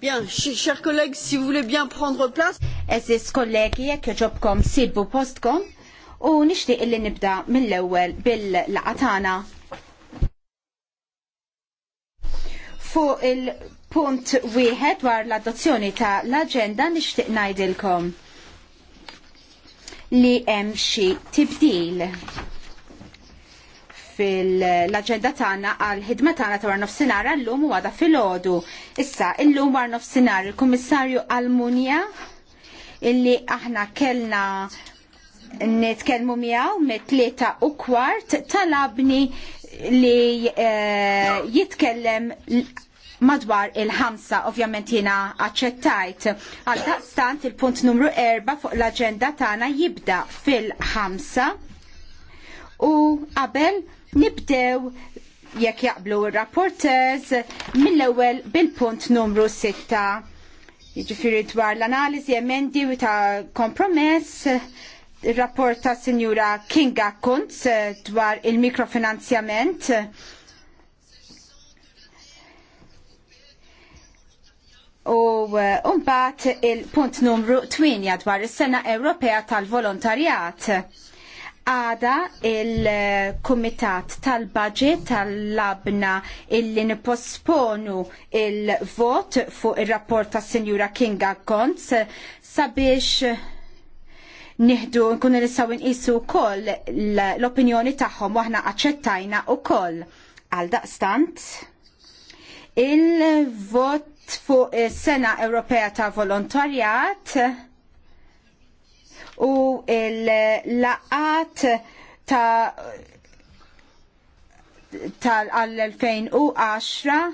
Bien, chers collègues, si vous voulez bien prendre place. Eżis kollegi, jekk joġobkom sibu postkom u nixtieq illi nibda mill-ewwel bil-laqatana. Fuq il-punt wieħed war l-adozzjoni ta' l-aġenda nixtieq ngħidilkom li hemm xi tibdil fil-agenda tagħna għal ħidma tagħna ta' war nofsinhar għallum u għada fil-għodu. Issa illum war nofsinhar il-Kummissarju Almunja illi aħna kellna nitkellmu miegħu mit-tlieta u kwart talabni li eh, jitkellem madwar il-ħamsa ovvjament jiena aċċettajt. Għal daqstant il-punt numru 4 fuq l aġenda tagħna jibda fil-ħamsa u qabel Nibdew jekk jaqblu r-rapporters mill-ewwel bil-punt numru 6. Jiġifieri dwar l-analiżi emendi ta' kompromess il-rapport ta' Sinjura Kinga Kunz dwar il-mikrofinanzjament. U uh, mbagħad il-punt numru 8 dwar is-Sena Ewropea tal-Volontarjat għada il-Kumitat tal-Budget tal-labna illi niposponu il-vot fuq il-rapport ta' Senjura Kinga Gonz sabiex nieħdu nkunu nistgħu nqisu wkoll l-opinjoni tagħhom aħna aċċettajna wkoll għal daqstant il-vot fuq is-Sena Ewropea ta' Volontarjat u l-laqat ta' tal-2010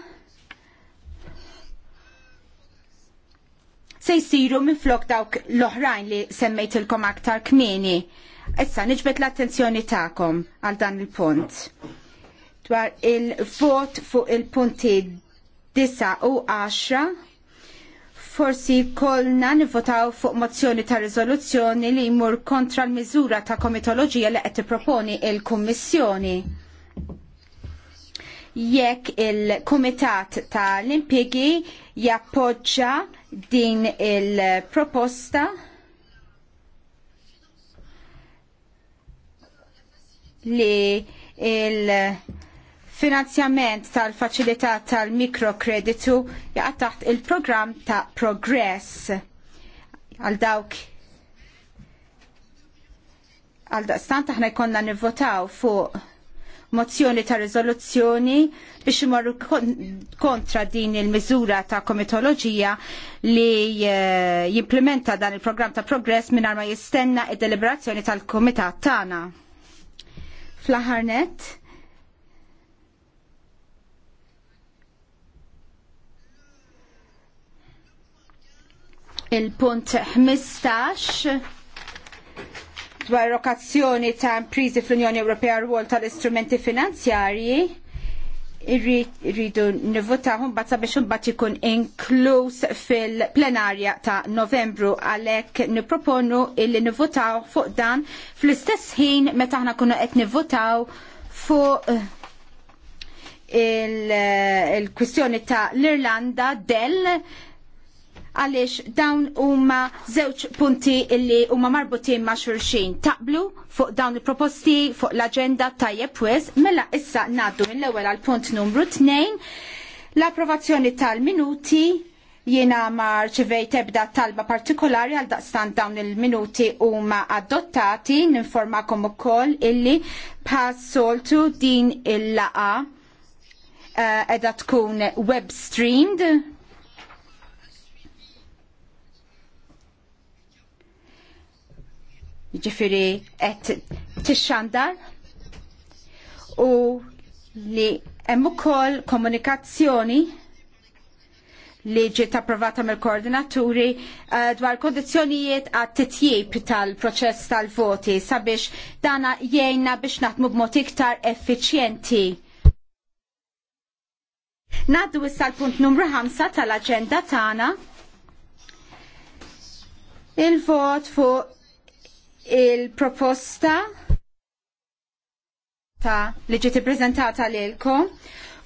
se jsiru minflok dawk l-oħrajn li semmejtilkom aktar kmieni. Issa niġbet l-attenzjoni tagħkom għal dan il-punt. Dwar il-vot fuq il-punti 9 u 10 forsi kolna nivvotaw fuq mozzjoni ta' riżoluzzjoni li jmur kontra l-miżura ta' komitoloġija li qed tipproponi il-Kummissjoni. Jekk il-Kumitat tal impjegi jappoġġa din il-proposta li il- finanzjament tal-faċilità tal-mikrokreditu jaqat taħt il-programm ta' Progress għal dawk għal daqstant aħna jkollna nivvotaw fuq mozzjoni ta' rizoluzzjoni biex imorru kontra din il-miżura ta' komitoloġija li eh, jimplementa dan il-programm ta' progress minn ma jistenna id-deliberazzjoni tal-komitat tagħna. Fl-aħarnet, il-punt 15 dwar rokazzjoni ta' imprizi fl-Unjoni Ewropea rwol tal-istrumenti finanzjarji irridu nivotahum bat sabiex imbagħad ikun inkluż fil-plenarja ta' Novembru għalhekk nipproponu illi nivvotaw fuq dan fl-istess ħin meta aħna kunu qed nivvotaw fuq eh, il-kwistjoni ta' l-Irlanda del għaliex dawn huma żewġ punti illi huma marbutin ma' xulxin. Taqblu fuq dawn il-proposti fuq l-aġenda tajjeb wis, mela issa ngħaddu mill-ewwel għal punt numru 2 l-approvazzjoni tal-minuti jiena mar ċivej tebda talba partikolari għal daqstan dawn il-minuti huma adottati, ninformakom ukoll illi pass soltu din il-laqa eh, edha tkun web streamed ġifiri qed tixxandar u li hemm ukoll komunikazzjoni li ġiet approvata mill-koordinaturi eh, dwar kondizjonijiet għat titjib tal-proċess tal-voti sabiex dana jgħinna biex naħdmu b'mod iktar effiċjenti. Naddu issa l-punt numru 5 tal-aġenda tagħna. Il-vot fuq il-proposta ta' li ġiet ippreżentata lilkom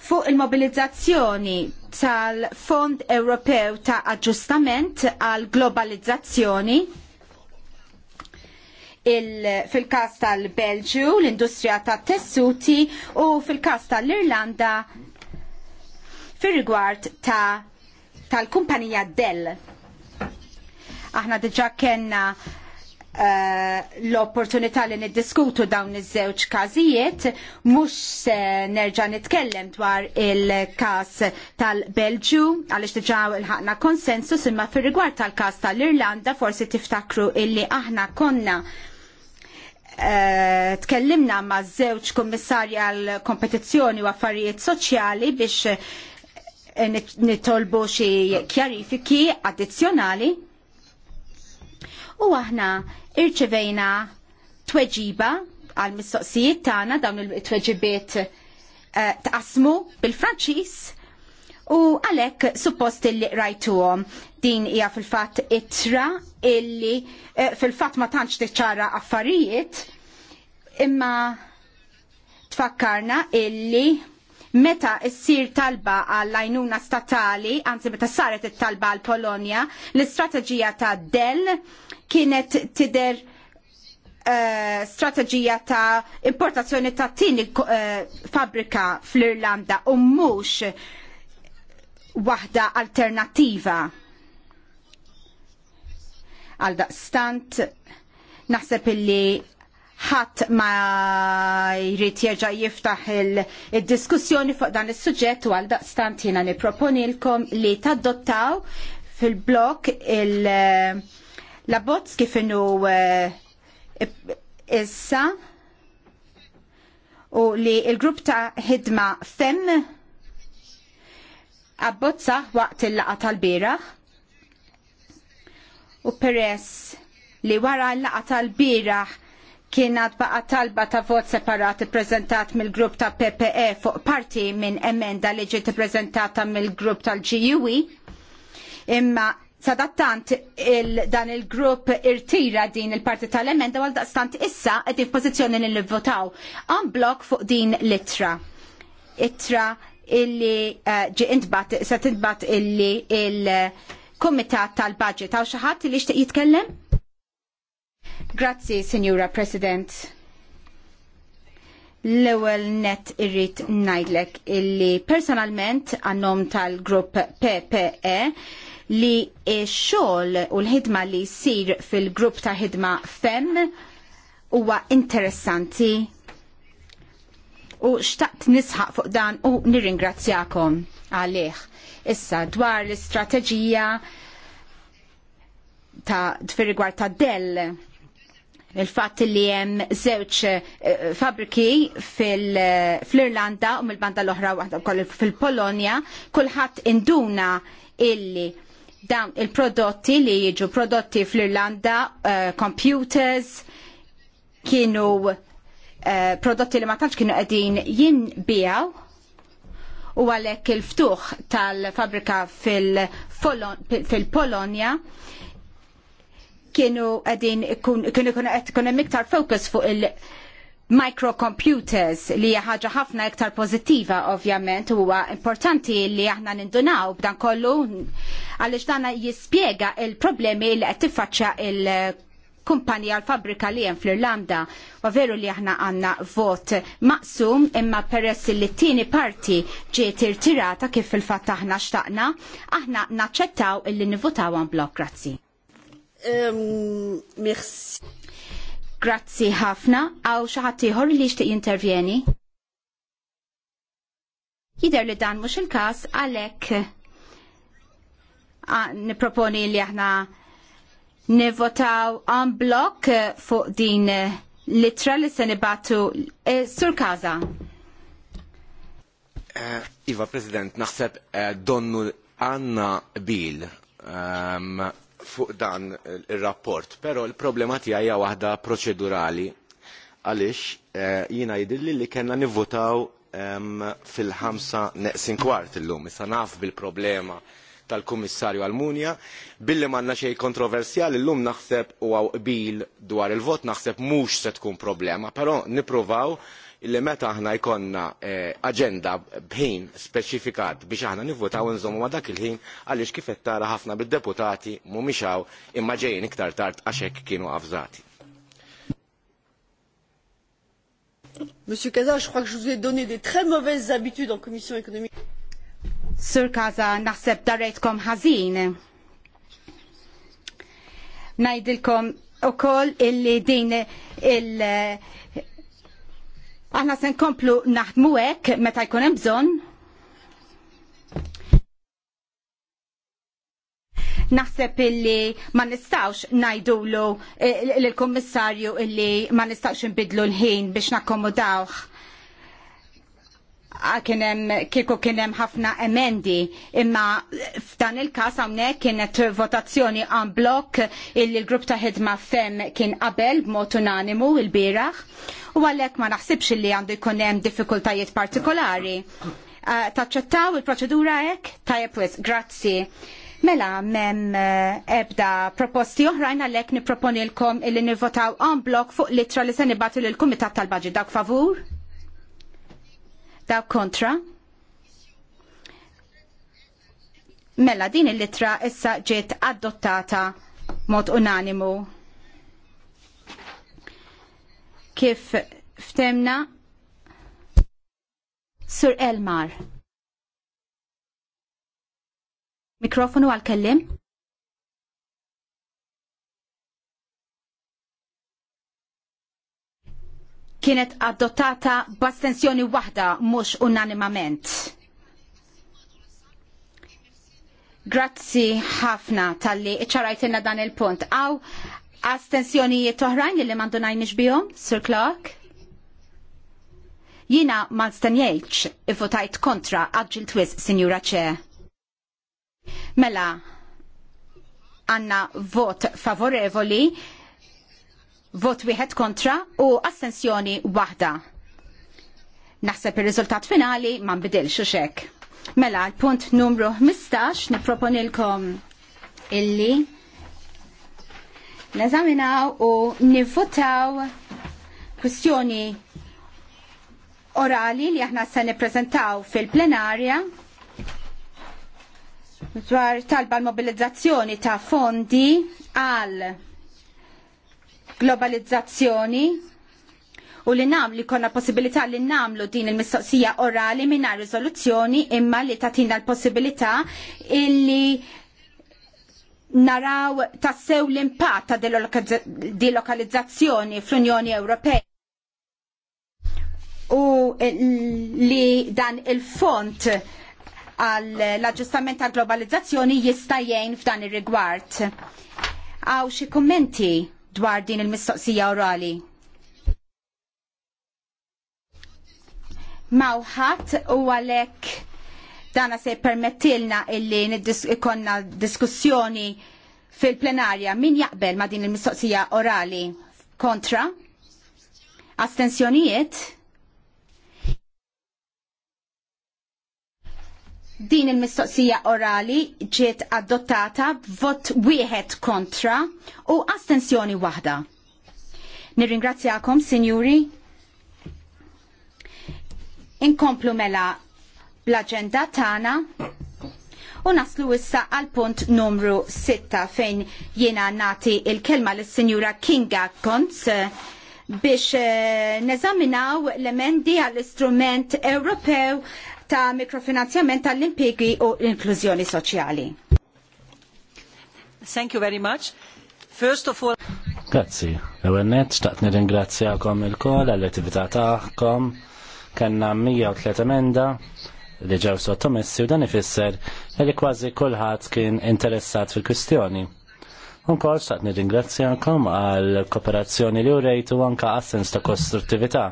fuq il-mobilizzazzjoni tal-Fond Ewropew ta' Aġġustament għal Globalizzazzjoni fil-kas tal-Belġu, l-industrija tat tessuti u fil-kas tal-Irlanda fil-rigward tal-kumpanija Dell. Aħna diġa kena Eh, l-opportunità li niddiskutu dawn iż-żewġ każijiet mhux se nerġa' nitkellem dwar il-każ tal belġju għaliex diġà ilħaqna konsensus imma fir-rigward tal-każ tal-Irlanda forsi tiftakru illi aħna konna eh, tkellimna ma' żewġ kummissarji għal kompetizzjoni u affarijiet soċjali biex eh, nitolbu xi kjarifiki addizzjonali u aħna irċivejna tweġiba għal mistoqsijiet tagħna dawn il-tweġibiet eh, tqasmu bil-Franċiż u għalhekk suppost illi rajtuhom din hija fil-fatt ittra illi eh, fil-fatt ma tantx tiċċara affarijiet imma tfakkarna illi meta ssir talba għall għajnuna statali, anzi meta saret it-talba għal Polonja, l-istrateġija ta' Dell kienet tider uh, strateġija ta' importazzjoni ta' tini uh, fabrika fl-Irlanda u um mhux waħda alternattiva għal daqstant naħseb illi ħadd ma jrid jerġa' jiftaħ il-diskussjoni fuq dan is-suġġett u għal daqstant jiena nipproponilkom li tadottaw fil-blok il-labozz kif inhu eh, issa u li il-grupp ta' ħidma fem abbozza waqt il laqgħa tal bieraħ u peress li wara l laqgħa tal bieraħ kienet baqa talba ta' vot separat ippreżentat mill-grupp ta' PPE fuq parti minn emenda li ġiet ippreżentata mill-grupp tal-GUE. Imma sadattant il dan il-grupp irtira din il-parti tal-emenda għal daqstant issa qed f'pożizzjoni li nivvotaw għan blok fuq din l-ittra. Ittra illi eh, ġi intbat, se tintbat illi il-Komitat tal-Budget. Għaw xi ħadd li jixtieq jitkellem? Grazzi, Signora President. L-ewel net irrit najdlek illi personalment għannom tal-grupp PPE li xol u l-ħidma li sir fil-grupp ta' ħidma FEM huwa interessanti u xtaqt nisħaq fuq dan u nirringrazzjakom għalih. Issa dwar l-istrateġija ta' fir ta' Dell il-fatt li hemm żewġ eh, fabriki eh, fl-Irlanda u mill-banda l-oħra fil-Polonja, kulħadd induna illi dan il-prodotti li jiġu prodotti fl-Irlanda, eh, computers, kienu prodotti li ma tantx kienu qegħdin jinbijaw u għalhekk il-ftuħ tal-fabrika fil-Polonja fil polonja kienu għedin kienu kienu iktar focus fuq il- microcomputers li hija ħaġa ħafna iktar pozittiva ovvjament huwa importanti li aħna nindunaw b'dan kollu għaliex dan jispjega l problemi li qed tiffaċċja il kumpanija l-fabrika li hemm fl-Irlanda. Wa veru li aħna għandna vot maqsum imma peress li t-tieni parti ġiet irtirata kif il-fatt aħna xtaqna, aħna naċċettaw illi nivvotaw għan blok. Grazzi. Ehm, merci. Grazzi ħafna. Għaw xaħatiħor li xtiq intervjeni? Jider li dan mux il-kas għalek niproponi li aħna nivotaw on blok fuq din litra li se nibatu e, sur kaza. Eh, iva, President, naħseb eh, donnu għanna bil ehm, fuq dan eh, ir-rapport, però il problema tiegħi hija waħda proċedurali għaliex eh, jiena jidilli li kellna nivvotaw ehm, fil-ħamsa neqsin kwart illum. Issa naf bil-problema tal-Kummissarju Almunja, billi manna xej kontroversjali l-lum naħseb u għaw qbil dwar il-vot naħseb mhux se tkun problema, però nippruvaw illi meta aħna jkonna eh, agenda bħin specifikat biex aħna nivvotaw nżommu ma dak il-ħin għaliex kif qed tara ħafna bid-deputati mhumiex hawn imma ġejjin iktar tard għax hekk kienu avżati. Monsieur Kaza, je crois que je vous ai donné des très mauvaises habitudes en commission économique. Sir Kaza, naħseb darejtkom ħażin. Najdilkom u koll illi din il- Aħna se nkomplu naħdmu hekk meta jkun hemm bżonn. Naħseb illi ma nistawx najdulu eh, l-Kummissarju illi ma nistawx nbidlu l-ħin biex nakkomodawh Ah, kienem kieku kienem ħafna emendi imma f'dan il-kas hawnhekk kienet votazzjoni għan blok il-grupp ta' ħidma fem kien qabel b'mod unanimu il u għalhekk ma naħsibx li għandu jkun hemm diffikultajiet partikolari. Ah, taċċettaw il-proċedura hekk? Tajjeb wisq, grazzi. Mela, mem eh, ebda proposti oħrajn għalhekk niproponi l illi nivvotaw on blok fuq litra li se nibatu l-Kumitat tal-Baġi. Dak favur? Daw kontra? Mela din il-litra issa ġiet adottata mod unanimu. Kif ftemna Sur Elmar. Mikrofonu għal-kellim? kienet adottata b'astensjoni waħda mhux unanimament. Grazzi ħafna tal-li iċċarajtilna dan il-punt. Aw astensjonijiet oħrajn li mandunajniex bihom, Sir Clark? Jina ma stanjejċ ifutajt kontra għadġil twis, Sinjura ċe. Mela, għanna vot favorevoli vot wieħed kontra u assenzjoni waħda. Naħseb ir-riżultat finali ma nbidilx u xek. Mela, l-punt numru 15 nipproponilkom illi neżaminaw u nivvotaw kwistjoni orali li aħna se nippreżentaw fil-plenarja dwar talba l-mobilizzazzjoni ta' fondi għal globalizzazzjoni u li li konna possibilità li namlu din il-mistoqsija orali minna rizoluzzjoni imma li tatina l-possibilità illi naraw tassew l-impatt ta' delokalizzazzjoni fl-Unjoni Ewropea u li dan il-font għall-aġġustament tal globalizzazzjoni jista' jgħin f'dan ir-rigward. Għaw xi kummenti? dwar din il-mistoqsija orali. Mawħat u għalek dana se permettilna illi ikonna diskussjoni fil-plenarja min jaqbel ma din il-mistoqsija orali kontra astensjonijiet Din il-mistoqsija orali ġiet adottata b'vot vot wieħed kontra u astensjoni waħda. Nirringrazzjakom, sinjuri. Inkomplu mela l-agenda tagħna u naslu issa għal punt numru 6 fejn jiena nati il-kelma lis sinjura Kinga Kontz, biex eh, neżaminaw l-emendi għall-istrument Ewropew ta' mikrofinanzjament tal impiegi u l-inklużjoni soċjali. Thank you very much. First of all... Grazzi. L-għennet, xtaqt nir-ingrazzjakom il-kol għall-attività taħkom. Kenna 103 emenda li ġew sottomessi u dan ifisser li kważi kulħadd kien interessat fil-kwistjoni. Unkoll xtaqt nir-ingrazzjakom għall kooperazzjoni li u rejtu anka assens ta' kostruttività.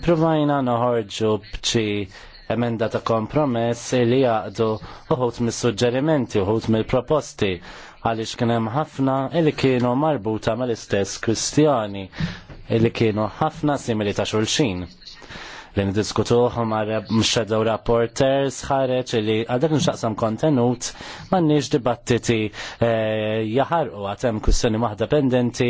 Iprovajna noħorġu bċi emenda ta' kompromess li jaqdu uħut mis-suġġerimenti, uħut mill-proposti għaliex kien hemm ħafna li kienu marbuta mal-istess kwistjoni li kienu ħafna simili ta' xulxin li nidiskutuħu ma' mxedaw rapporters ħareċ li għadek nxaqsam kontenut m'għandniex dibattiti eh, u għatem kussoni maħda pendenti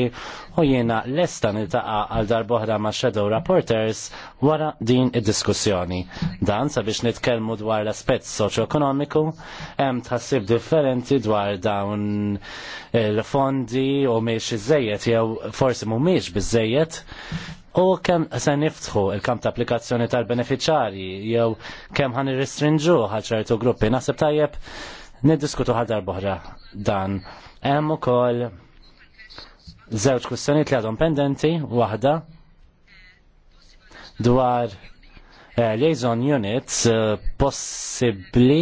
u jiena lesta niltaqa għal darboħra ma' shadow rapporters wara din id-diskussjoni. Dan sabiex nitkellmu dwar l-aspett soċoekonomiku, hemm tħassib differenti dwar dawn il-fondi eh, u miex iżejjed jew forsi mhumiex biżejjed U kem se niftħu il-kamp ta' applikazzjoni tal-beneficjari jew kem ħan irrestrinġu ċertu gruppi naħseb tajjeb niddiskutu ħadar boħra dan. Hemm ukoll żewġ kwistjonijiet li għadhom pendenti, waħda dwar eh, liaison units eh, possibbli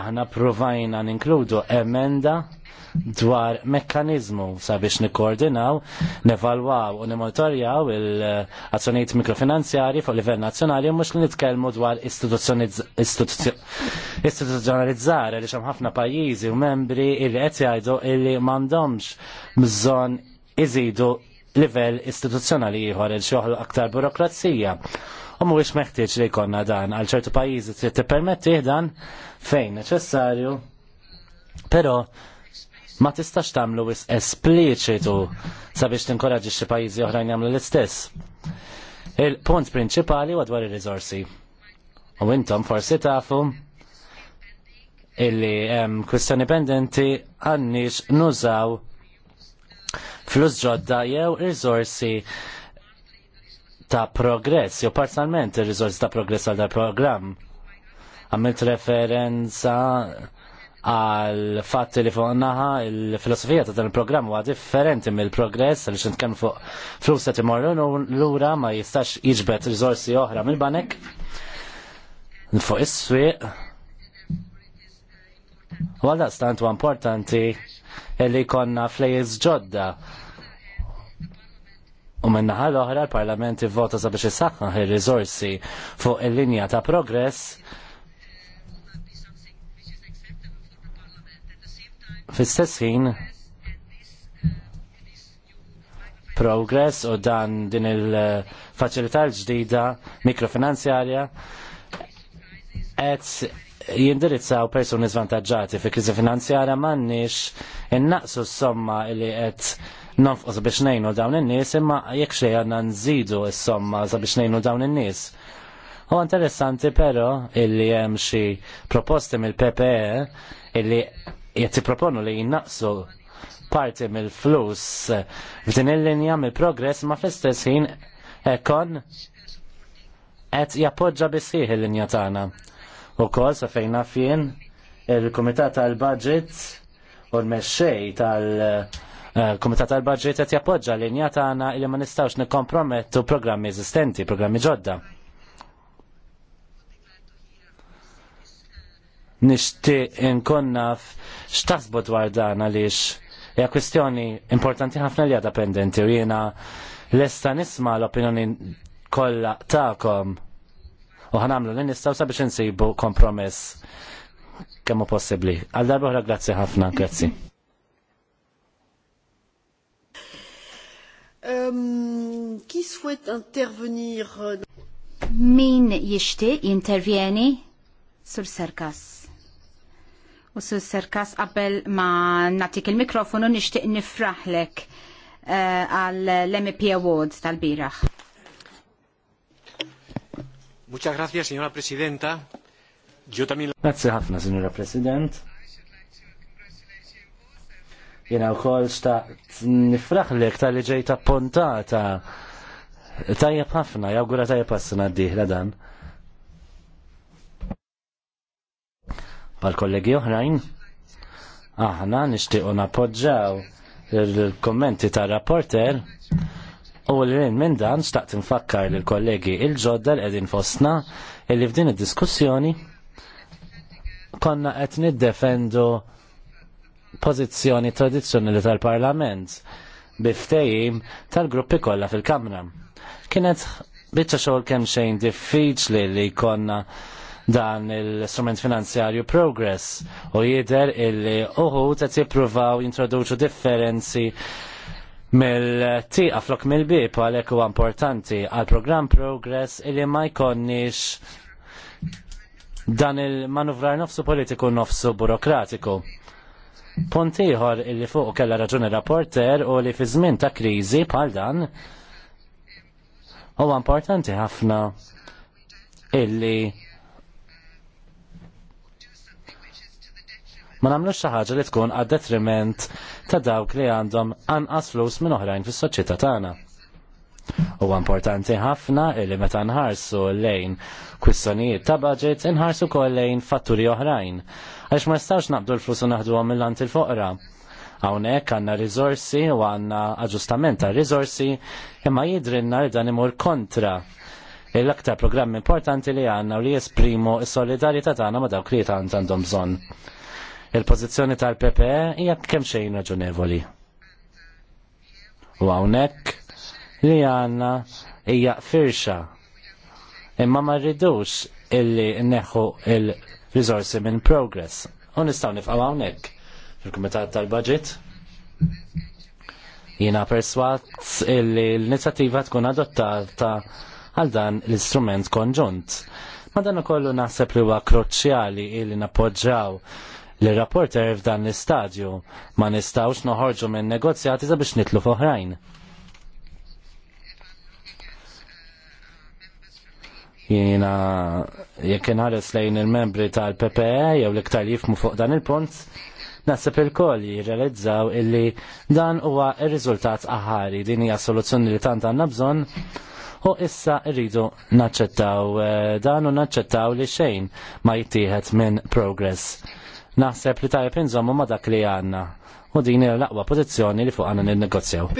aħna provajna ninkludu emenda dwar mekkanizmu sabiex nikkoordinaw, nevalwaw u nimonitorjaw il-azzjonijiet mikrofinanzjari fuq livell nazzjonali mhux li nitkellmu dwar istituzjonalizzare li hemm ħafna pajjiżi u membri illi qed jgħidu illi m'għandhomx bżonn iżidu livell istituzzjonali ieħor il xogħol aktar burokrazija. U mhuwiex meħtieġ li jkollna dan għal ċertu pajjiżi trid tippermettih dan fejn neċessarju. Però ma tistax tagħmlu wisq espliċitu sabiex tinkoraġi xi pajjiżi oħrajn jagħmlu l-istess. Il-punt prinċipali huwa dwar ir-riżorsi. U intom forsi tafu illi hemm kwistjoni pendenti għandniex nużaw flus ġodda jew riżorsi ta' progress, jew parzialment ir-riżorsi ta' progress għal dal programm. Għamilt referenza għal fatt li fuq naħa il-filosofija ta' dan il-programm huwa differenti mill-progress li xint fuq flus se imorru lura ma jistax jiġbed riżorsi oħra mill-banek fuq is-swieq. Għalda stant huwa importanti li konna flejiz ġodda U minnaħa l-oħra l-Parlament i-vota sabiex jisaxħan ir rizorsi fuq il-linja ta' progress fis istess ħin progress u dan din il-faċilità l-ġdida mikrofinanzjarja qed jindirizzaw persuni zvantagġati fi kriżi finanzjarja m'għandniex innaqsu s-somma li qed nonfqos biex ngħinu dawn in-nies imma jekk xejn għandna nżidu s-somma sabiex ngħinu dawn in-nies. U interessanti però illi hemm xi proposti mill-PPE illi jett proponu li jinnaqsu parti mill-flus f'din il-linja mill-progress ma fl-istess ħin ekon qed jappoġġa bisħiħ il-linja tagħna. Ukoll sa fejna fien il-Kumitat tal-Budget u l-mexxej tal-Kumitat eh, tal-Budget qed jappoġġa l-linja tagħna li ma nistgħux nikkompromettu programmi eżistenti, programmi ġodda. nixtieq inkun naf x'taħsbu dwar dan għaliex hija kwestjoni importanti ħafna li għadha pendenti u jiena lesta nisma l-opinjoni kollha tagħkom u ħanamlu li nistgħu sabiex insibu kompromess kemm hu possibbli. Għal darba grazzi ħafna, grazzi. Um, souhaite intervenir? Min jishti jintervjeni sur Serkas. U su serkas qabel ma natik il-mikrofonu nixtieq nifraħlek eh, għal l mp Awards tal-biraħ. Muchas gracias, signora Presidenta. Ġu Grazie ħafna, signora President. Jena u kol xtaqt nifraħlek tal ġejta pontata. Tajjeb ħafna, jawgura tajjeb għas-sena d dan. pal kollegi oħrajn. Aħna nixtiequ napoġġaw il-kommenti ta' rapporter u l-rin minn dan staqt nfakkar l-kollegi il-ġodda l-edin fostna illi f'din id-diskussjoni konna qed niddefendu pożizzjoni tradizzjonali tal-Parlament biftejim tal-gruppi kollha fil-Kamra. Kienet biċċa xogħol kemm xejn diffiċli li konna dan l-istrument finanzjarju Progress u jider illi uħu ta' jippruvaw jintroduċu differenzi mill-tiqa flok mill-bib għalek u importanti għal program Progress illi ma jkonniex dan il-manuvrar nofsu politiku nofsu burokratiku. Punt ieħor illi fuq kellha raġuni rapporter u li fi żmien ta' kriżi bħal dan huwa importanti ħafna illi ma nagħmlux xi ħaġa li tkun għad detriment ta' dawk li għandhom anqas flus minn oħrajn fis-soċjetà tagħna. Huwa importanti ħafna li meta nħarsu lejn kwistjonijiet ta' budget inħarsu wkoll lejn fatturi oħrajn għax ma nistgħux naqbdu l-flus u naħduhom mill-ant il-foqra għawnek għanna rizorsi u għanna aġustament ta' rizorsi imma jidrinna li dan imur kontra l-aktar programm importanti li għanna u li jesprimu s solidarieta tagħna ma dawk li għandhom bżonn. Il-pożizzjoni tal-PPE hija kemm xejn raġunevoli. U hawnhekk li għandna hija firxa. Imma ma rridux illi neħu il risorsi minn progress. U nistgħu nifqgħu hawnhekk fil-Kumitat tal-Budget. Jiena perswat illi l-inizjattiva tkun adottata għal dan l-istrument konġunt. Ma dan naħseb li huwa kruċjali illi nappoġġjaw li rapporter f'dan l-istadju ma nistawx noħorġu minn negozjati biex nitlu f'oħrajn. jina jekk inħares lejn il-membri tal-PPE jew l-iktar jifmu fuq dan il-punt, nasib il-koll jirrealizzaw illi dan huwa ir-riżultat aħari din hija soluzzjoni li tant għandna bżonn u issa rridu naċċettaw eh, dan u naċċettaw li xejn ma jittieħed minn progress. Naħseb li tajb inżommu ma dak li għanna. U din hija l-aqwa pożizzjoni li fuq għandna ninnegozjaw.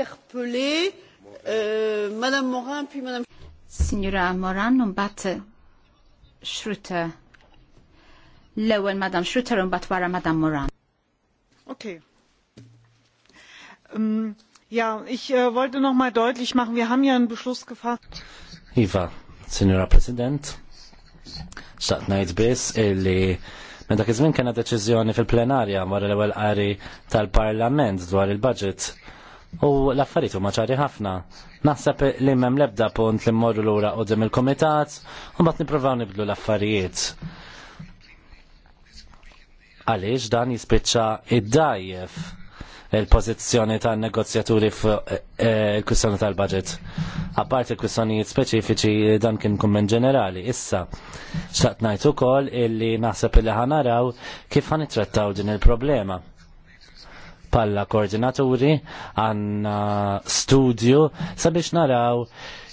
E euh, Madame Moran, puis Madame... Signora Moran, un bat Schrutter. l ewel Madam Schrutter un bat wara Madam Moran. Ok. Ähm, ja, ich äh, wollte noch mal deutlich machen, wir haben ja einen Beschluss gefasst. Iva, Signora President, xtaqt najt biss illi Meta dak iż-żmien kena deċiżjoni fil-plenarja wara l-ewwel qari tal-Parlament dwar il-budget. U l-affarijiet huma ċari ħafna. Naħseb li m'hemm l-ebda punt li mmorru lura qudiem il-kumitat u mbagħad nippruvaw nibdlu l-affarijiet. Għaliex dan jispiċċa id-dajjef il-pozizjoni tan negozjaturi f-kwissjoni eh, eh, kwistjoni tal-budget. Apart il-kwistjonijiet speċifiċi dan kien kummen ġenerali. Issa, xtaqt najt ukoll illi naħseb illi ħanaraw kif ħanitrattaw din il-problema. Palla koordinaturi għanna studju sabiex naraw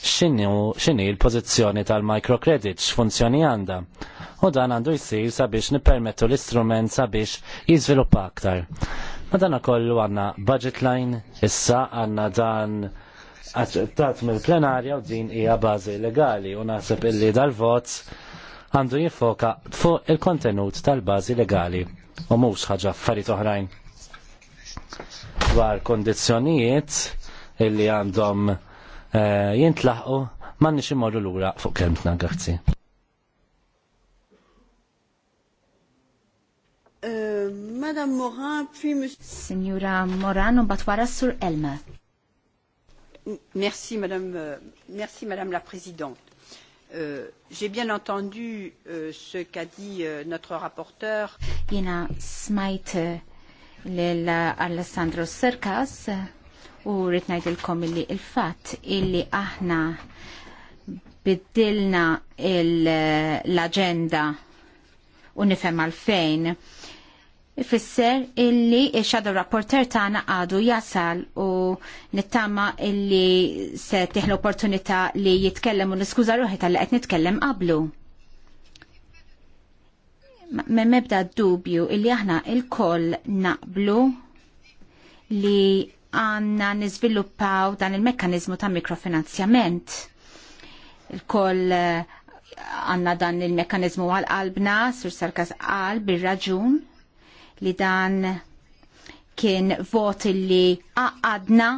xini il-pozizjoni tal x funzjoni għanda u dan għandu jisir sabiex nipermettu l-istrument sabiex jizviluppa aktar. Madana kollu għanna budget line, issa għanna dan aċċettat mill-plenarja u din hija bażi legali u naħseb illi dal-vot għandu jifoka fuq il-kontenut tal-bażi legali u mhux ħaġa affarijiet oħrajn dwar kondizjonijiet illi għandhom eh, jintlaħqu ma nix imorru lura fuq kemm grazzi. Euh, madame Morin, puis Monsieur... Signora Morin, on batwara sur Elma. Merci Madame, euh, merci, Madame la Présidente. Euh, J'ai bien entendu euh, ce qu'a dit euh, notre rapporteur. Jena smajt euh, l-Alessandro Serkas u ritnajt il-kom illi il-fat illi aħna biddilna l-agenda u nifem għalfejn. fejn ifisser illi il-shadow rapporter tagħna għadu jasal u nittama illi se tieħ l-opportunità li jitkellem u niskuza ruħi tal-li qed nitkellem qablu. Me mebda dubju illi aħna il-koll naqblu li għanna nizviluppaw dan il-mekkanizmu ta' mikrofinanzjament. Il-koll eh, għanna dan il-mekkanizmu għal-qalbna, sur sarkas għal, bil-raġun, li dan kien vot li għadna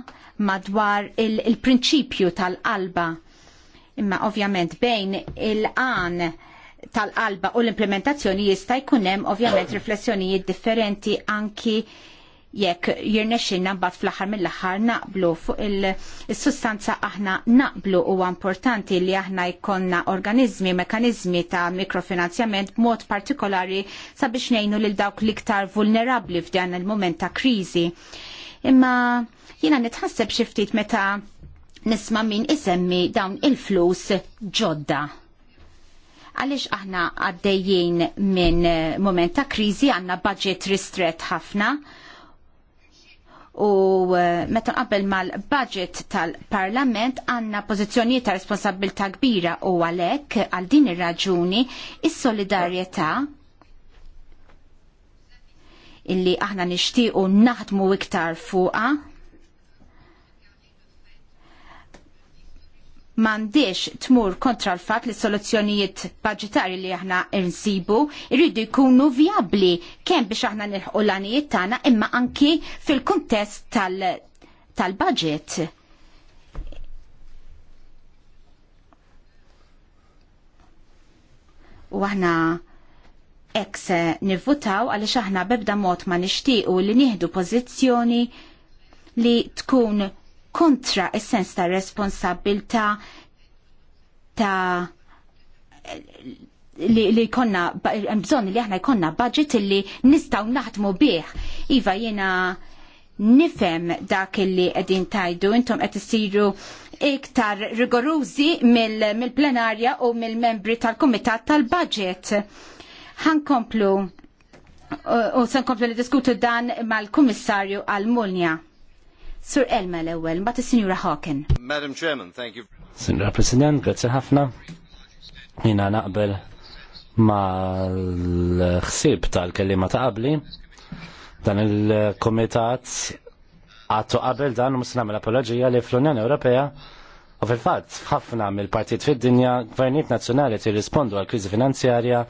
madwar il-prinċipju il tal-qalba. Imma ovvjament bejn il-għan tal-qalba u l-implementazzjoni jista' jkun hemm ovvjament riflessjonijiet differenti anki jekk jirnexxinna mbagħad fl-aħħar mill-aħħar naqblu fuq il-sustanza aħna naqblu huwa importanti li aħna jkollna organizmi, mekanizmi ta' mikrofinanzjament b'mod partikolari sabiex ngħinu lil dawk l-iktar vulnerabbli f'dan il-moment ta' kriżi. Imma jiena nitħasseb xi ftit meta nisma' min isemmi dawn il-flus ġodda għalix aħna għaddejjien minn moment ta' krizi għanna budget ristret ħafna, u eh, meta qabel mal-budget tal-parlament għanna pożizzjonijiet ta' responsabilta kbira u għalhekk għal din ir-raġuni is-solidarjetà illi aħna nixtiequ naħdmu iktar fuqa m'għandix tmur kontra l-fatt li soluzzjonijiet budgetari li aħna insibu irridu jkunu viabli kemm biex aħna nilħqu l-għanijiet tagħna imma anki fil-kuntest tal-budget. Tal u għahna eks nivvutaw għaliex aħna bebda mod ma nixtiequ li nieħdu pożizzjoni li tkun kontra is-sens ta' responsabilta ta' li, li konna bżon li aħna jkonna budget li nistaw naħdmu bih. Iva jena nifem dak li qegħdin tajdu intom qed siru iktar rigorużi mill-plenarja mil u mill-membri tal-Kumitat tal-Budget. Ħankomplu u uh, se nkomplu li diskutu dan mal-Kummissarju għal-Mulja. Sur Elma l-ewel, mbagħad is-Sinjura Hawken. Madam Chairman, thank you. Sinjura President, grazzi ħafna. Jina naqbel ma l-ħsieb tal-kelima ta' qabli. Dan il-komitat għattu qabel dan musna mill apologija li fl-Unjoni Ewropea U fil-fatt, ħafna mill-partit fid-dinja, gvernijiet nazzjonali tirrispondu għal kriżi finanzjarja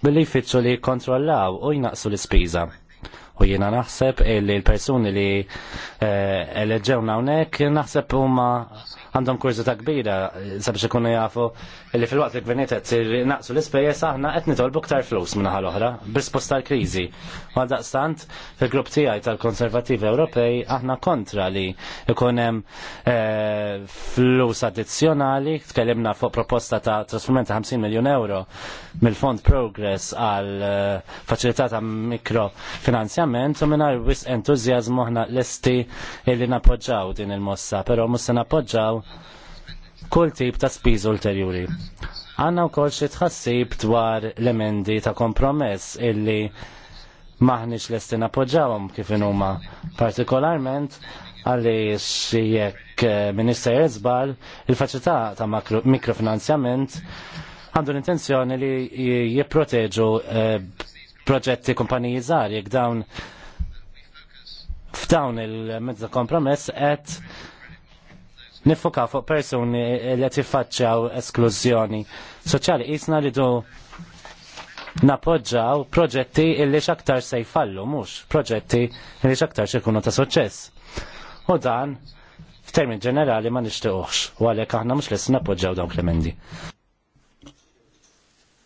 billi jfittxu li jikkontrollaw u jnaqsu l-ispiża. U jiena naħseb li l-persuni li eh, eleġewna hawnhekk naħseb huma għandhom kurzi ta' kbira eh, sabiex ikunu jafu li fil-waqt li gvernijiet qed naqsu l-ispejjeż aħna qed nitolbu ktar flus minnaħa l-oħra b'rispost tal-kriżi. Ma daqstant fil-grupp tiegħi tal-Konservativi Ewropej aħna kontra li ikun hemm eh, flus addizzjonali, tkellimna fuq proposta ta' trasfumenta 50 miljun euro mill-Fond Progress għal eh, faċilità ta' mikrofinanzjament u mingħajr wis entużjażmu aħna lesti li napoġġaw din il-mossa, però mhux se napoġġaw kull tip ta' spiż ulterjuri. Għanna u kol xie tħassib dwar l-emendi ta' kompromess illi maħniċ l-estin appoġġawom kif huma partikolarment għalli jekk eh, minister Ezbal il-faċità ta' mikrofinanzjament għandu l-intenzjoni li jipproteġu eh, proġetti kumpaniji żgħar jekk dawn f'dawn il-mezza kompromess qed nifuka fuq persuni li qed esklużjoni soċjali isna li du napoġġaw proġetti illi xaktar se jfallu mhux proġetti illi xaktar se jkunu ta' suċċess. U dan f'termin ġenerali ma nixtiequx u għalhekk aħna mhux lest napoġġaw dawn l-emendi.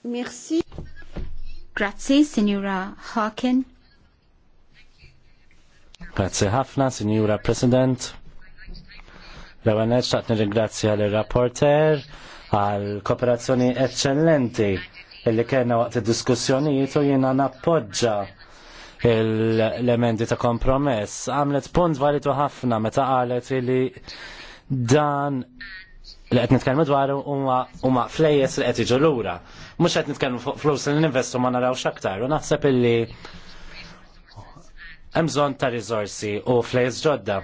Merci. Grazzi, Signora Hawken. Grazzi ħafna, Signora President. L-għanet xaqt nirringrazzja l-rapporter għal kooperazzjoni eccellenti illi kena waqt il-diskussjonijiet u jina nappoġġa l-emendi ta' kompromess. Għamlet punt valitu ħafna meta qalet li dan li qed nitkellmu dwar huma flejes li qed jiġu lura. Mhux qed nitkellmu flus li n-investu ma narawx aktar u naħseb illi hemm bżonn ta' rizorsi u flejs ġodda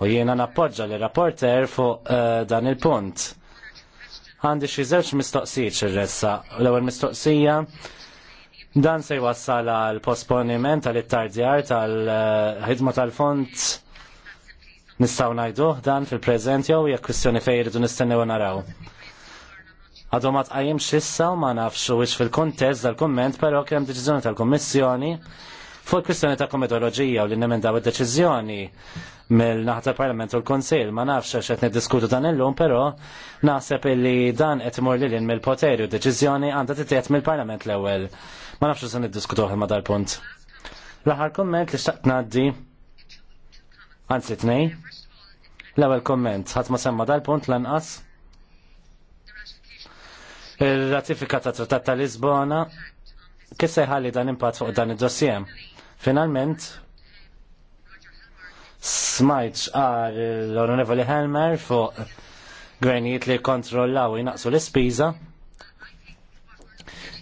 U jiena nappoġġa li rapporter fuq eh, dan il-punt. Għandi xi żewġ mistoqsijiet ir-ressa. L-ewwel mistoqsija dan se jwassal għal posponiment għal it-tardjar tal-ħidma tal fond nistgħu ngħiduh dan fil-preżent jew hija kwistjoni fejn iridu nistennew naraw. Għadhom ma qajjem xissa u ma nafx wix fil-kontest dal-komment, però kemm deċiżjoni tal-Kommissjoni fuq kwistjoni ta' komedoloġija u li nemendaw id-deċiżjoni mill-naħta parlament u l-konsil. Ma nafx għax qed niddiskutu dan illum, però naħseb illi dan qed imur lil mill-poteri u deċiżjoni għandha titqiet mill-parlament l-ewwel. Ma nafx se niddiskutu ma madar punt. L-aħħar komment li xtaqt ngħaddi anzi tnej. L-ewwel komment ħadd ma semma dal-punt lanqas. Ir-ratifika ta' Trattat ta' Lisbona kif se ħalli dan impatt fuq dan id-dossier. Finalment, smajt xqar l-Onorevoli Helmer fuq gvernijiet li kontrollaw jinaqsu l-ispiża.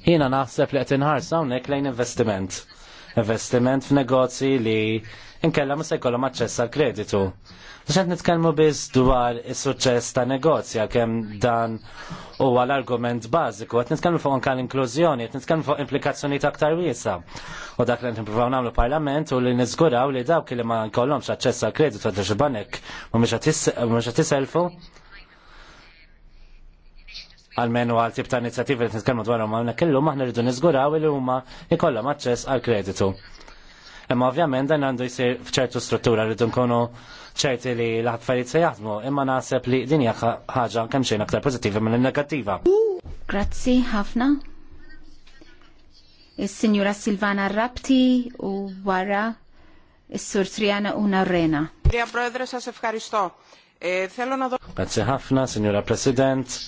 Jiena naħseb li qed inħarsa hawnhekk lejn investiment. Investiment f'negozji li inkella ma se jkollhom aċċess għall kreditu. Għaxħet nitkelmu biss dwar is-suċċess ta' negozja kemm dan huwa l-argument bażiku, qed nitkellmu fuq anke l-inklużjoni, qed nitkellmu fuq implikazzjonijiet aktar wiesa. U dak li nippruvaw nagħmlu parlament u li nizguraw li dawk li ma jkollhomx aċċess għal kredit għad ġibanek mhumiex qed iselfu. Almenu għal tip ta' inizjattivi li nitkellmu dwarhom hawnhekk illum aħna rridu niżguraw li huma jkollhom aċċess għal kreditu. Imma ovvjament dan għandu jsir f'ċertu struttura rridu nkunu ċerti li l-affarijiet se jaħdmu, imma naħseb li din hija ħaġa kemm xejn aktar pożittiva minn negattiva. Grazzi ħafna. Is-Sinjura Silvana Rapti u wara is-Sur Triana Una Rena. Dia Prodre, sa' sefkaristo. E, Grazzi ħafna, Sinjura President.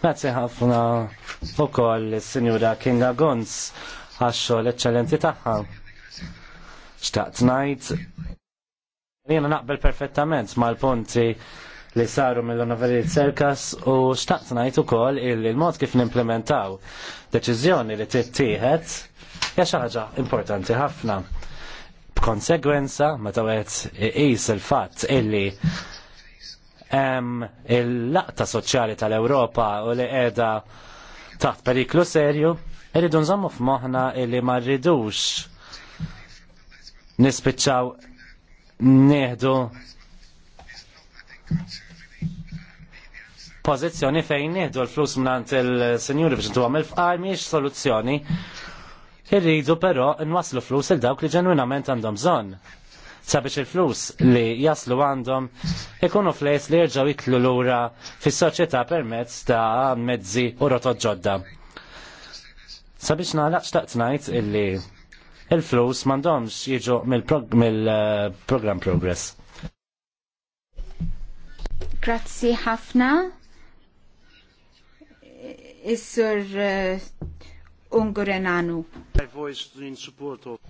Grazzi ħafna ukoll is-Sinjura Kinga Gons għax-xogħol eċċellenti tagħha. Xtaqt ngħid Jena naqbel perfettament ma l-punti li saru mill-Universit Serkas u xtaqt ngħid ukoll il-mod kif nimplementaw deċiżjoni li tittieħed hija xi ħaġa importanti ħafna. B'konsegwenza meta wieħed iqis il-fatt illi hemm il-laqta soċjali tal-Ewropa u li qiegħda taħt periklu serju, irridu nżommu f'moħħna illi ma rridux nispiċċaw neħdu pozizjoni fejn neħdu l-flus mnant il-senjuri biex ntuwa mill-fqar miex soluzzjoni. Irridu però nwaslu flus il-dawk li ġenwinament għandhom bżonn. Sabiex il-flus li jaslu għandhom ikunu fles li jirġaw jitlu lura fis-soċjetà permezz ta' mezzi u rotot ġodda. Sabiex naħlaq xtaqt ngħid illi il-flus mandomx jiġu mill-program Progress. Grazzi ħafna. Is-sur uh, Ungurenanu.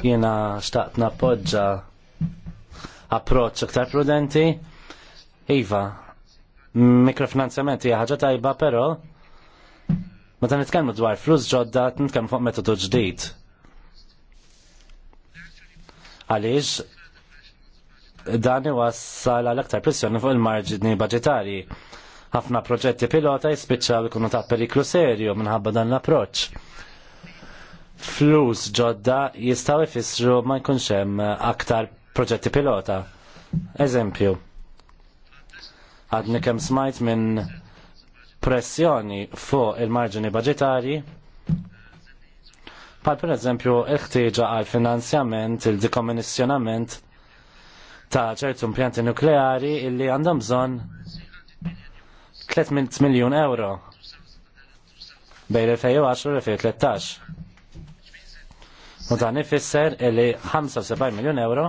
Jena xtaqt nappoġġa approċċ aktar prudenti. Iva, mikrofinanzjamenti hija ħaġa tajba, però meta nitkellmu dwar flus ġodda, nitkellmu fuq metodu ġdid għaliex dan iwassal għal aktar pressjoni fuq il-marġini budgetari. Ħafna proġetti pilota jispiċċaw ikunu ta' periklu serju minħabba dan l-approċ. Flus ġodda jistaw ifissru ma jkunx hemm aktar proġetti pilota. Eżempju, għadni kem smajt minn pressjoni fuq il-marġini budgetari Pal per eżempju il-ħtieġa għal finanzjament, il-dekomissjonament ta' ċertu impjanti nukleari illi għandhom bżonn 300 miljun euro bejn 2010 u 2013. U dan ifisser illi 75 miljun euro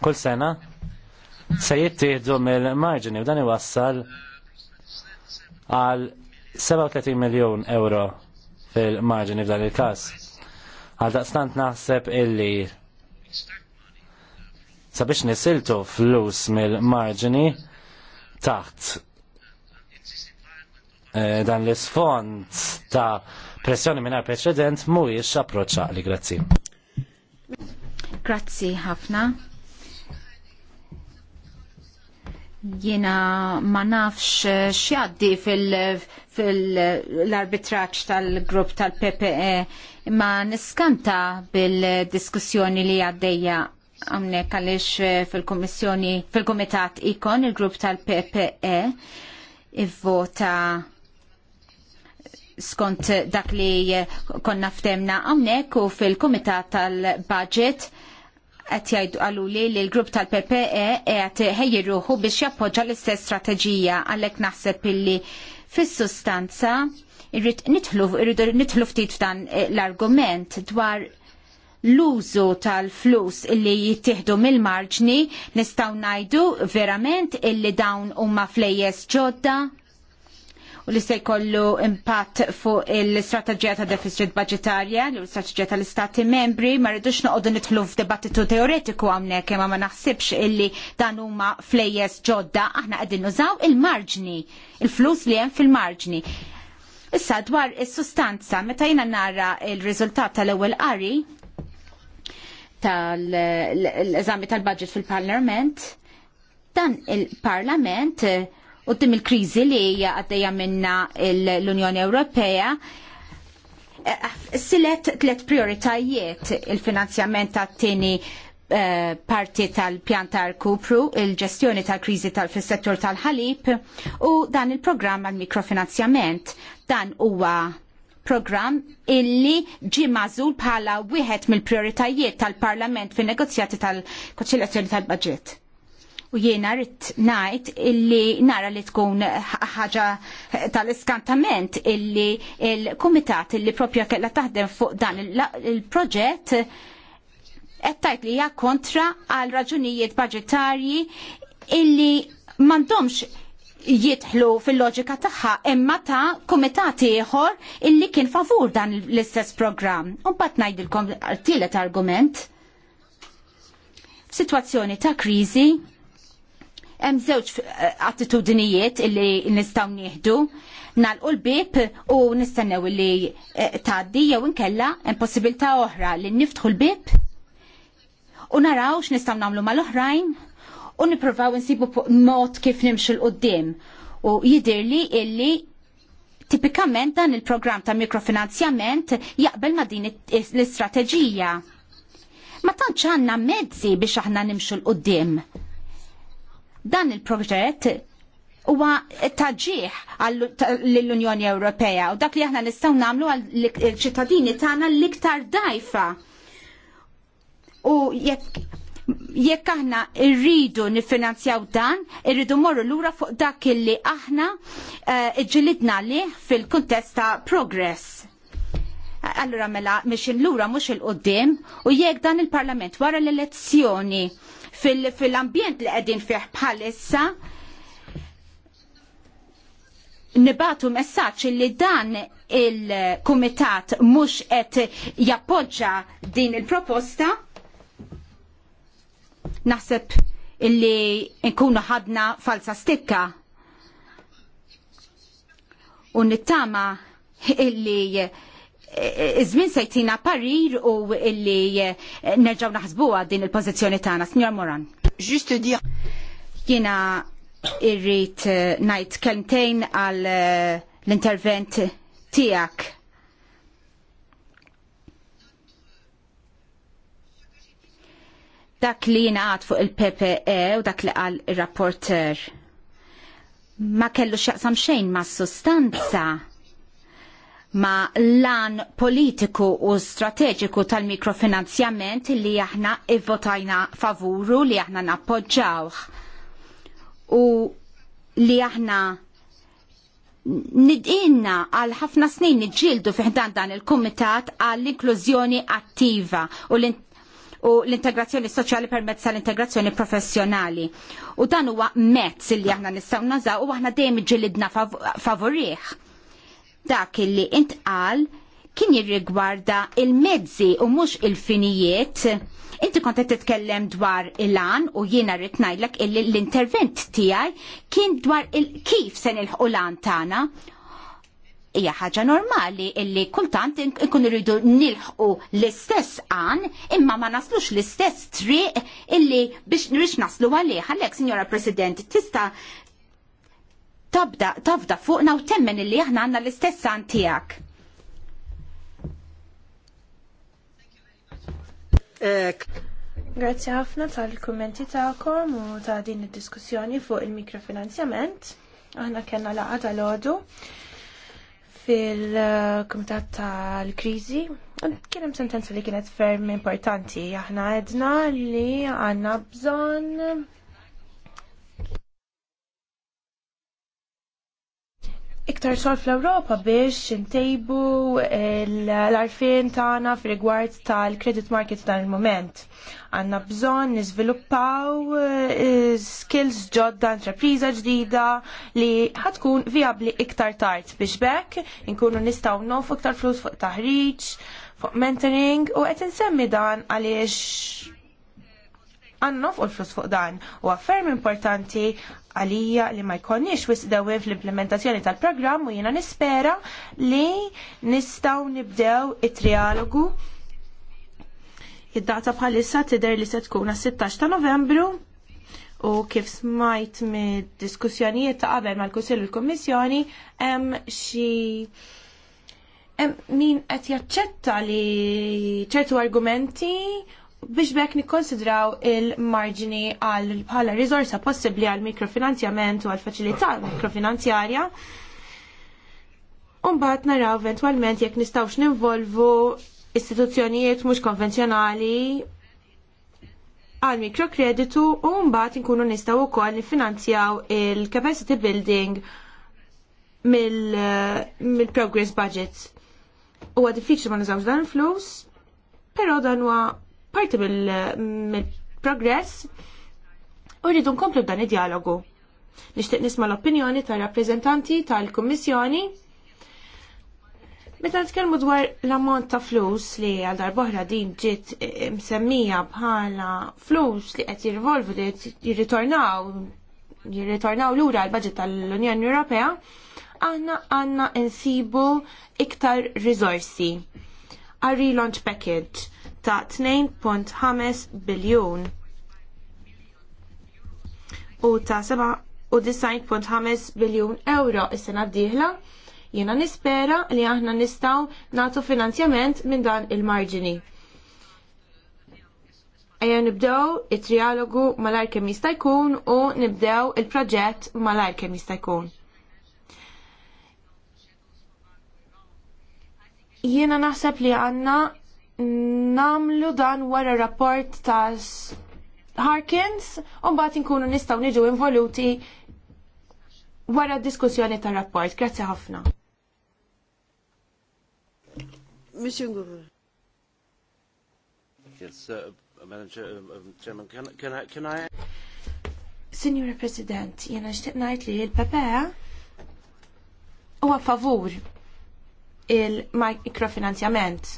kull sena se jittieħdu mill-marġini u dan iwassal għal 37 miljun euro fil-marġini f'dan il-każ. Għal daqstant naħseb illi sabiex nisiltu flus mill-marġini taħt eh, dan l-isfond ta' pressjoni minn preċedent mhuwiex approċċa li grazzi. Grazzi ħafna. Jiena ma nafx eh, xjaddi fil-arbitraċ tal-grupp tal-PPE ma niskanta bil-diskussjoni li għaddejja għamnek għalix eh, fil-komissjoni fil-komitat ikon il-grupp tal-PPE i-vota skont dak li konna ftemna għamnek u fil-komitat tal-budget qed jgħidu għaluli li l-grupp tal-PPE qed ħejjiruħu biex jappoġġa l-istess strateġija għalhekk naħseb illi fis-sustanza irrid nitħlu irridu nitħlu ftit f'dan eh, l-argument dwar l-użu tal-flus illi jittieħdu mill-marġni nistgħu ngħidu verament illi dawn huma flejjes ġodda u li se jkollu impatt fuq il strategija ta' deficit budgetarja u l strategija tal-istati membri ma rridux noqogħdu nidħlu f'debattitu teoretiku hawnhekk imma ma naħsibx illi dan huma flejjes ġodda aħna qegħdin nużaw il-marġni, il-flus li hemm fil-marġni. Issa dwar is-sustanza meta jiena nara il-riżultat tal-ewwel qari tal-eżami tal-budget fil-Parlament, dan il-Parlament u tim il-krizi li hija għaddejja minna l-Unjoni Ewropea silet tlet prioritajiet il-finanzjament tat-tieni eh, parti tal-pjan tal-kupru, il-ġestjoni tal-krizi tal-settur tal-ħalib u dan il-programm għal-mikrofinanzjament. Dan huwa program illi ġi mażul bħala wieħed mill-prioritajiet tal-Parlament fin negozjati tal-Konċiljazzjoni tal-Budget u jiena rrit najt illi nara li tkun ħaġa tal-iskantament illi il-komitat illi propja kella taħdem fuq dan il-proġett għettajt li hija kontra għal raġunijiet budgetarji illi mandomx jitħlu fil-loġika tagħha imma ta' kumitat ieħor illi kien favur dan l-istess programm. U mbagħad ngħidilkom tielet argument. F'sitwazzjoni ta' kriżi Hemm żewġ eh, attitudinijiet li nistgħu nieħdu nalqu l-bib u nistennew li eh, tgħaddi jew inkella hemm possibilità oħra li niftħu l-bib u naraw x'nistgħu nagħmlu mal-oħrajn u nippruvaw insibu mod kif nimxu l-qudiem u jidirli illi tipikament dan il-programm ta' mikrofinanzjament jaqbel ma' din l-istrateġija. Ma tantx għandna mezzi biex aħna nimxu l-qudiem Dan il-proġett huwa taġġieħ lill-Unjoni Ewropea u dak li aħna nistgħu nagħmlu għall ċittadini tagħna l-iktar dajfa. U jekk jekk aħna rridu nifinanzjaw dan, irridu morru lura fuq dak illi aħna eh, iġġilidna lih fil-kuntest ta' progress. Allura mela miex lura mhux il-qoddim u jekk dan il-Parlament wara l-elezzjoni fil-ambjent li qegħdin fih bħalissa nibatu messaġġ li dan il-kumitat mhux qed jappoġġa din il-proposta naħseb illi nkunu ħadna falsa stikka u nittama illi Izmin sejtina parir u illi eh, nerġaw naħsbuha din il-pożizzjoni tagħna. Signor Moran. Just di. jiena irrit eh, ngħid kelmtejn għal eh, l-intervent tiegħek. Dak li jiena għad fuq il-PPE u dak li qal ir rapporter ma kellu xaqsam xejn ma' sustanza ma lan politiku u strateġiku tal-mikrofinanzjament li aħna ivvotajna favuru li aħna nappoġġawh u li aħna nidqinna għal ħafna snin nġildu fiħdan dan il-Kumitat għall inklużjoni attiva u l-integrazzjoni soċjali permezz tal-integrazzjoni professjonali. U dan huwa mezz li aħna nistgħu nażaw u aħna dejjem ġilidna favorih. Fav dak illi intqal kien jirrigwarda il-mezzi u mhux il-finijiet. Inti kont qed titkellem dwar il-an u jiena rrid ngħidlek illi l-intervent tiegħi kien dwar il-kif se nilħqu lan tagħna. Hija ħaġa normali illi kultant ikun irridu nilħqu l-istess għan imma ma naslux l-istess triq illi biex nirix naslu għalih. Għalhekk, Sinjora President, tista' tabda, tabda fuqna u temmen illi aħna għandna l-istess għan tiegħek. Grazzi ħafna tal-kummenti ta'kom u ta' din id-diskussjoni fuq il-mikrofinanzjament. Aħna kellna laqgħa tal-għodu fil komitat tal-Kriżi Kien hemm sentenza li kienet ferm importanti. Aħna għedna li għandna bżonn iktar xogħol fl-Ewropa biex intejbu l-arfin tagħna fi rigward tal-credit market dan il-moment. Għanna bżonn niżviluppaw eh, skills ġodda intrapriża ġdida li ħatkun viabli iktar tard biex bekk inkunu nistgħu nofu iktar flus fuq taħriġ, fuq mentoring u qed insemmi dan għaliex għannof u l-flus fuq dan u għaffermi importanti għalija li ma jkonniex wis fl-implementazzjoni tal-programm u jiena nispera li nistaw nibdew it-trialogu id-data bħalissa tidher li se tkun 16 ta' Novembru u kif smajt mid-diskussjonijiet ta' qabel mal-Kunsill u l-Kummissjoni hemm xi min qed jaċċetta li ċertu argumenti biex bekk nikkonsidraw il-marġini għal bħala rizorsa possibbli għal mikrofinanzjament u għal faċilità mikrofinanzjarja. Umbat naraw eventualment jekk nistawx ninvolvu istituzzjonijiet mhux konvenzjonali għal mikrokreditu u mbagħad inkunu nistgħu wkoll nifinanzjaw il-capacity building mill-progress mil budget. Huwa diffiċli ma nużawx dan il-flus, però dan huwa parti mill-progress u rridu nkomplu dan id-dialogu. Nixtieq nisma l-opinjoni tal-rappreżentanti tal-Kummissjoni Meta nitkellmu dwar l-ammont ta' flus li għal darbohra din ġiet eh, msemmija bħala flus li qed jirvolvu li jirritornaw jirritornaw lura l-budget tal-Unjoni Ewropea, aħna għandna insibu iktar risorsi għal relaunch package ta' 2.5 biljon u ta' 7.5 biljun euro is-sena d-dieħla jiena nispera li aħna nistaw natu finanzjament minn dan il-marġini. Ejja nibdew it-trialogu malar kemm jista' jkun u nibdew il-proġett malar kemm jista' jkun. Jiena naħseb li għanna namlu dan wara rapport ta' Harkins, un bat inkunu nistaw niġu involuti wara diskussjoni ta' rapport. Grazie ħafna. Monsieur Yes, uh, um, um, Chairman, can, can, I, can I... Signora President, jena xtiq najt li il-PPE huwa favur il-mikrofinanzjament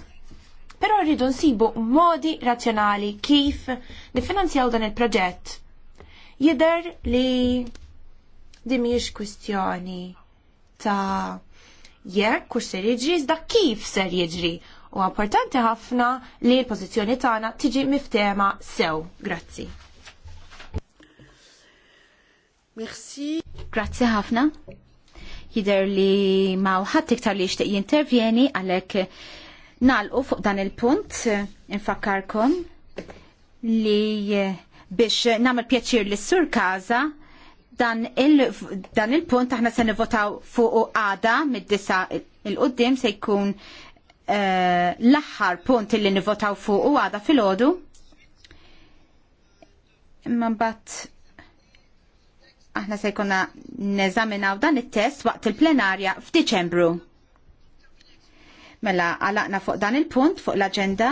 Però rridu nsibu modi razzjonali kif nifinanzjaw dan il-proġett. Jider li dimiex kwistjoni ta' jekk u ser jiġri iżda kif ser jiġri. U importanti ħafna li l-pożizzjoni tagħna tiġi miftema sew. Grazzi. Merci. Grazzi ħafna. Jider li ma' ħadd iktar li jixtieq jintervjeni għalhekk nalqu fuq dan il-punt infakkarkom li eh, biex namel pjaċir li sur kaza dan il-punt il aħna se nivotaw fuq għada mid-disa il-qoddim se jkun uh, l-aħħar punt li nivotaw fuq għada fil-ħodu. Imma bat aħna se jkunna neżaminaw dan it-test waqt il-plenarja f'Diċembru. Mela għalaqna fuq dan il-punt fuq l-agenda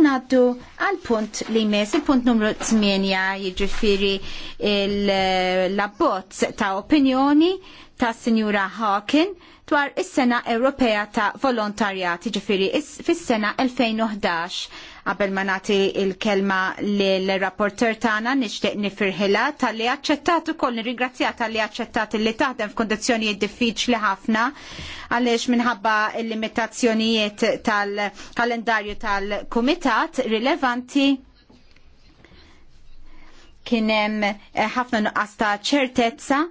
u naddu għal-punt li jmiss il-punt numru 8 jiġifieri l-abbozz ta' opinjoni ta' Sinjura Hawkin dwar is-Sena Ewropea ta' Volontarjat jiġifieri fis-sena 2011 Qabel ma nagħti l kelma lill rapporter tagħna nixtieq nifirħilha talli aċċettat ukoll nirringrazzjat talli aċċettat li taħdem f'kundizzjonijiet diffiċli ħafna għaliex minħabba l-limitazzjonijiet tal-kalendarju tal-kumitat rilevanti kien hemm ħafna nuqqas ta' ċertezza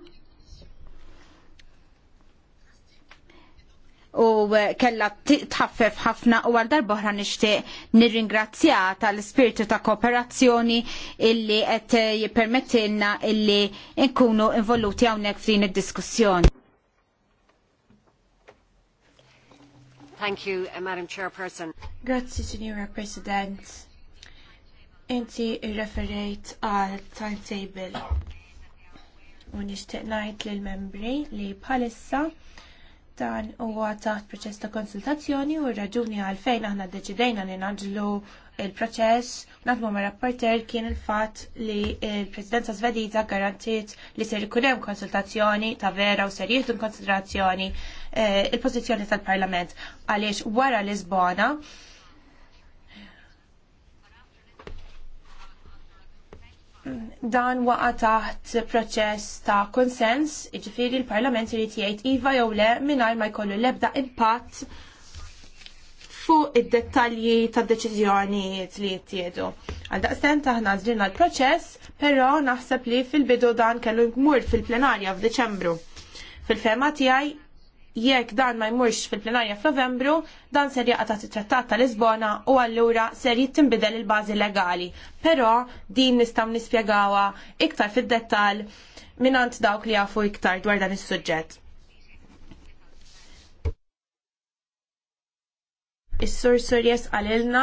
u eh, kella tħaffef ħafna u għal darbohra nixtieq nirringrazzja tal-spiritu ta' kooperazzjoni illi qed eh, jippermettilna illi nkunu involuti hawnhekk f'din id-diskussjoni. Thank you, eh, Madam Chairperson. Grazzi, Signora President. Inti referejt għal timetable u nixtieq ngħid lill-membri li bħalissa Dan huwa taħt proċess ta' konsultazzjoni u r-raġuni għalfejn aħna deċidejna li naġlu il-proċess naħdmu ma' rapporter kien il-fatt li il-Presidenza Svediża garantiet li ser ikun hemm konsultazzjoni ta' vera u ser jieħdu konsiderazzjoni eh, il-pożizzjoni tal-Parlament għaliex wara Lisbona dan waqa taħt proċess ta' konsens, iġifiri l-Parlament irid jgħid iva jew le mingħajr ma jkollu l-ebda impatt fuq id-dettalji tad deċiżjoni li jittiedu. Għal daqstent aħna zrinna l-proċess, però naħseb li fil-bidu dan kellu jmur fil-plenarja f'Deċembru. Fil-fema tiegħi jekk dan ma jmurx fil-plenarja f'Novembru, dan ser jaqta' taħt it-Trattat ta' Lisbona u allura ser jittinbidel il-bażi legali. Però din nistgħu nispjegawha iktar fid-dettall għand dawk li jafu iktar dwar dan is-suġġett. Is-Sur Surjes għalilna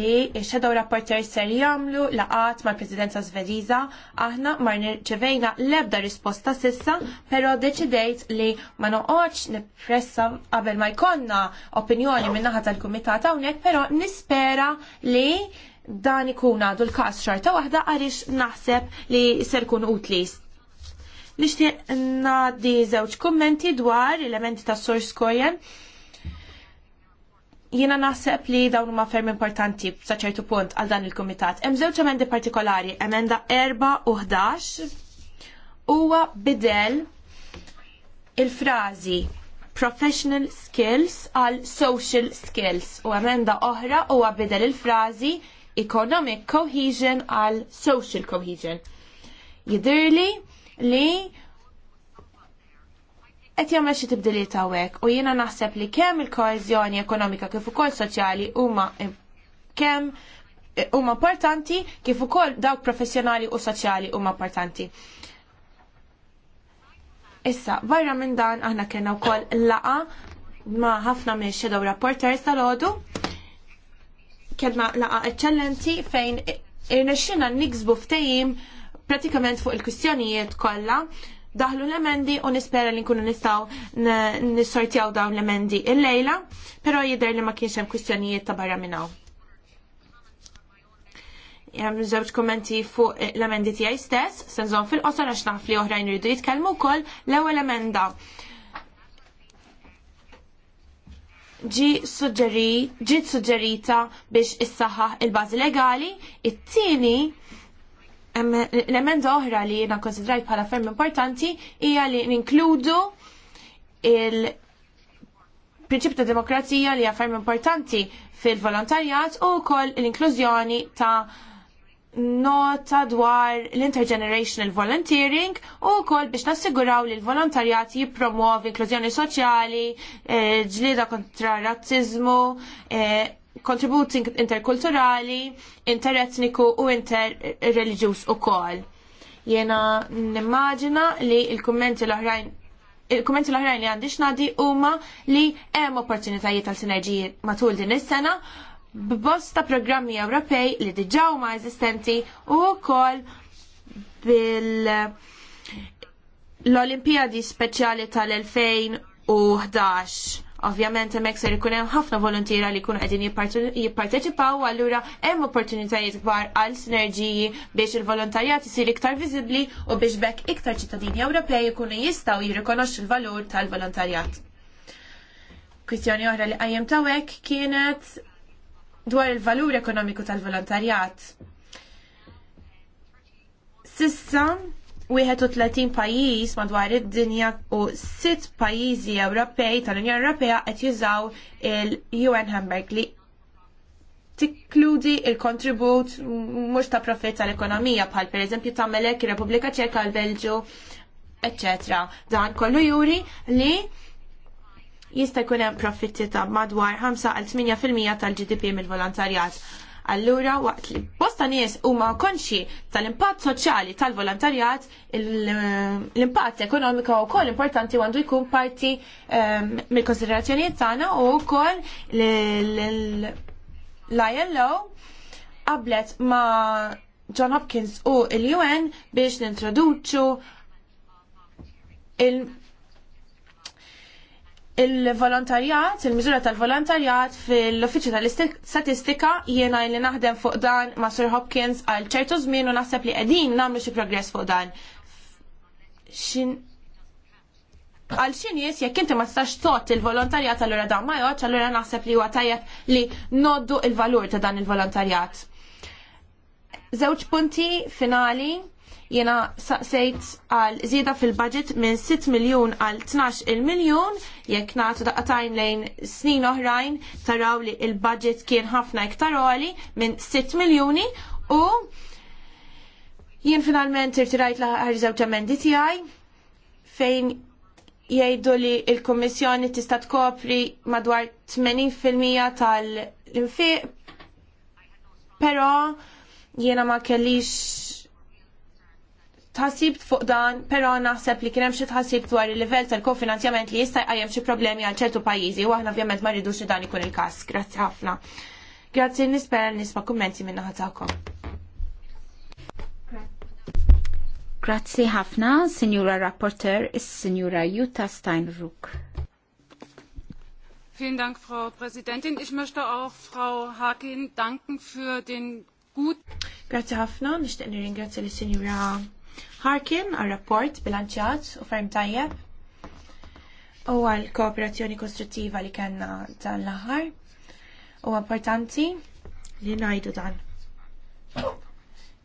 li x-Shadow Rapporter ser jagħmlu laqat mal-Presidenza Svediża aħna ma nirċevejna l-ebda risposta sissa, però deċidejt li ma noqgħodx nippressa qabel ma jkollna opinjoni min naħa tal-Kumitat hawnhekk, pero nispera li dan ikun għadu l-kas xorta waħda għaliex naħseb li ser kun utli. Nixtieq nadi żewġ kummenti dwar elementi ta' Source kojem jiena naħseb li dawn huma ferm importanti sa ċertu punt għal dan il-kumitat. Hemm żewġ emendi partikolari, emenda 4 u 11 huwa bidel il-frażi professional skills għal social skills u emenda oħra huwa bidel il-frażi economic cohesion għal social cohesion. Jidirli li qed jagħmel xi tibdiliet hawnhekk u jiena naħseb li kemm il-koeżjoni ekonomika kif ukoll soċjali huma kemm eh, huma importanti kif ukoll dawk professjonali u soċjali huma importanti. Issa, barra minn dan aħna kena wkoll laqa ma ħafna minn shadow rapporters tal-ħodu. Kellna laqa eccellenti fejn irnexxina niksbu ftehim pratikament fuq il-kwistjonijiet kollha daħlu l-emendi u nispera li nkunu nistaw nissortjaw dawn l-emendi il-lejla, pero jider li ma kienx hemm kwistjonijiet ta' barra minnaw. Jem żewġ kommenti fuq l-emendi tiegħi stess, se nżomm fil-qosor għax naf li oħrajn jridu jitkellmu wkoll l-ewwel emenda. ġi suġġeri, ġiet suġġerita biex issaħħaħ il-bażi legali, it-tieni il L-emenda oħra li jena konsidrajt bħala ferm importanti hija li ninkludu il- prinċip ta' demokrazija li għaffarm importanti fil-volontarjat u kol l-inklużjoni ta' nota dwar l-intergenerational volunteering u kol biex nassiguraw li l-volontarjat jipromuovi inklużjoni soċjali, eh, ġlida kontra razzizmu, eh, kontributi interkulturali, interetniku u interreligjus u kol. Jena nimmaġina li il-kommenti l-oħrajn il-kommenti l-oħrajn li għandix nadi huma li hemm opportunitajiet tal sinerġiji matul din is-sena b'bosta programmi Ewropej li diġà huma eżistenti u wkoll bil l-Olimpijadi speċjali tal-2011 Ovvjament hemmhekk se jkun hemm ħafna volontiera li jkunu qegħdin jipparteċipaw allura hemm opportunitajiet kbar għal sinerġiji biex il-volontarjat isir iktar viżibbli u biex bekk iktar ċittadini Ewropej ikunu jistgħu jirrikonoxxu l-valur tal-volontarjat. Kwistjoni oħra li qajjem tawek kienet dwar il-valur ekonomiku tal-volontarjat. Sissa, 31 pajjiż madwar id-dinja u 6 pajjiżi Ewropej tal-Unjoni Ewropea qed jużaw il-UN Hamburg li tikkludi il-kontribut mhux ta' profitt tal-ekonomija bħal pereżempju tagħmelek ir-Repubblika Ċeka, l-Belġu, etc. Dan kollu juri li jista' jkun hemm profitti ta' madwar 5 għal 8% tal-GDP mill-volontarjat. Allura, waqt li bosta nies huma konxi tal-impatt soċjali tal-volontarjat, l-impatt ekonomika u importanti għandu jkun parti ehm, mill-konsiderazzjonijiet tagħna u wkoll l-ILO qablet ma' John Hopkins u l-UN biex nintroduċu il-volontarjat, il-miżura tal-volontarjat fil-Uffiċċju tal-Statistika jiena li naħdem fuq dan ma' Sir Hopkins għal ċertu żmien u naħseb li qegħdin nagħmlu xi progress fuq dan. Xin għal xin jis jekk inti ma stax tot il-volontarjat allura dan ma joċ, allura naħseb li huwa tajjeb li noddu il-valur ta' dan il-volontarjat. Żewġ punti finali Jena saqsejt għal zieda fil-budget minn 6 miljon għal 12 miljon jekk nagħtu daqatajn lejn snin oħrajn taraw li il-budget kien ħafna iktar għali minn 6 miljoni u jien finalment irtirajt la żewġ emendi tiegħi fejn jgħidu li il-Kommissjoni tista' tkopri madwar 80% tal-infiq, però jiena ma kellix tħassib fuq dan, pero naħseb li kienem xie xi dwar il level tal-kofinanzjament li jista' għajem xie problemi għal ċertu pajjiżi u għahna ovvjament ma rridux li dan ikun il kas Grazzi ħafna. Grazzi nispera nisma' kummenti minna naħa tagħkom. Grazzi ħafna, Sinjura Rapporter, is Jutta Steinruck. Vielen Dank, Frau Präsidentin. Ich möchte auch Frau Hakin danken für den guten. Grazie ħafna, nixtieq nirringrazzja lis-Sinjura Harkin għal rapport bilanċjat u ferm tajjeb u għal kooperazzjoni kostruttiva li kellna dan l-aħħar u importanti li ngħidu dan.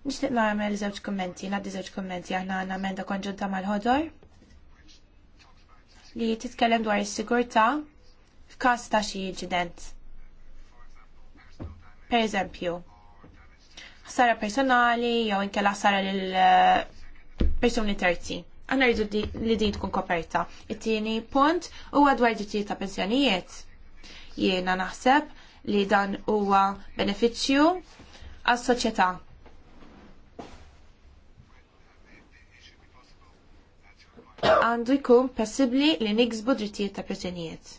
Nixtieq nagħmel żewġ kummenti, naddi żewġ kummenti aħna għandna amenda konġunta mal-ħodor li titkellem dwar is-sigurtà f'każ ta' xi inċident. Per eżempju, ħsara personali jew inkella ħsara lil eh, persuni terzi. Għanna rridu li din tkun koperta. It-tieni punt huwa dwar ġittijiet ta' pensjonijiet. Jiena naħseb li dan huwa benefiċċju għas-soċjetà. Għandu jkun possibbli li niksbu drittijiet ta' pensjonijiet.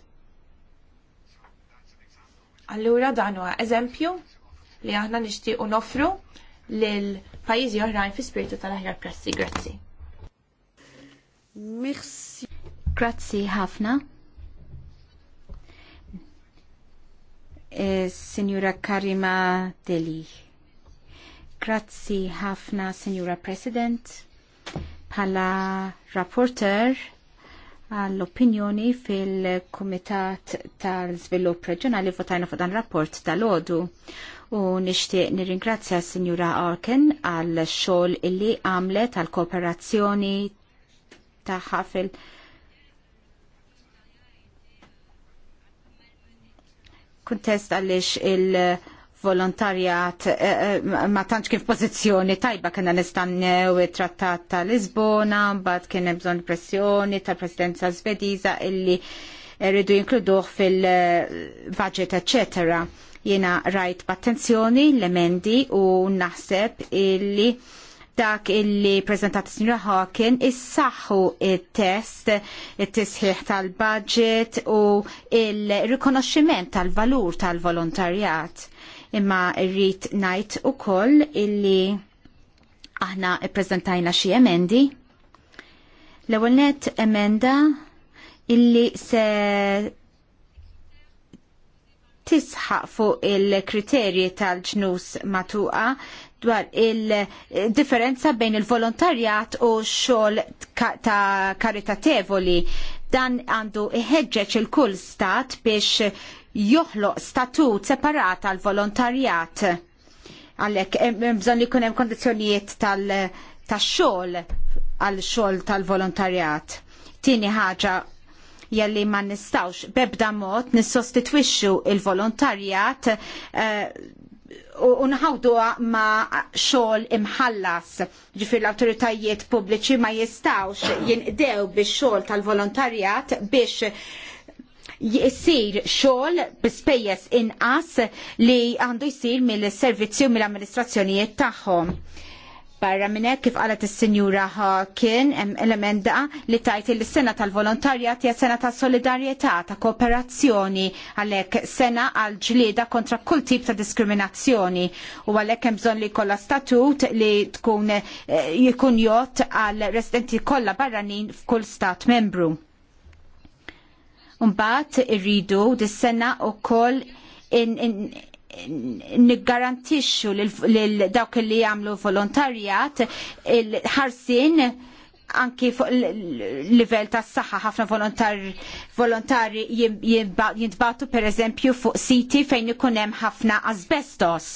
Allura dan huwa eżempju li aħna nixtiequ nofru lil pajjiżi oħrajn fi spiritu tal-aħjar prezzi. Grazzi. Merci. Grazzi ħafna. Eh, Signora Karima Deli. Grazzi ħafna, Signora President. Pala rapporter, għall-opinjoni fil-Kumitat tal-Svilupp Reġjonali votajna fuq dan rapport tal-ODU u nixtieq nirringrazzja s-Sinjura Orken għal xogħol illi għamlet għal kooperazzjoni ta' ħafil. kuntest għaliex il- volontarjat eh, eh, ma tantx kif pożizzjoni tajba kena nistannew it-trattat ta' Lisbona, mbagħad kien hemm bżonn pressjoni tal-Presidenza Svediża illi rridu jinkluduh fil-budget, eh, eccetera. Jena rajt b'attenzjoni l-emendi u naħseb illi dak illi prezentat Sinjora Hawken issaħħu il-test, il-tisħiħ tal-budget u il-rikonoxximent tal-valur tal-volontarjat. Imma rrit najt u koll illi aħna prezentajna xie emendi. l ewwel net emenda illi se tisħaq fuq il-kriterji tal-ġnus matuqa dwar il-differenza bejn il-volontarjat u xogħol ta' karitatevoli. Dan għandu iħeġġeġ il-kull stat biex joħloq statut separat għal volontarjat Għalek, bżon li kunem kondizjonijiet tal-xol għal-xol tal-volontarjat. Tini ħaġa jalli ma nistawx bebda mod nissostitwixxu il-volontarjat eh, u nħawduha ma' xogħol imħallas. Ġifir l-awtoritajiet pubbliċi ma jistawx jinqdew bix xogħol tal-volontarjat biex jisir xogħol bispejjes inqas li għandu jsir mill-servizzi u mill-amministrazzjonijiet tagħhom. Barra minn hekk kif qalet is-Sinjura Hawkin element da li tajt li sena tal-volontarjat hija sena ta' solidarjetà ta' kooperazzjoni għalhekk sena għal ġlieda kontra kull tip ta' diskriminazzjoni u għalhekk hemm bżonn li jkollha statut li tkun eh, jikun jott għal residenti kollha barranin f'kull stat membru. Un-bat irridu dis-sena wkoll in, niggarantixxu lil dawk li jagħmlu volontarjat il-ħarsin anki fuq il-livell tas saħħa ħafna volontari jintbatu pereżempju fuq siti fejn ikun hemm ħafna asbestos.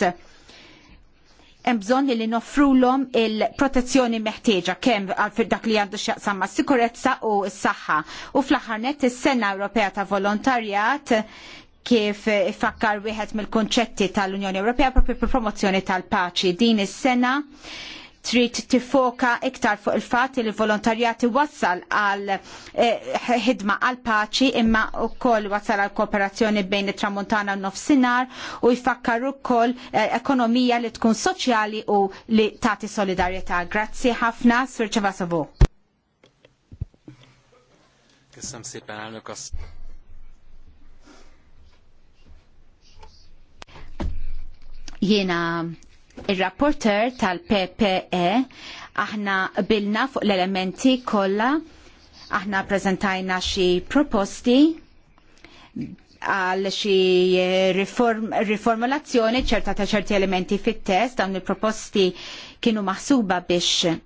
Hemm bżonn li noffrulhom il-protezzjoni meħtieġa kemm għal dak li għandu xaqsam ma' sikurezza u s-saħħa. U fl-aħħar nett is-Sena Ewropea ta' Volontarjat kif ifakkar wieħed mill-konċetti tal-Unjoni Ewropea propri promozzjoni tal-paċi. Din is-sena trid tifoka iktar fuq il-fatt li l volontarjati wassal għal eh, ħidma għal paċi imma wkoll wassal għal kooperazzjoni bejn it-tramuntana u nofsinhar u jfakkar ukoll eh, ekonomija li tkun soċjali u li tagħti solidarjetà. Grazzi ħafna, Sir Ċevasovu. Köszönöm szépen, elnök Jiena il-rapporter tal-PPE aħna bilna fuq l-elementi kollha aħna prezentajna xi proposti għal xi riform, riformulazzjoni ċerta ta' ċerti elementi fit-test dawn il-proposti kienu maħsuba biex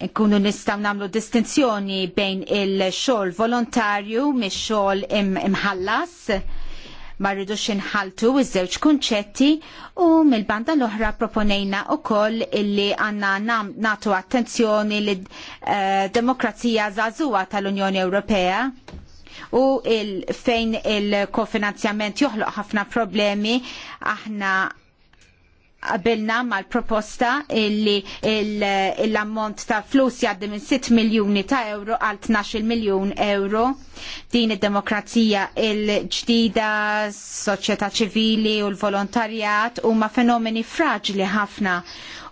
nkunu nistaw namlu distinzjoni bejn il-xol volontarju mis xol imħallas ma rridux inħaltu iż-żewġ kunċetti u mill-banda l-oħra proponejna wkoll illi għandna nagħtu attenzjoni li eh, demokrazija żagħżugħa tal-Unjoni Ewropea u il fejn il-kofinanzjament joħloq ħafna problemi aħna qabilna mal-proposta illi l-ammont ta' flus jgħaddi minn 6 miljuni ta' euro għal 12 miljun euro. Din id-demokrazija il-ġdida, soċjetà ċivili u l-volontarjat huma fenomeni fraġli ħafna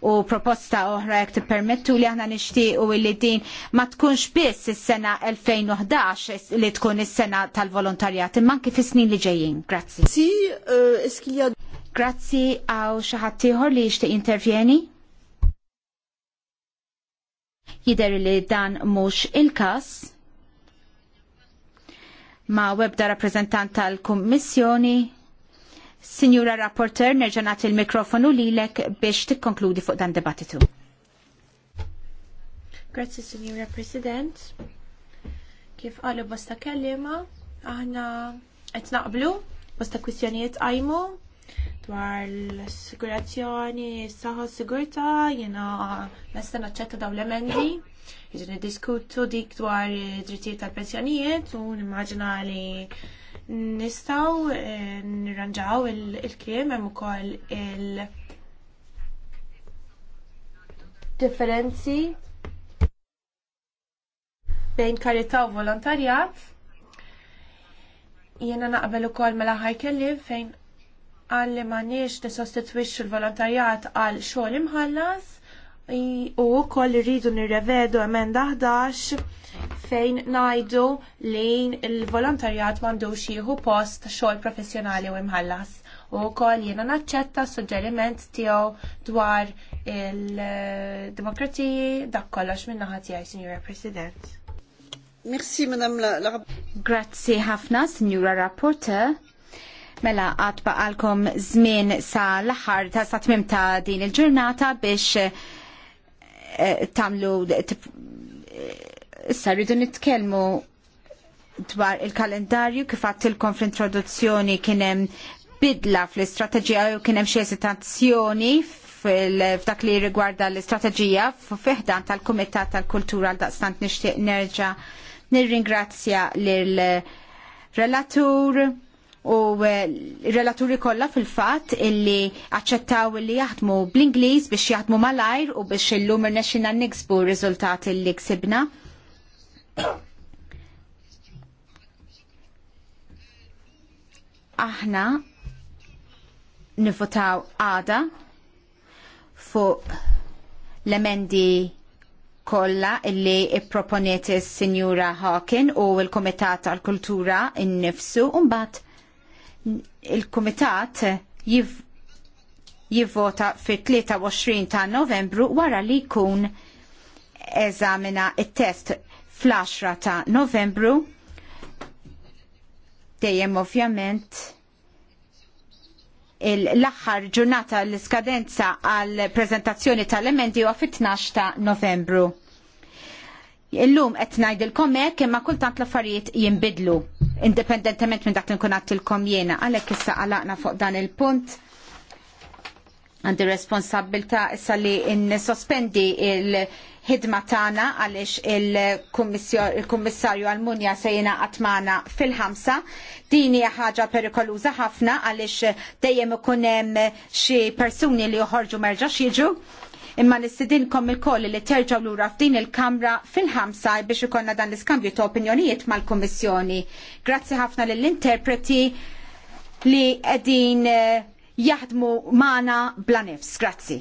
u proposta oħra jek tippermettu li aħna nixtiequ li din ma tkunx biss is-sena 2011 li tkun is-sena tal-volontarjat imma anke fis-snin li ġejjin. Grazzi. Si, uh, Grazzi għaw xaħatiħor li jishti intervjeni. Jideri li dan mux il-kas ma webda rappresentant tal-Kummissjoni. Signora Rapporter, nerġanat il-mikrofonu lilek biex tikkonkludi fuq dan dibattitu. Grazzi Signora President. Kif qalu bosta kellima, aħna qed naqblu bosta kwistjonijiet għajmu dwar l-assigurazzjoni, s-saħħa s-sigurta, jena nesta naċċetta daw l-emendi. Jġin diskutu dik dwar drittijiet tal-pensjonijiet u nimmaġina li nistaw eh, nirranġaw il kliem hemm ukoll il- differenzi bejn karità u volontarjat. Jena naqbel ukoll mela ħajkellim fejn għal li maniex nisostitwix il-volontarjat għal xogħol imħallas u koll rridu nirrevedu emenda 11 fejn najdu li il-volontarjat mandux jieħu post xogħol professjonali u imħallas. U koll jiena naċċetta suġġeriment tiegħu dwar il-demokratiji dak kollox minn naħa Signora President. Merci, Madame la, la... Grazie ħafna, Signora Rapporteur. Mela għad baqalkom żmien sa l-aħħar ta' sa ta' din il-ġurnata biex eh, tamlu issa rridu nitkellmu dwar il-kalendarju kif għattilkom fl-introduzzjoni kienem bidla fl-istrateġija u kienem xie esitazzjoni f'dak li rigwarda l-istrateġija f'fihdan tal-Kumitat tal-Kultura għal-daqstant nishtiq nerġa' nirringrazzja lil relatur u eh, relaturi kollha fil-fatt illi aċċettaw illi jaħdmu bl-Ingliż biex jaħdmu malajr u biex illum irnexxina niksbu r-riżultati li ksibna. Aħna nifutaw għada fuq l-emendi kollha illi proponiet is-Sinjura Hawking u l-Kumitat għal kultura innifsu u mbagħad il-Kumitat jivvota fit-23 ta' Novembru wara li jkun eżamina it-test fl-10 ta' Novembru dejjem ovvjament l-aħħar ġurnata l-iskadenza għal prezentazzjoni tal-emendi huwa fit-12 ta' Novembru. Illum qed ngħidilkom hekk imma kultant l-affarijiet jinbidlu indipendentement minn dak li nkun għattilkom jiena għalhekk issa għalaqna fuq dan il-punt għandi responsabilta issa li n-sospendi il-ħidma tagħna għaliex il-kummissarju għal-Munja se jina għatmana fil-ħamsa. Dini ħaġa perikoluza ħafna għaliex dejjem ikun hemm xi persuni li joħorġu merġa' jiġu Imma nistidinkom il-koll li terġaw lura f'din il-Kamra fil-ħamsa biex ikonna dan l-iskambju ta' opinjonijiet mal komissjoni Grazzi ħafna lill-interpreti li qegħdin eh, jaħdmu mana bla nifs. Grazzi.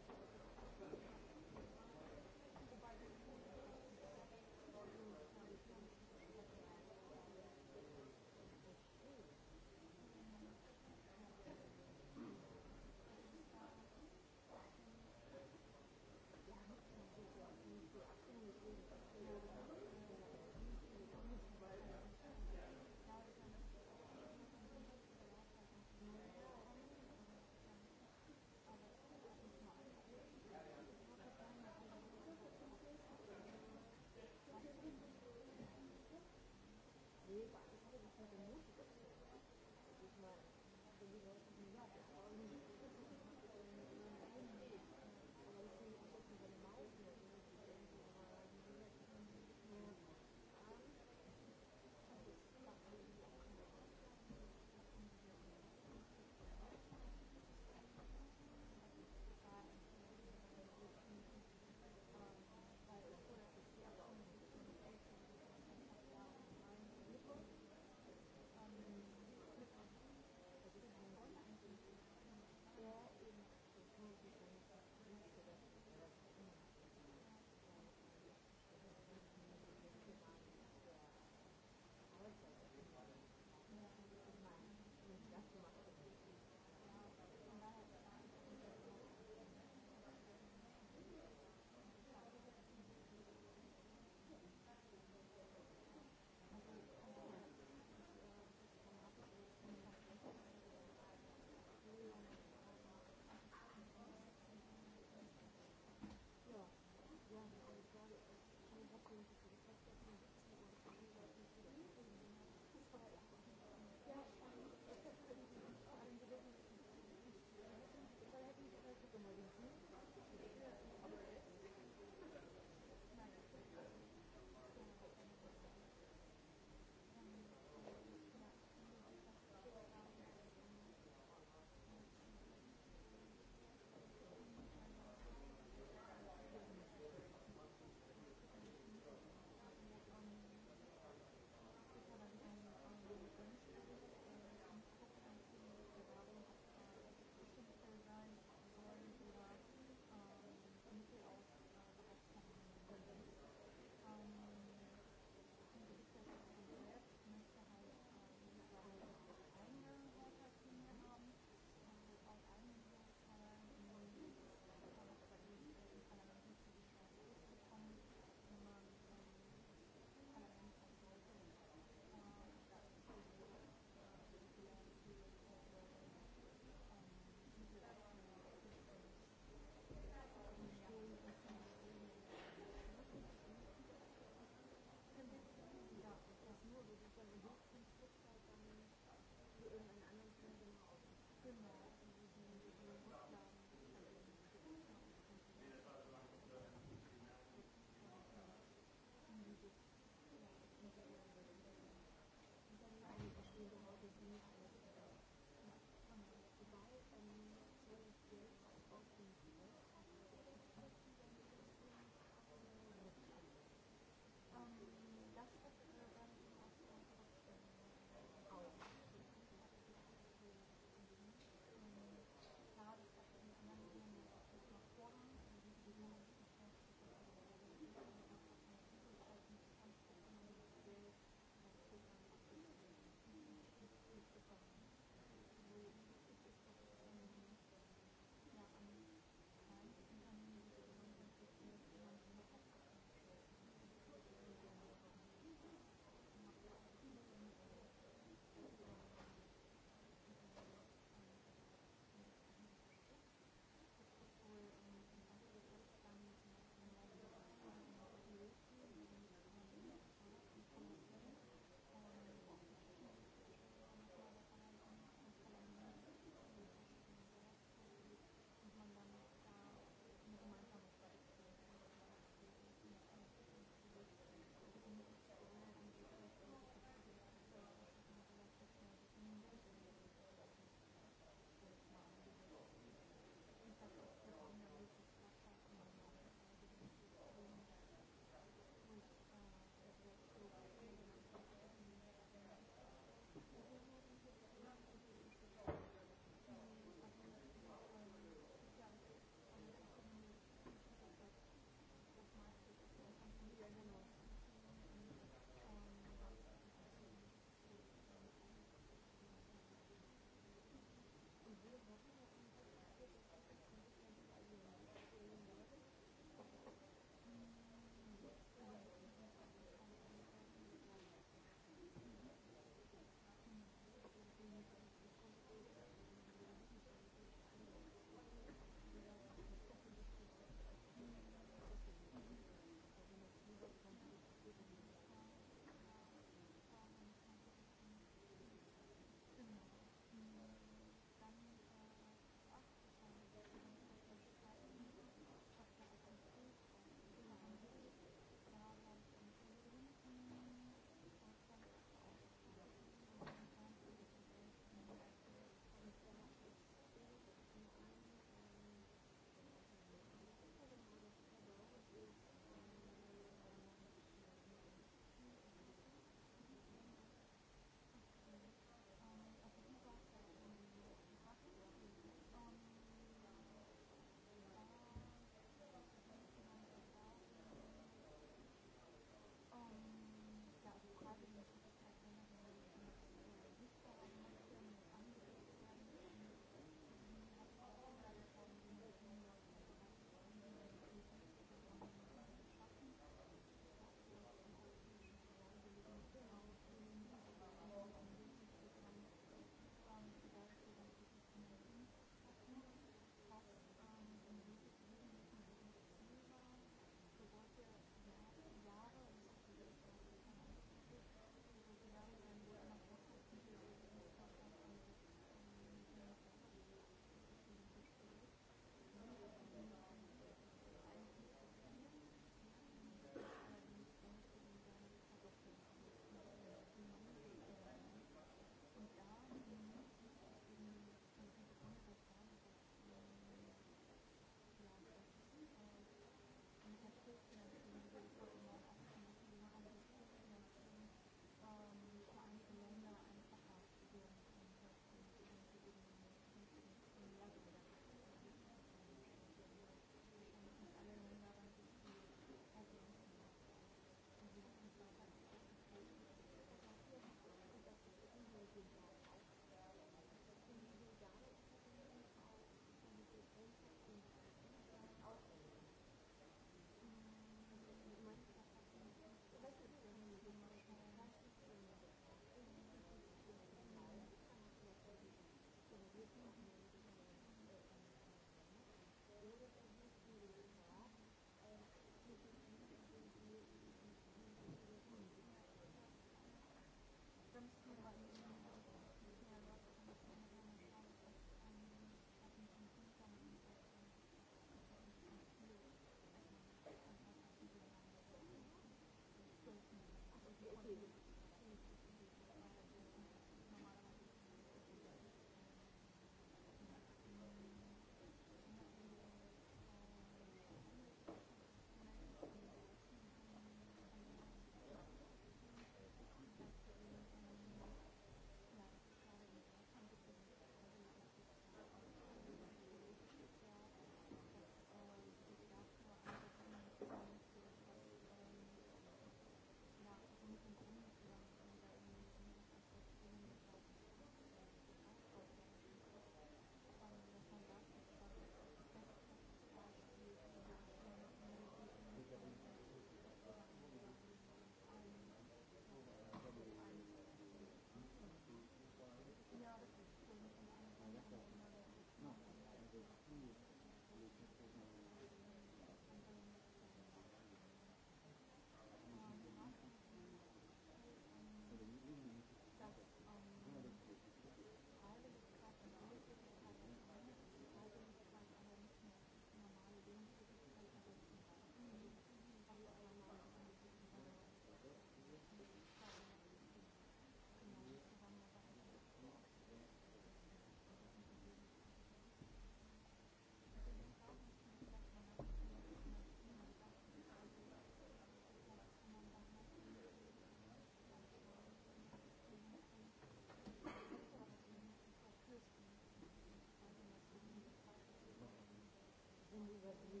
Thank you.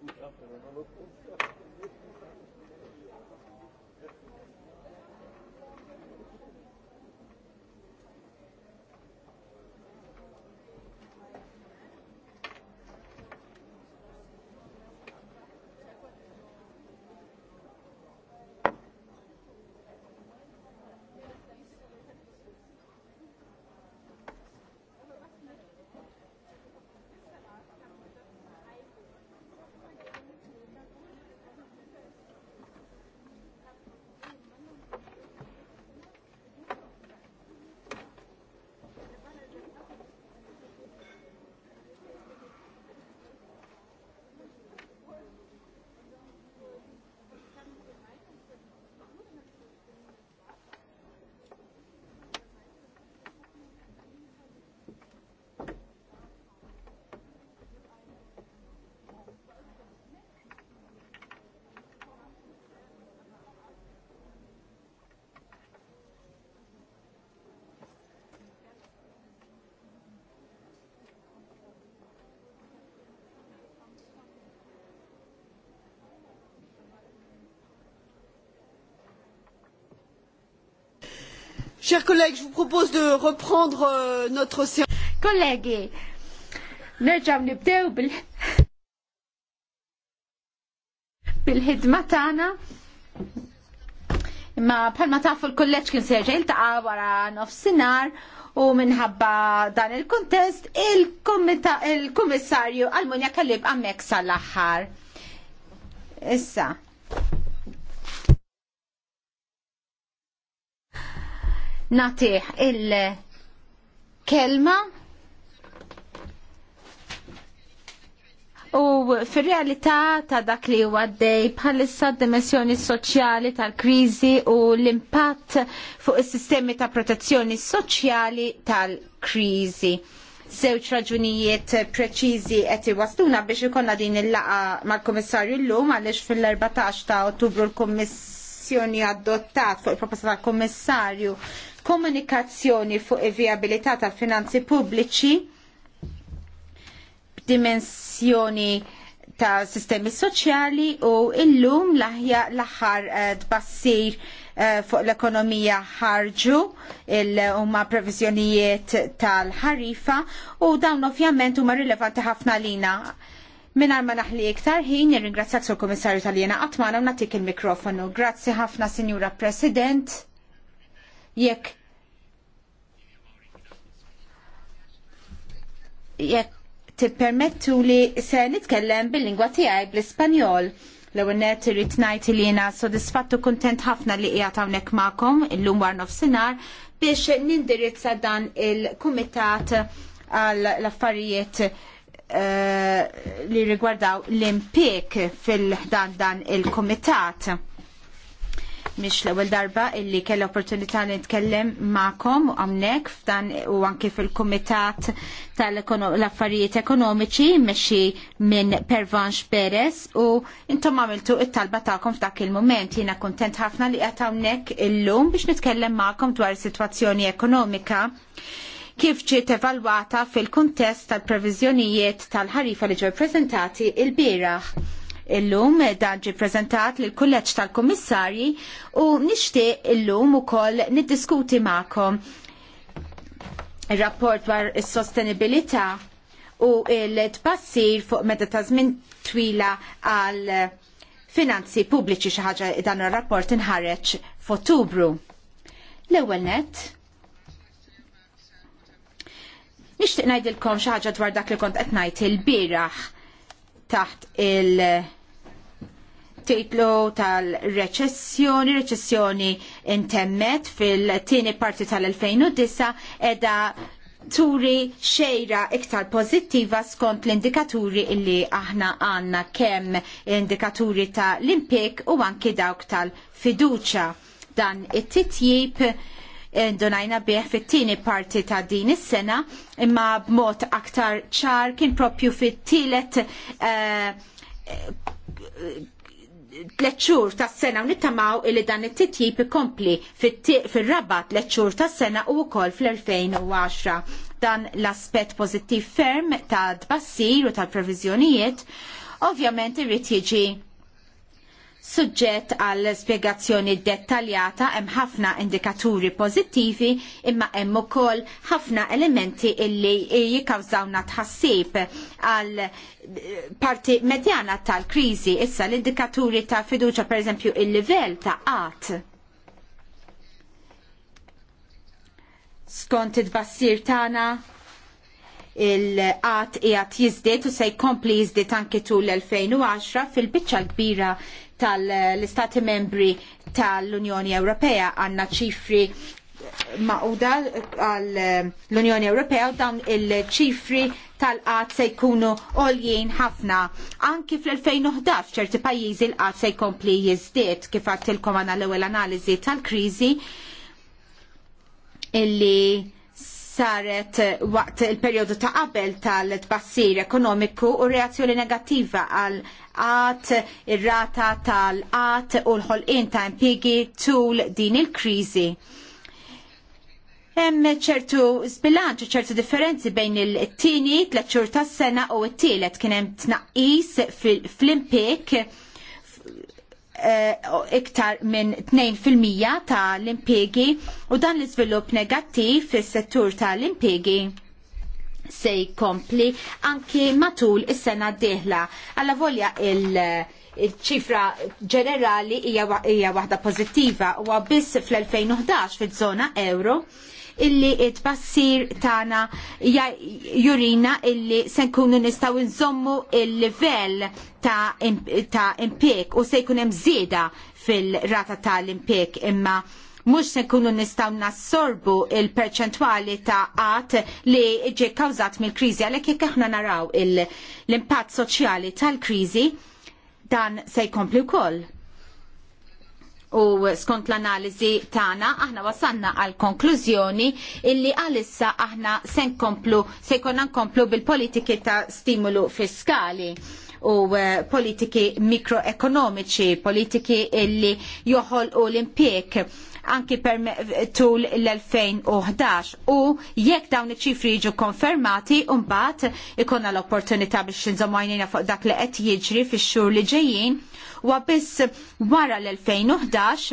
gut ab, wenn man noch Chers collègues, je vous propose de reprendre euh, notre séance. Kollegi, nerġaw nibdew bil bil-ħidma tagħna. Imma ma tafu l-kolleġġ kien serġa' jiltaqa' wara nofsinhar u minħabba dan il-kontest il kommissarju il munja Kalib għamek sal-aħħar. Issa, natiħ il-kelma U fir realità ta' dak li huwa għaddej bħalissa d-dimensjoni soċjali tal-kriżi u l-impatt fuq is-sistemi ta' protezzjoni soċjali tal-kriżi. Sewċ raġunijiet preċiżi qed iwastuna biex ikollna din il laqgħa mal-Kummissarju llum għaliex fil-14 ta' Ottubru l komissarju adottat fuq il-proposta tal-Kummissarju komunikazzjoni fuq il-viabilità tal-finanzi pubbliċi dimensjoni ta' sistemi soċjali u illum l-aħħar eh, tbassir eh, fuq l-ekonomija ħarġu il-umma previżjonijiet tal-ħarifa u dawn ovvjament huma rilevanti ħafna lina. Minar ma naħli iktar ħin, nirringrazzjak sur komissarju tal-jena għatmana u natik il-mikrofonu. Grazzi ħafna, Sinjura President. Jekk jekk tippermettu li se nitkellem bil-lingwa tiegħi bl-Ispanjol. L-ewwel net irid ngħid li jiena sodisfatt u kuntent ħafna li qiegħed hawnhekk magħkom illum war nofsinhar biex nindirizza dan il-kumitat għal l-affarijiet eh, li rigwardaw l impjieg fil-dan ħdan il-kumitat Miex l-ewwel darba illi kell opportunità li nitkellem magħkom hawnhekk f'dan u anke fil-Kumitat tal-Affarijiet Ekonomiċi mexi minn Pervanx Perez u intom għamiltu it-talba tagħkom f'dak il-mument. Jiena kuntent ħafna li qed hawnhekk illum biex nitkellem magħkom dwar is-sitwazzjoni ekonomika kif ġiet evalwata fil-kuntest tal-previżjonijiet tal-ħarifa li ġew ippreżentati il-bieraħ Illum dan ġi prezentat lil kulleġġ tal-Kummissarji u nixtieq illum ukoll niddiskuti magħkom ir-rapport dwar is-sostenibilità u l-tbassir fuq meta ta' żmien twila għal finanzi pubbliċi xi ħaġa dan ir-rapport inħareġ f'Ottubru. L-ewwel nett. Nixtieq ngħidilkom xi ħaġa dwar dak li kont qed ngħid il-bieraħ taħt il-, -bieraħ, taħt il titlu tal-reċessjoni, reċessjoni intemmet fil-tieni parti tal-2009 edha turi xejra iktar pozittiva skont l-indikaturi illi aħna għanna kemm indikaturi ta' l-impik u anki dawk tal-fiduċa. Dan it-titjib donajna bieħ fit-tieni parti ta' din is-sena imma b'mod aktar ċar kien propju fit-tielet uh, tlet xhur tas-sena u nittamaw li dan it-titjib ikompli fir rabat tlet ta' tas-sena u wkoll fl-2010. Dan l-aspett pożittiv ferm ta' tbassir u tal-previżjonijiet ovvjament irrid jiġi suġġett għal spiegazzjoni dettaljata hemm ħafna indikaturi pożittivi imma hemm ukoll ħafna elementi illi jikkawżawna tħassib għal eh, parti medjana tal-kriżi issa l-indikaturi ta' fiduċa pereżempju il-livell ta' qatt. Skont id-bassir tagħna il-qat qiegħed jiżdied u se jkompli jiżdied anki tul l-2010 fil-biċċa l-kbira tal-istati membri tal-Unjoni Ewropea għandna ċifri maquda għall unjoni Ewropea u dawn il-ċifri tal-qat se jkunu oljien ħafna. Anki fl-2011 ċerti pajjiżi l-qat se jkompli jizdiet kif għattilkom għana l-ewwel analizi tal-kriżi illi saret waqt il-periodu ta' qabel tal-tbassir ekonomiku u reazzjoni negattiva għal għat ir-rata tal-għat u l-ħolqin ta' impjiegi tul din il-kriżi. Hemm ċertu sbilanċ, ċertu differenzi bejn il-tieni tliet xhur tas-sena u t-tielet kien hemm tnaqqis fl-impik Eh, iktar minn 2% ta' l-impiegi u dan l-iżvilupp negattiv fis-settur tal l-impiegi se jkompli anki matul is-sena d-dieħla. Alla volja il- ċifra ġenerali hija waħda pożittiva u biss fl-2011 fiż żona euro illi it-bassir tagħna jurina illi se nkunu nistgħu nżommu il-livell ta', ta impik u se jkun hemm żieda fil-rata tal-impik imma mux se nkunu nistaw nassorbu il-perċentwali ta' għat li ġie kawzat mill-krizi, għalek jek aħna naraw l-impatt soċjali tal-krizi, dan se jkompli wkoll. U skont l-analiżi tagħna aħna wasanna għal konklużjoni illi għalissa aħna se nkomplu se jkollna nkomplu bil-politiki ta' stimolu fiskali u eh, politiki mikroekonomiċi, politiki illi joħolqu l-impjek anki tul l-2011 u jekk dawn iċ-ċifri jiġu konfermati mbagħad ikonna l-opportunità biex nżomajnina fuq dak li qed jiġri fix-xhur li ġejjin u biss wara l-2011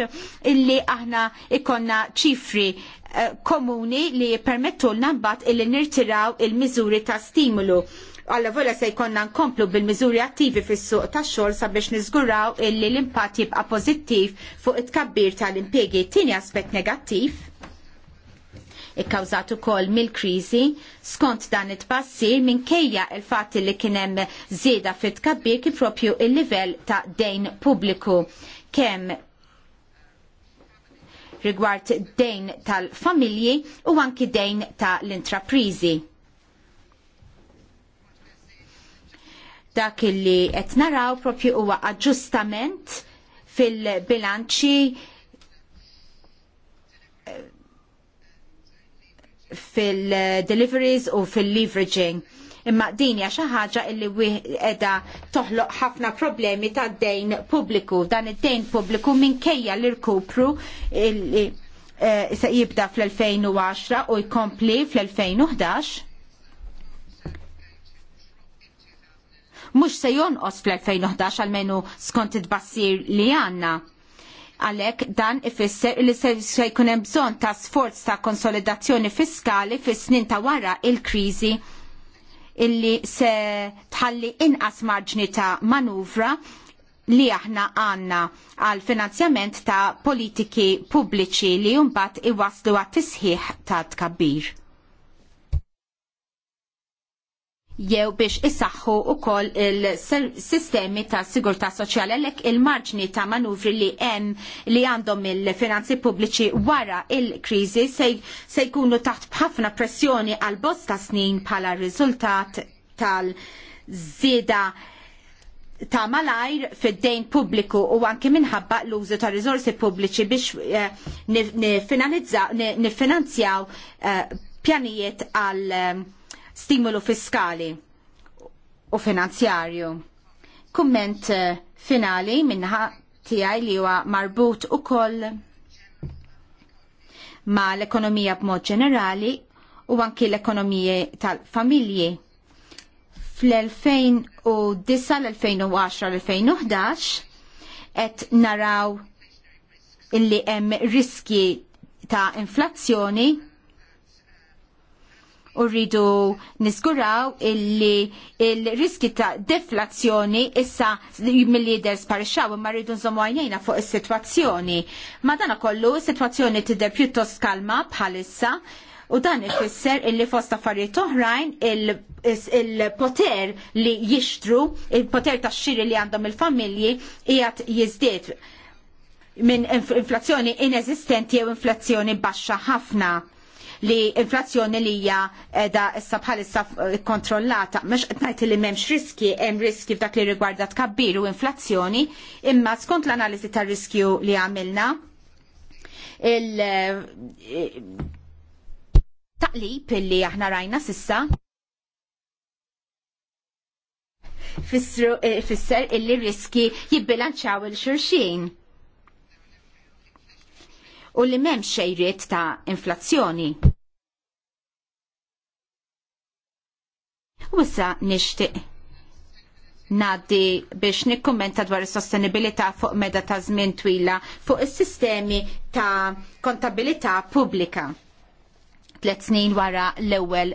illi aħna ikonna ċifri eh, komuni li l mbagħad illi nirtiraw il-miżuri ta' stimulu għalla vola se jkonna nkomplu bil-miżuri attivi fis-suq tax-xogħol sabiex niżguraw illi l-impatt jibqa' pożittiv fuq it-kabbir tal-impjegi. Tieni aspett negattiv ikkawżat ukoll mill-kriżi skont dan it-tbassir minkejja il-fatt li kien hemm żieda fit-tkabbir kif propju il-livell ta' dejn pubbliku kemm rigward dejn tal-familji u anki dejn tal-intraprizi. Dak illi qed naraw propju huwa aġġustament fil-bilanċi eh, fil-deliveries u fil-leveraging imma din hija xi ħaġa li edha toħloq ħafna problemi ta' dejn pubbliku. Dan id-dejn pubbliku minkejja l irkupru eh, se jibda fl-2010 u jkompli fl-2011 mhux se jonqos fl-2011 għal-menu skont id-bassir li għandna għalek dan ifisser li se jkun hemm bżonn ta' sforz ta' konsolidazzjoni fiskali fis-snin ta' wara il-kriżi illi se tħalli inqas marġni ta' manuvra li aħna għanna għal finanzjament ta' politiki pubbliċi li jumbat iwaslu għat tisħiħ ta' tkabbir. jew biex isaħħu wkoll il-sistemi ta' sigurtà soċjali għalhekk il-marġni ta' manuvri li hemm li għandhom il-finanzi pubbliċi wara il-kriżi se jkunu taħt bħafna pressjoni għal bosta snin bħala riżultat tal-żieda ta' malajr fid-dejn pubbliku u anke minħabba l-użu ta' riżorsi pubbliċi biex eh, nifinanzjaw eh, pjanijiet għal eh, stimolu fiskali u finanzjarju. Kumment eh, finali minnaħa tiegħi li huwa marbut ukoll ma l-ekonomija b'mod ġenerali u anki l-ekonomiji tal-familji. Fl-2009 l-2010 2011 et naraw illi hemm riski ta' inflazzjoni u rridu niskuraw illi il-riski ta' deflazzjoni issa mill-leaders parixxaw imma rridu nżommu għajnejna fuq is-sitwazzjoni. Madana kollu situazzjoni sitwazzjoni tidher pjuttost kalma bħalissa u dan ifisser illi fost affarijiet oħrajn il-poter li jixtru, il-poter tax xiri li għandhom il-familji qiegħed jiżdied minn inflazzjoni inesistenti jew inflazzjoni baxxa ħafna li inflazzjoni li hija edha issa bħalissa kontrollata. Mhux qed ngħid li m'hemmx riski, hemm riski f'dak li rigwarda tkabbir u inflazzjoni, imma skont l-analiżi tar-riskju li għamilna il eh, taqlib illi aħna rajna sissa eh, fisser illi riski jibbilanċaw il-xurxin. U li memx xejriet ta' inflazzjoni. U issa nixtieq ngħaddi biex nikkummenta dwar is-sostenibilità fuq meda ta' żmien twila fuq is-sistemi ta' kontabilità pubblika. Tlet snin wara l-ewwel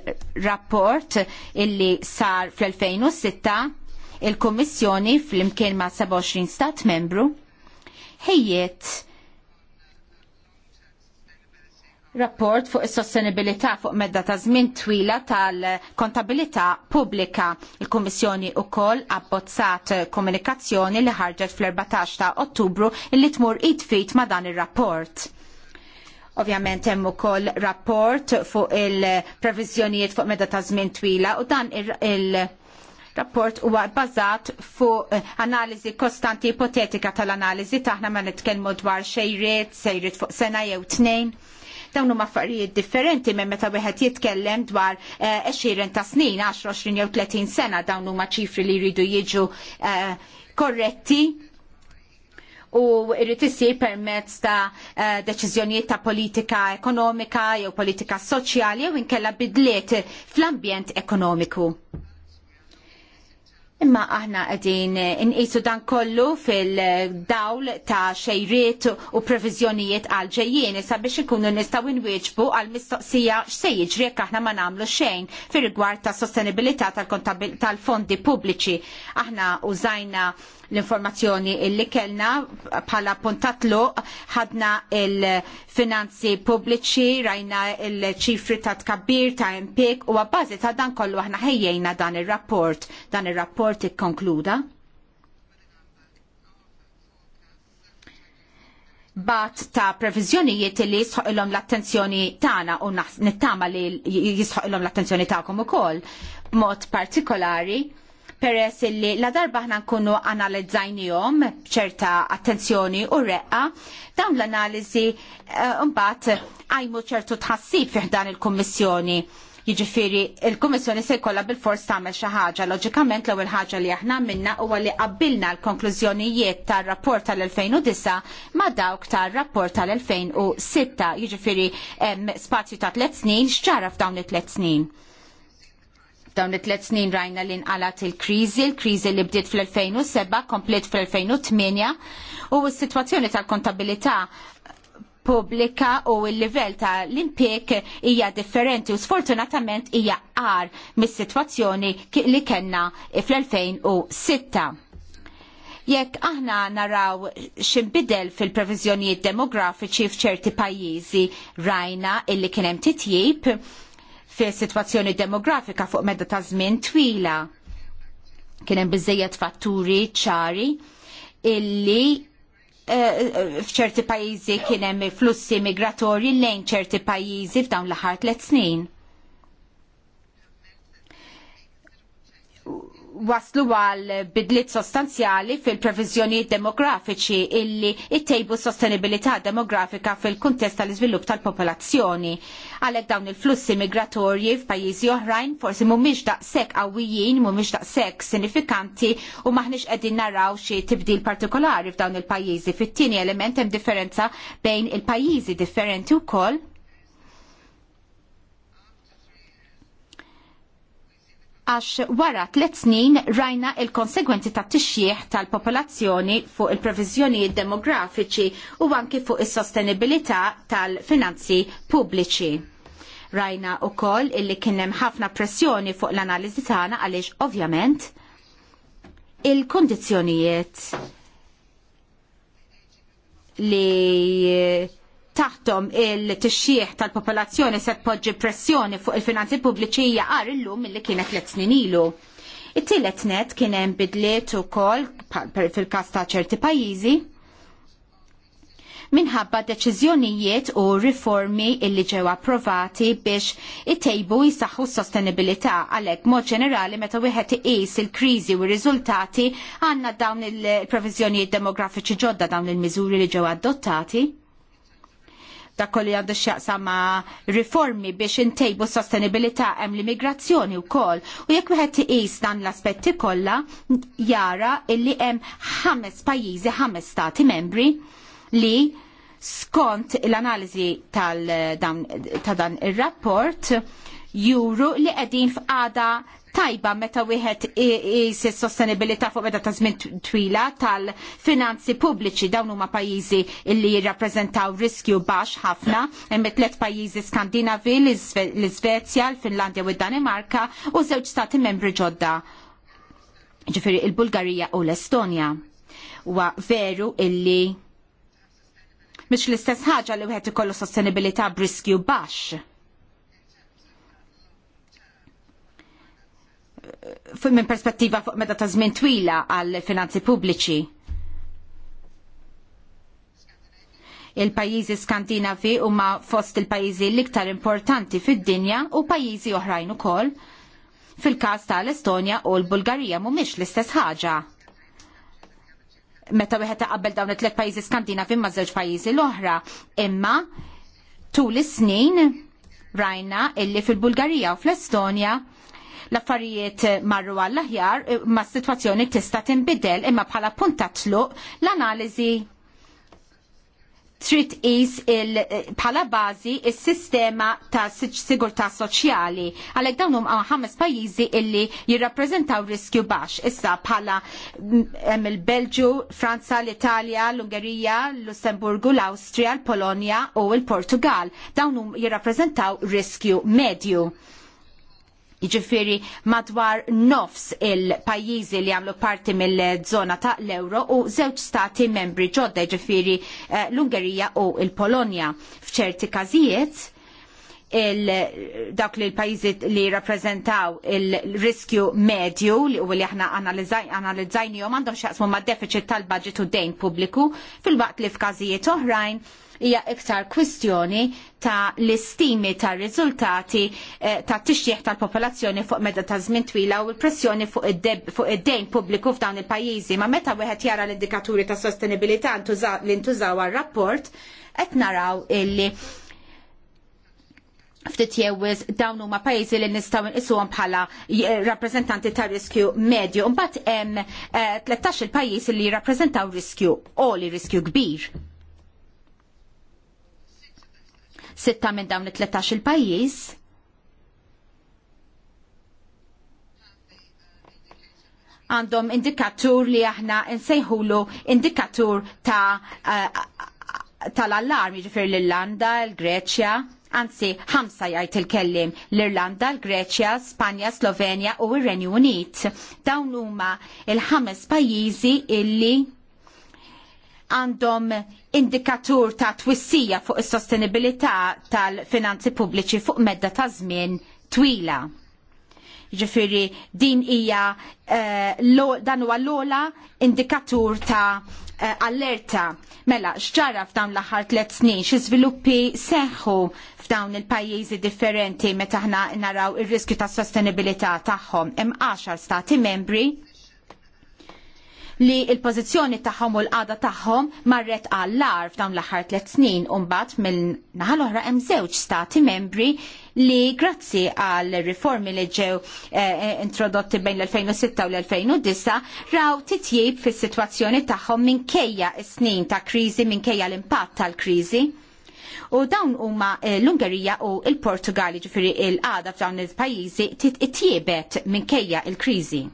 rapport illi sar fl-2006 il-Kummissjoni fl-imkien ma' 27 stat membru ħejjet rapport fuq is-sostenibilità fuq medda ta' żmien twila tal-kontabilità pubblika. Il-Kummissjoni wkoll abbozzat komunikazzjoni li ħarġet fl-14 ta' Ottubru illi tmur id-fit ma' dan ir-rapport. Ovvjament hemm ukoll rapport fuq il-previżjonijiet fuq medda ta' żmien twila u dan il- rapport huwa bbażat fuq analiżi kostanti ipotetika tal-analiżi taħna ma nitkellmu dwar xejriet, sejriet fuq sena jew tnejn Dawn huma affarijiet differenti minn meta wieħed jitkellem dwar 20 eh, ta' snin, 10, 20 jew 30 sena dawn huma ċifri li jridu jiġu eh, korretti u irrid isir permezz ta' eh, deċiżjonijiet ta' politika ekonomika jew politika soċjali jew inkella bidliet fl-ambjent ekonomiku. Imma aħna qegħdin inqisu dan kollu fil-dawl ta' xejriet u previżjonijiet għal ġejjien sabiex ikunu nistgħu nwieġbu għal mistoqsija x'se jiġri jekk aħna ma nagħmlu xejn fir-rigward ta' sostenibilità tal-fondi pubbliċi. Aħna użajna l-informazzjoni illi kellna bħala puntatlu ħadna il-finanzi pubbliċi, rajna il-ċifri ta' tkabbir ta' impik u għabbażi ta' dan kollu aħna ħejjejna dan il-rapport. Dan il-rapport ikkonkluda. bat ta' previżjonijiet li jisħoqilhom l-attenzjoni tagħna u nittama li jisħoqilhom l-attenzjoni tagħkom ukoll b'mod partikolari peress illi la darba ħna nkunu analizzajnijom ċerta attenzjoni u reqqa, dawn l-analizi eh, mbagħad għajmu ċertu tħassib fih dan il-Kummissjoni. Jiġifieri il-Kummissjoni se jkollha bil-fors tagħmel xi ħaġa. Loġikament l-ewwel ħaġa li aħna minna huwa li qabbilna l-konklużjonijiet tar-rapport tal-2009 ma' dawk tar-rapport tal-2006. Jiġifieri spazju ta' tliet snin x'ġara f'dawn it-tliet snin. Dawn it-tlet snin rajna li nqalat il-kriżi, il-kriżi li bdiet fl-2007, komplet fl-2008 u s-sitwazzjoni tal-kontabilità pubblika u l-livell ta' l-impjek hija differenti u sfortunatament hija qar mis-sitwazzjoni li kellna fl-2006 jekk aħna naraw ximbidel fil-previżjonijiet demografiċi f'ċerti pajjiżi rajna illi kien hemm titjib fi situazzjoni demografika fuq medda ta' żmien twila. Kien hemm biżejjed fatturi ċari illi eh, eh, f'ċerti pajjiżi kien hemm flussi migratorji lejn ċerti pajjiżi f'dawn l-aħħar tliet snin waslu għal bidliet sostanzjali fil-previżjonijiet demografiċi illi ttejbu s sostenibilità demografika fil-kuntest tal-iżvilupp tal-popolazzjoni. Għalhekk dawn il-flussi migratorji f'pajjiżi oħrajn forsi mhumiex daqshekk qawwijin, mhumiex daqshekk sinifikanti u maħniex qegħdin naraw xi tibdil partikolari f'dawn il-pajjiżi. Fit-tieni element hemm differenza bejn il-pajjiżi differenti wkoll għax wara tliet snin rajna il-konsegwenzi ta' tixjieħ tal-popolazzjoni fuq il-previżjonijiet demografiċi u anki fuq is-sostenibilità tal-finanzi pubbliċi. Rajna u koll illi kienem ħafna pressjoni fuq l-analizi tagħna għaliex ovvjament il-kondizjonijiet li taħtom il-tixxieħ tal-popolazzjoni se tpoġġi pressjoni fuq il-finanzi pubbliċi hija qar illum milli kienet let snin ilu. It-tielet net kien hemm bidliet ukoll fil-każ ta' ċerti pajjiżi minħabba deċiżjonijiet u riformi illi ġew approvati biex itejbu jisaxħu s-sostenibilità għalhekk mod ġenerali meta wieħed iqis il-kriżi u r-riżultati għandna dawn il-previżjonijiet demografiċi ġodda dawn il-miżuri li ġew adottati dak kolli għandu x'jaqsa riformi biex intejbu s sostenibilità hemm l-immigrazzjoni wkoll. U jekk wieħed iqis dan l-aspetti kollha jara illi hemm ħames pajjiżi, ħames stati membri li skont l-analiżi ta' dan ir-rapport juru li qegħdin f'qada tajba meta wieħed is sostenibilità fuq meta ta' żmien twila tal-finanzi pubbliċi dawn huma pajjiżi li jirrappreżentaw riskju baxx ħafna hemm tliet pajjiżi Skandinavi l-Iżvezja, l-Finlandja u d-Danimarka u żewġ stati membri ġodda. Ġifieri il-Bulgarija u l-Estonja. Wa veru illi mhix l-istess ħaġa li wieħed ikollu sostenibilità b'riskju baxx minn perspettiva fuq meta ta' żmien twila għall finanzi pubbliċi. Il-pajjiżi Skandinavi huma fost il-pajjiżi l-iktar importanti fid-dinja u pajjiżi oħrajn ukoll. Fil-każ tal-Estonja u l-Bulgarija mhumiex l-istess ħaġa. Meta wieħed taqabbel dawn it-tliet pajjiżi Skandinavi ma' żewġ pajjiżi l-oħra, imma tul is-snin rajna illi fil-Bulgarija u fl-Estonja l-affarijiet marru għall-aħjar, eh, ma s-situazzjoni tista' tinbidel imma bħala punta tluq l-analiżi trid is eh, bħala bażi is-sistema ta' sigurtà soċjali. Għalhekk dawn huma ħames pajjiżi illi jirrappreżentaw riskju baxx issa bħala mm, hemm il-Belġu, Franza, l-Italja, l-Ungerija, l-Lussemburgu, l-Awstrija, l-Polonja u l-Portugal. Dawn huma jirrappreżentaw riskju medju. Jiġifieri madwar nofs il-pajjiżi li għamlu parti mill zona ta' l-euro u żewġ stati membri ġodda jiġifieri eh, l-Ungerija u l-Polonja. F'ċerti każijiet dawk li l-pajizi li rappresentaw il-riskju medju li u li aħna jom għandhom xaqsmu ma' deficit tal-budget u dejn publiku fil-waqt li f'każijiet oħrajn hija iktar kwistjoni ta' l-istimi ta' riżultati eh, ta' tixjieħ tal-popolazzjoni fuq meta ta' żmien twila u l-pressjoni fuq id-dejn pubbliku f'dawn il-pajjiżi. Ma meta wieħed jara l-indikaturi ta' sostenibilità li ntużaw għal rapport qed naraw illi ftit jewwiż dawn huma pajjiżi li nistgħu nqisuhom bħala eh, rappreżentanti ta' riskju medju. Mbagħad hemm 13 eh, il-pajjiż li jirrappreżentaw riskju oli riskju kbir. sitta minn dawn it-13 il-pajjiż għandhom indikatur li aħna nsejħulu indikatur ta' eh, tal-allarm jiġifier l-Irlanda, l-Greċja, anzi ħamsa jgħid il-kellim l-Irlanda, l-Greċja, Spanja, Slovenja u r-Renju Unit. Dawn huma il-ħames pajjiżi illi għandhom indikatur ta' twissija fuq is-sostenibilità tal-finanzi pubbliċi fuq medda ta' żmien twila. Ġifiri, din hija uh, dan huwa l-ola indikatur ta' uh, allerta. Mela, xġara f'dawn l-aħħar tliet snin, xi żviluppi seħħu f'dawn il-pajjiżi differenti meta aħna naraw ir-riskju tas sostenibilità tagħhom hemm għaxar stati membri li il-pozizjoni tagħhom u l-qada tagħhom marret għall ar f'dawn l-aħħar tliet snin u mbagħad mill-naħa l-oħra hemm żewġ stati membri li grazzi għal riformi li ġew eh, eh introdotti bejn l-2006 u l-2009 raw titjib fis situazzjoni tagħhom minkejja snin ta' kriżi minkejja l-impatt tal-kriżi. U dawn huma eh, l-Ungerija u l-Portugali ġifiri l qada f'dawn il-pajjiżi minn minkejja l-kriżi.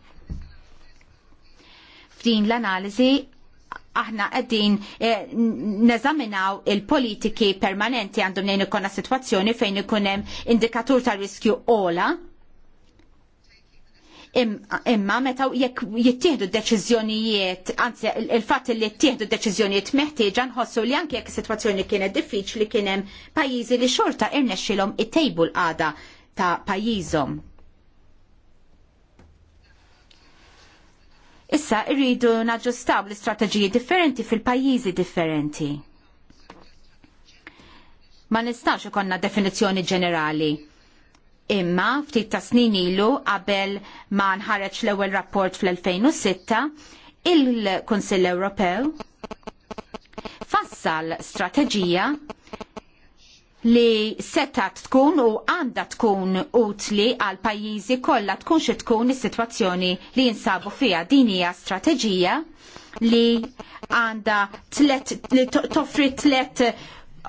Din l-analiżi aħna qegħdin eh, neżaminaw il-politiki permanenti għandhom nejn ikonna sitwazzjoni fejn ikun hemm indikatur ta' riskju ola imma meta jekk jittieħdu deċiżjonijiet, anzi il-fatt li jittieħdu deċiżjonijiet meħtieġa nħossu li anke jekk is-sitwazzjoni kienet diffiċli kien hemm pajjiżi li xorta irnexxilhom it tejbul għada ta' pajjiżhom. Issa irridu naġġustaw l-istrateġiji differenti fil-pajjiżi differenti. Ma nistax ikonna definizzjoni ġenerali. Imma ftit ta' snin ilu qabel ma nħareġ l-ewwel rapport fl-2006, il-Kunsill Ewropew fassal strateġija li setat tkun u għanda tkun utli għal pajjiżi kollha tkun xi tkun is-sitwazzjoni li jinsabu fiha din hija strateġija li għanda tlet li toffri tlet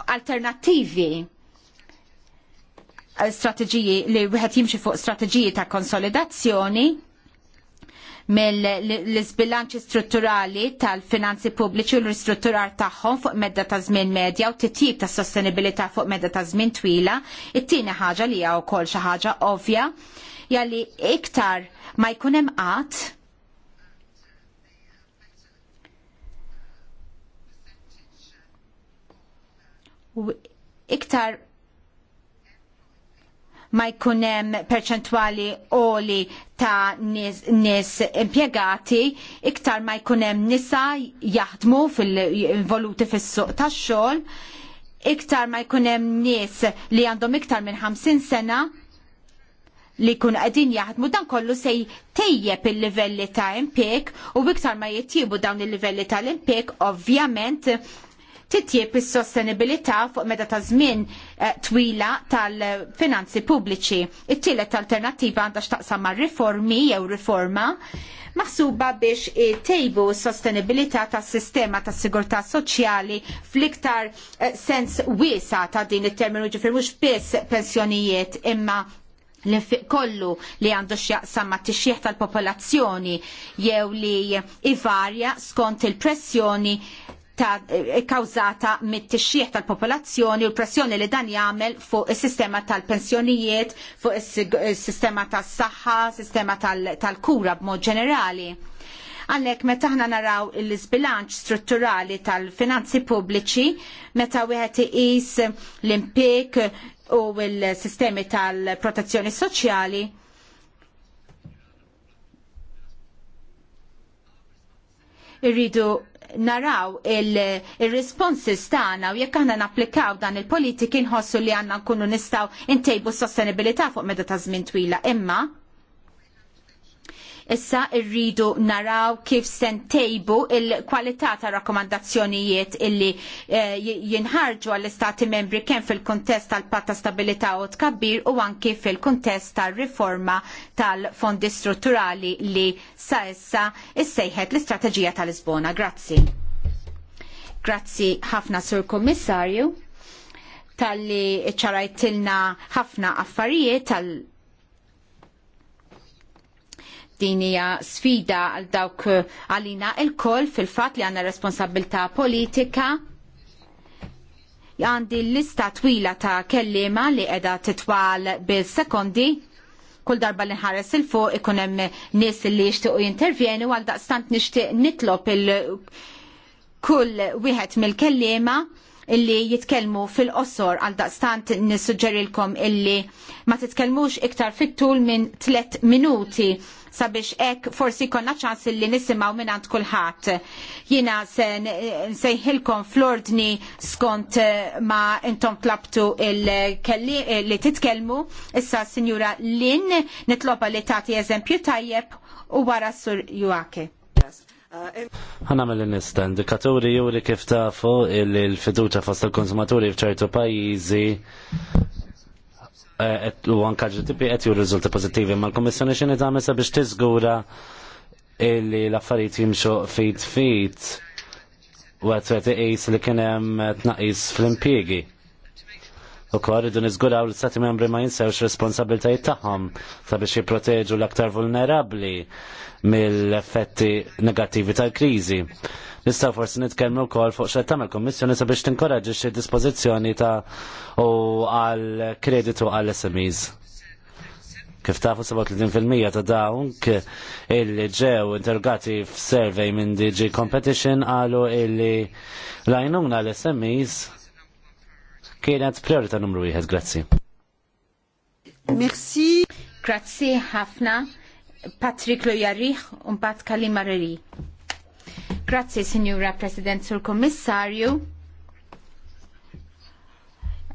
alternattivi strateġiji li wieħed jimxi fuq strateġiji ta' konsolidazzjoni mill l-sbilanċi strutturali tal-finanzi pubbliċi u l-ristrutturar tagħhom fuq medda ta' żmien medja u titjib ta' sostenibilità fuq medda ta' żmien twila. It-tieni ħaġa li hija wkoll xi ħaġa ovvja jalli iktar ma jkun hemm qatt iktar ma jkunem perċentwali oli ta' nis, nis impiegati iktar ma jkunem nisa jaħdmu fil-voluti fis-suq tax-xogħol iktar ma jkunem nies li għandhom iktar minn 50 sena li kun għedin jaħdmu dan kollu sej tejjeb il-livelli ta' impik u iktar ma jittibu dawn il-livelli tal impik ovvjament Titjib is-sostenibilità fuq meta ta' żmien eh, twila tal-finanzi pubbliċi. It-tielet alternattiva għandha x'taqsam mar-riformi jew riforma maħsuba biex tejbu s-sostenibilità tas sistema tas sigurtà soċjali fl-iktar eh, sens wiesa ta' din it-terminu ġifir mhux biss pensjonijiet imma li fiq kollu li għandu x'jaqsam ma' t-ixieħ tal-popolazzjoni jew li ivarja skont il-pressjoni ta' kkawżata eh, mit-tixjieħ tal-popolazzjoni u l-pressjoni li dan jagħmel fuq is-sistema tal-pensjonijiet, fuq is-sistema tas-saħħa, sistema tal-kura b'mod ġenerali. Għalhekk meta aħna naraw l-isbilanċ strutturali tal-finanzi pubbliċi, meta wieħed iqis l-impik u l-sistemi tal-protezzjoni soċjali, irridu naraw il-responses il tagħna u jekk aħna napplikaw dan il-politiki nħossu li għandna nkunu nistgħu ntejbu s-sostenibilità fuq meta ta' żmien twila. Imma Issa rridu naraw kif se ntejbu l kwalità ta' rakkomandazzjonijiet illi eh, jinħarġu għall-Istati membri kemm fil-kontest tal-patta stabilità u tkabbir u anki fil-kontest tal-riforma tal-fondi strutturali li sa' issa issejħet l-istrateġija tal-Lisbona. Grazzi. Grazzi ħafna sur Kommissarju tal-li ċarajtilna ħafna affarijiet tal- Din hija sfida għal dawk eh, għalina il-koll fil-fatt li għandna responsabilità politika għandi l lista twila ta' kellima li edha titwal bil-sekondi kull darba li nħares il-fuq ikun hemm nies li jixtiequ jintervjenu għal daqstant nixtieq nitlob il kull wieħed mill-kellima illi jitkellmu fil-qosor għal daqstant nissuġġerilkom illi ma titkellmux iktar fit-tul minn tliet minuti sabiex hekk forsi konna ċans li nisimgħu minn għand kulħadd. Jiena se nsejħilkom flordni skont eh, ma intom tlabtu eh, li titkellmu. Issa Sinjura Lin nitloba li tagħti eżempju tajjeb u wara sur Juake. Għanamil uh, l-nista, indikaturi juri kif tafu il-fiduċa fost il-konsumaturi fċertu pajizi u anka ġitipi qed ju rizulti pożittivi ma l komissjoni xini tagħmel sabiex tiżgura illi l-affarijiet jimxu fit fit u għet għet iqis li kien hemm tnaqis fl-impjiegi. Ukoll irridu niżguraw li stati membri ma jinsewx responsabiltajiet tagħhom sabiex jipproteġu l-aktar vulnerabbli mill-effetti negattivi tal-kriżi Nistaw forsi nitkellmu wkoll fuq xi tagħmel kommissjoni sabiex tinkoraġġi xi dispożizzjoni ta' u għal kreditu għal SMEs. Kif tafu 37% ta' dawnk illi ġew interrogati f'survey minn DG Competition qalu illi lajnuna l-SMEs kienet priorità numru wieħed, grazzi. Merci. Grazzi ħafna. Patrick Lojarriħ un Pat Kalimareri. Grazzi, Signora President, Sur Kommissarju.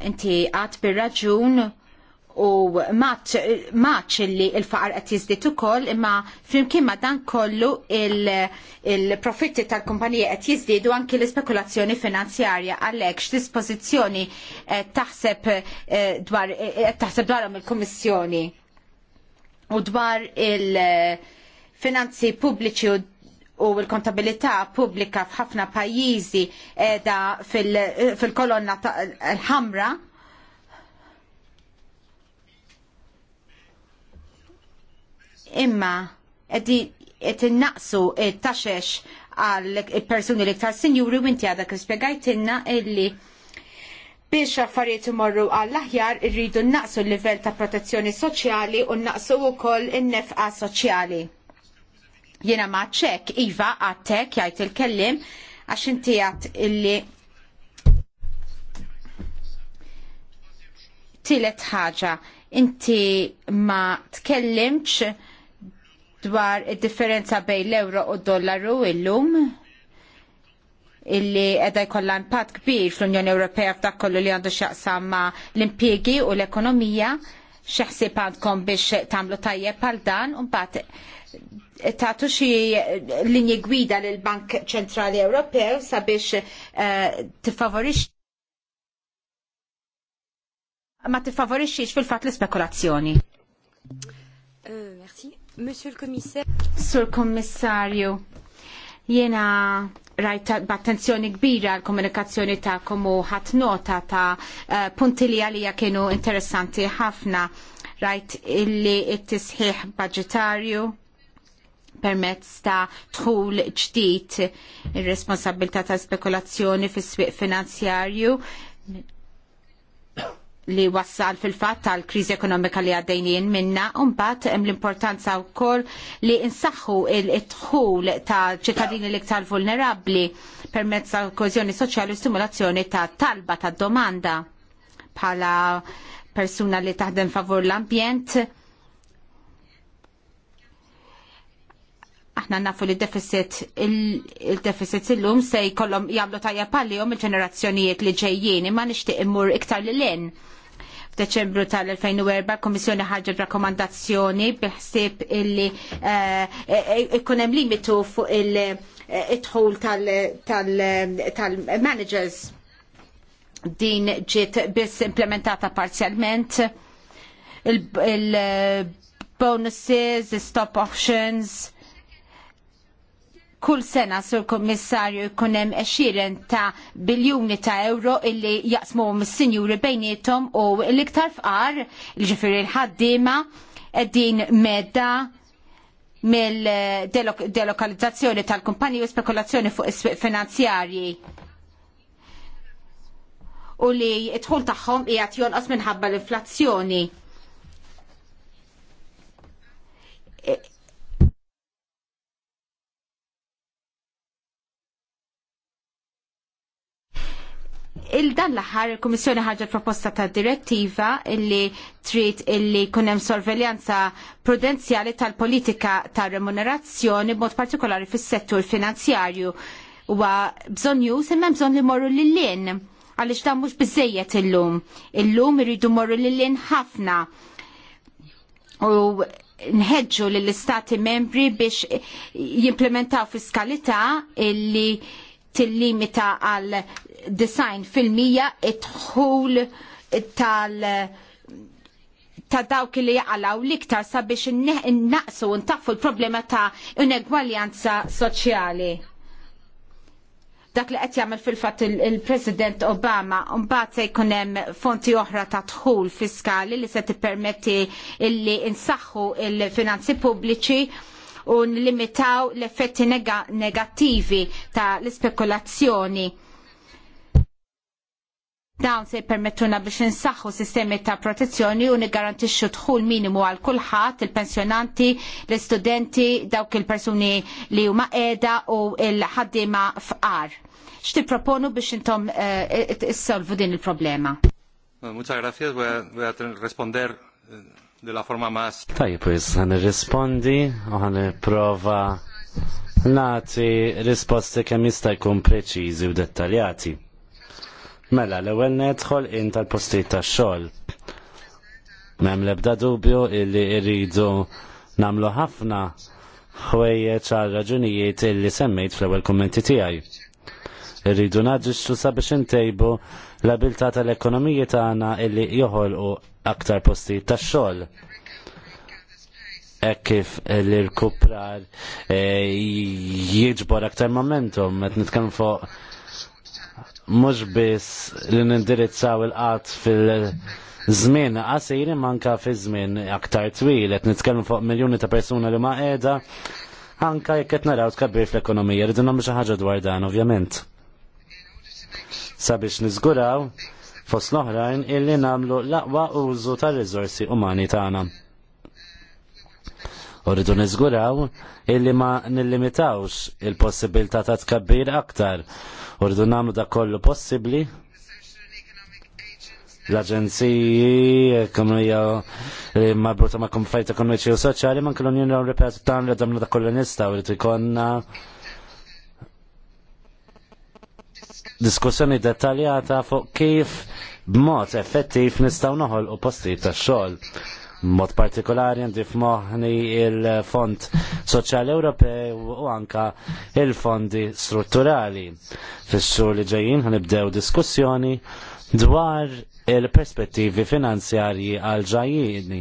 Inti għad bir-raġun u maċ li il-faqar qed jiżdied ukoll imma flimkien ma dan kollu il-profitti tal-kumpanija qed jiżdiedu anki l-ispekulazzjoni finanzjarja għalhekk x'dispożizzjoni taħseb eh, dwar eh, taħseb dwar il-Kummissjoni u dwar il-finanzi pubbliċi u u l-kontabilità pubblika f'ħafna pajjiżi edha fil-kolonna fil l-ħamra imma qed innaqsu it-taxex għal persuni li ktar sinjuri u inti għadak spiegajtinna illi biex affarijiet imorru għall aħjar irridu naqsu l-livell ta' protezzjoni soċjali u naqsu wkoll in-nefqa soċjali. Jiena ma ċek, Iva, għattek, jgħid il-kellim, għax inti għat illi tilet ħaġa, inti ma tkellimx dwar id-differenza bejn l-euro u d-dollaru illum illi edha jkollha impatt kbir fl-Unjoni Ewropea f'dak kollu li għandu x'jaqsam ma l-impjiegi u l-ekonomija x'ħsieb għandkom biex tagħmlu tajjeb għal dan u mbagħad tagħtu xi linji gwida lill bank Ċentrali Ewropew sabiex uh, ma tiffavorixxix fil-fatt l-ispekulazzjoni. Euh, merci. Monsieur le Commissaire. Sur Kommissarju, jena rajt b'attenzjoni kbira l-komunikazzjoni ta' u ħadd nota ta' eh, punti li għalija kienu interessanti ħafna rajt illi it-tisħiħ budgetarju permezz ta' tħul ġdid ir-responsabilità ta' spekulazzjoni fis-swieq finanzjarju li wassal fil-fatt tal kriżi ekonomika li għaddejnien minna, unbat hemm l-importanza wkoll li insaħħu il-tħul ta' ċittadini l-iktar vulnerabbli permezz ta' kozjoni soċjali u stimulazzjoni ta' talba ta' domanda bħala persuna li taħdem favur l-ambjent aħna nafu li deficit il-deficit illum se jkollhom jagħmlu tajja palihom il-ġenerazzjonijiet li ġejjin imma nixtieq immur iktar lil hinn. F'Deċembru tal-2004 l-Kommissjoni ħarġet rakkomandazzjoni biħsib illi eh, eh, eh, ikun hemm limitu fuq il dħul tal-managers din ġiet biss implementata parzjalment il bonuses, stop options, kull sena sur kommissarju jkun hemm eċiren ta' biljuni ta' euro illi jaqsmu mis-sinjuri bejnietom u l-iktar fqar ġifiri l-ħaddima din medda mill-delokalizzazzjoni tal-kumpanji u spekulazzjoni fuq is-swieq finanzjarji u li t-dħul tagħhom hija jonqos minħabba l-inflazzjoni il-dan l-aħħar il-Kummissjoni ħarġet proposta ta' direttiva illi trid illi kunem sorveljanza prudenzjali tal-politika ta' remunerazzjoni b'mod partikolari fis-settur finanzjarju huwa bżonn jus imma bżonn li morru lil-lin għaliex dan mhux lum illum. Illum irridu morru lil-lin ħafna. U nħeġġu lill-istati membri biex jimplementaw fiskalità illi tillimita għal design fil-mija it-ħul tal- ta' dawk li jaqalaw liktar sabiex innaqsu ntaffu l-problema ta' inegwaljanza soċjali. Dak li qed jagħmel fil-fatt il-President Obama mbagħad se jkun hemm fonti oħra ta' dħul fiskali li se tippermetti illi insaħħu il-finanzi pubbliċi u nlimitaw l-effetti negattivi ta' l-ispekulazzjoni. Dawn se jpermettuna biex insaħħu sistemi ta' protezzjoni u nigarantixxu dħul minimu għal kulħadd il-pensjonanti, l-istudenti, dawk il-persuni li huma qiegħda u l-ħaddiema fqar. Xtipproponu biex intom issolvu din il-problema? Muchas gracias. Voy a, responder della la forma mas. Tajib, wis, għan rispondi u għan prova nati risposti kemm jista' jkun preċiżi u dettaljati. Mela, l-ewwel nedħol in tal-postijiet tax-xogħol. M'hemm l-ebda dubju illi rridu nagħmlu ħafna ħwejjeġ għal raġunijiet illi semmejt fl-ewwel kummenti tiegħi. Irridu naġġixxu sabiex intejbu l-abilità tal ekonomiji tagħna illi joħolqu aktar postijiet tax-xogħol ek kif l-irkuprar eh, jieġbor aktar momentum, et nitkan fuq mux bis li nindirizzaw il-qat fil-żmien qasir manka fi żmien aktar twil, et nitkellmu fuq miljoni ta' persuna li ma' qiegħda anka jekk qed naraw tkabbir fl-ekonomija, rridin nagħmlu xi ħaġa dwar dan ovvjament. Sabiex niżguraw fost l-oħrajn illi namlu l-aqwa użu tal-rizorsi umani tagħna. Uridu niżguraw illi ma nillimitawx il-possibilità ta' tkabbir aktar. Uridu namlu da kollu possibli l-aġenziji, ekonomija eh, marbuta ma' bruta ma konfajt ekonomiċi u soċjali, ma' l-Unjoni Ewropea tagħmel damlu da kollu nistgħu li tikonna diskussjoni dettaljata fuq kif b'mod effettiv nistgħu noħol u postijiet tax-xogħol. Mod partikolari għandi f'moħħni il-Fond Soċjali Ewropew u anka il-fondi strutturali. fis xhur li ġejjin ħanibdew diskussjoni dwar il-perspettivi finanzjarji għal ġajjini.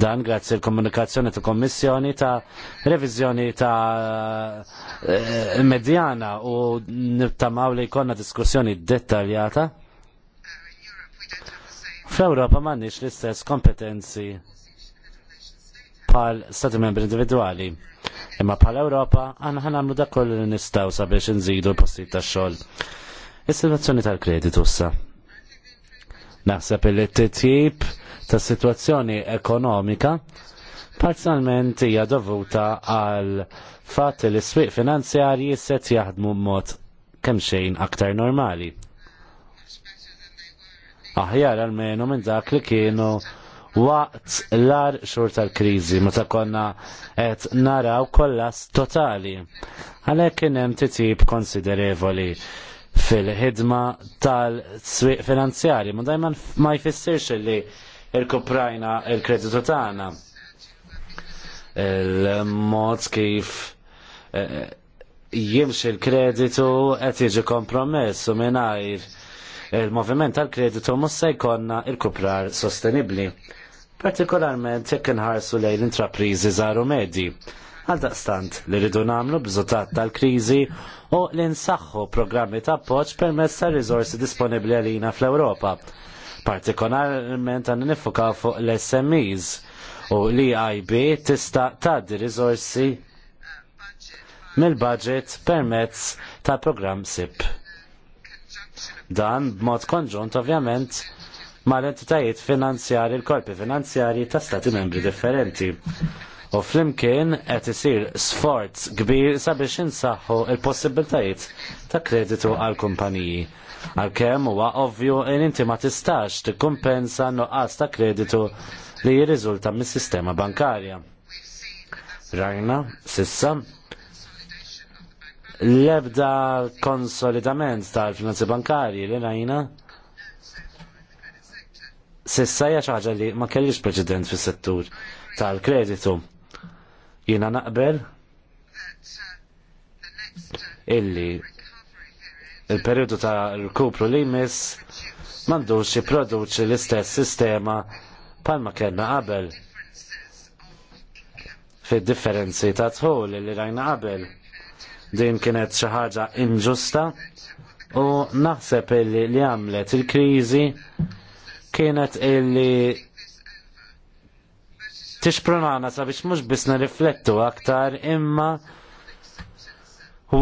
Dan grazzi l-komunikazzjoni ta' kommissjoni ta' revizjoni ta' eh, medjana u nittamaw li konna diskussjoni dettaljata. Fl-Europa mannix l-istess kompetenzi pal stati membri individuali. Imma pal Europa għan ħanamlu dak kollu li nistaw sabiex nżidu l-postijiet tax-xogħol. Is-situazzjoni tal-kreditu sa' Naħseb li t-tip ta' situazzjoni ekonomika parzialment hija dovuta għal fatt li s-swieq finanzjarji set jaħdmu b'mod kemm xejn aktar normali. Aħjar għal-menu minn dak li kienu waqt l-ar xur tal-krizi, meta konna et naraw kollas totali. Għalek kienem titib konsiderevoli fil-ħidma tal-swiq finanzjari. Ma dajman ma jfissirx li il l il-kreditu tagħna. Il-mod kif eh, jimxi il-kreditu qed jiġi kompromess u mingħajr il-moviment tal-kreditu mhux se jkollna il-kuprar sostenibbli partikolarment jekk inħarsu lejn intrapriżi żaru medji. Għal daqstant li rridu namlu bżutat tal-krizi u li nsaħħu programmi ta' appoġġ permezz ta' riżorsi disponibbli għalina fl-Ewropa. Partikolarment għan nifuka fuq l-SMEs u li IB tista' tgħaddi risorsi mill-budget permezz ta' programm SIP. Dan b'mod konġunt ovvjament mal entitajiet finanzjari, l-korpi finanzjari ta' stati membri differenti. U flimkien qed isir sforz kbir sabiex insaħħu il-possibiltajiet ta' kreditu għal kumpaniji. Għalkemm huwa ovvju in inti ma tistax tikkumpensa nuqqas ta' kreditu li jirriżulta mis-sistema bankarja. Rajna, sissa, l-ebda konsolidament tal-finanzi bankarji li rajna sissa hija xi ħaġa li ma kellix preċedent fis-settur tal-kreditu. Jina naqbel illi il-periodu ta' l-kupru li jmiss mandux jiproduċi l-istess sistema palma kena qabel fid differenzi ta' tħol li rajna qabel din kienet xi ħaġa inġusta u naħseb illi li għamlet il-kriżi kienet illi tixpronana sabiex mhux biss nirriflettu aktar imma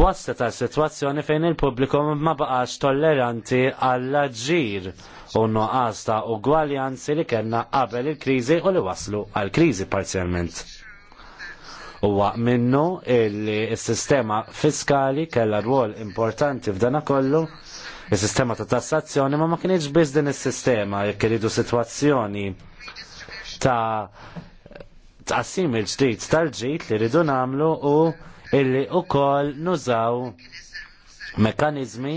wasta ta' situazzjoni fejn il-pubbliku ma baqax tolleranti għall-ġir u nuqqas ta' ugwaljanzi li kellna qabel il-kriżi u li waslu għall-kriżi parzjalment. Huwa minnu illi s-sistema fiskali kellha rwol importanti f'dana kollu il-sistema ta' tassazzjoni ma ma kienieġ biss din is-sistema jekk iridu sitwazzjoni ta' tqassim il-ġdid tal-ġid li rridu nagħmlu u illi wkoll nużaw mekkaniżmi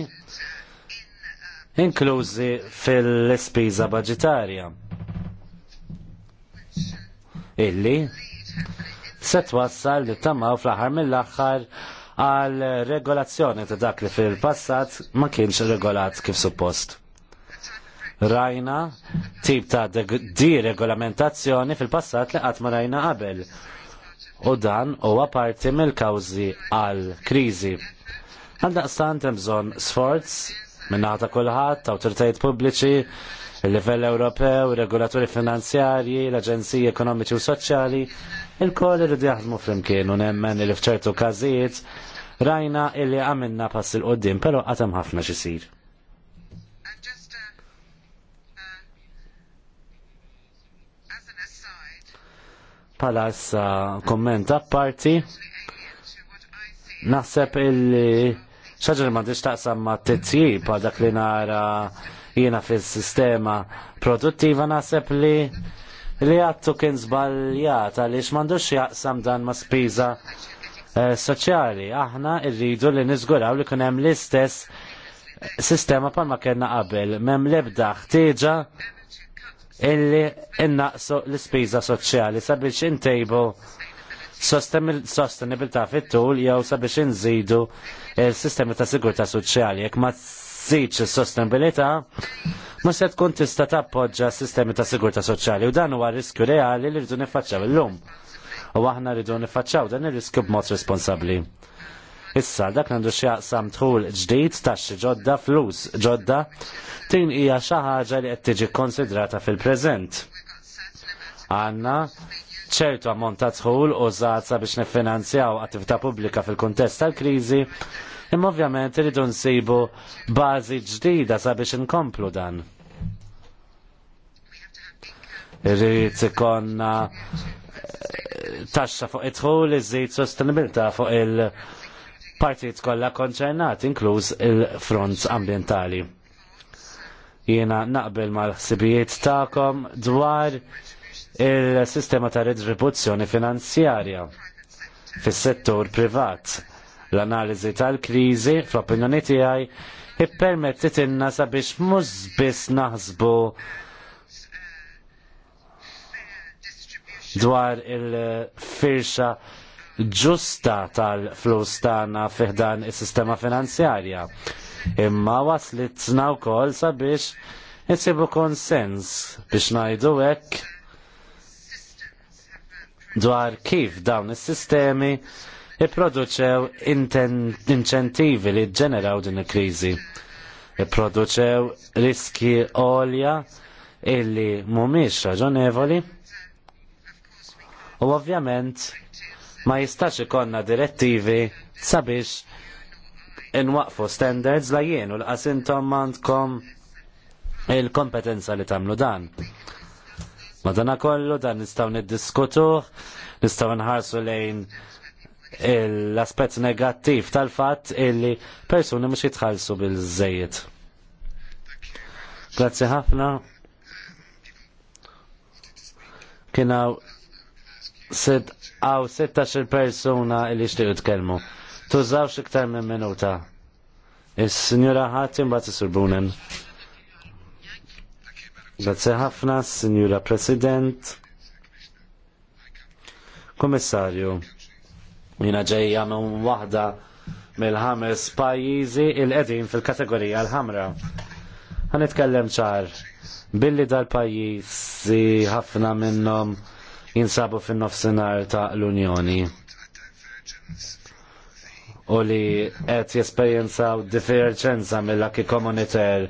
inklużi fil-ispiża baġitarja. Illi se twassal li tamaw fl-aħħar mill-aħħar għal regolazzjoni ta' dak li fil-passat ma kienx regolat kif suppost rajna tip ta' diregolamentazzjoni fil-passat li qatt ma rajna qabel. U dan huwa parti mill-kawżi għal kriżi. Għaldaqstant hemm bżonn sforz minnaħta kulħadd, awtoritajiet pubbliċi, il-livell Ewropew, regolatori finanzjarji, l-aġenziji ekonomiċi u soċjali, il-koll irridu jaħdmu flimkien u nemmen li fċertu każijiet rajna illi għamilna pass il-qoddim, però għatem ħafna xisir. Pala issa komment apparti. Naħseb illi xaġa li ma taqsam ma t-tjib għal dak li nara jina fil-sistema produttiva naħseb li li għattu kien zbaljat għaliex m'għandux jaqsam dan ma spiża eh, soċjali. Aħna rridu li niżguraw li kunem hemm l-istess sistema ma kena qabel, mem lebda ħtieġa illi innaqsu l-ispiża soċjali sabiex intejbu sostenibilità fit-tul jew sabiex inżidu il-sistemi ta' sigurtà soċjali. Jekk ma tżidx is-sostenibilità, ma se tkun tista' tappoġġa s-sistemi ta' sigurtà soċjali u dan huwa riskju reali li rridu nifaċċaw illum. U aħna rridu nifaċċaw dan ir-riskju b'mod responsabbli. Issa, dak għandu xjaqsam tħul ġdid ta' ġodda flus ġodda tin hija xi ħaġa li qed tiġi konsidrata fil-preżent. Għanna ċertu ammont ta' tħul zaħza sabiex niffinanzjaw attività pubblika fil-kuntest tal-kriżi, imma ovvjament irridu nsibu bażi ġdida sabiex inkomplu dan. Irrid ikonna eh, taxxa fuq it-tħul iżid sostenibilta fuq il- partijiet kollha konċernat, inkluż il-front ambientali. Jiena naqbel mal-ħsibijiet tagħkom dwar il-sistema ta' retribuzzjoni finanzjarja fis-settur privat. L-analiżi tal-kriżi, fl-opinjoni tiegħi, ippermettit inna sabiex mhux biss naħsbu dwar il-firxa ġusta tal-flus tagħna fiħdan is-sistema finanzjarja. Imma waslitna wkoll sabiex insibu konsens biex ngħidu hekk dwar kif dawn is-sistemi ipproduċew inċentivi li ġeneraw din il-kriżi. Ipproduċew riski għolja illi mhumiex raġonevoli u ovvjament Ma jistax ikonna direttivi sabiex inwaqfu standards la jien u l-qasintom mandkom il-kompetenza li tamlu dan. Madana kollu dan nistaw niddiskutuh, nistaw nħarsu lejn l-aspet negattiv tal-fat illi persuni mux jitħalsu bil-żejiet. Grazzi ħafna. Kienaw sed għaw 16 persuna li xtiju tkellmu. Tużaw xiktar minn minuta. Is-Sinjura Ħatim bat s surbunen Grazie ħafna, Sinjura President. Komissarju, jina ġejja minn waħda mill-ħames pajjiżi il edin fil-kategorija l-ħamra. Għanitkellem ċar billi dal pajizi ħafna minnhom jinsabu fin-nofsinhar ta' l-Unjoni u li qed jesperjenzaw differċenza mill laki komuniter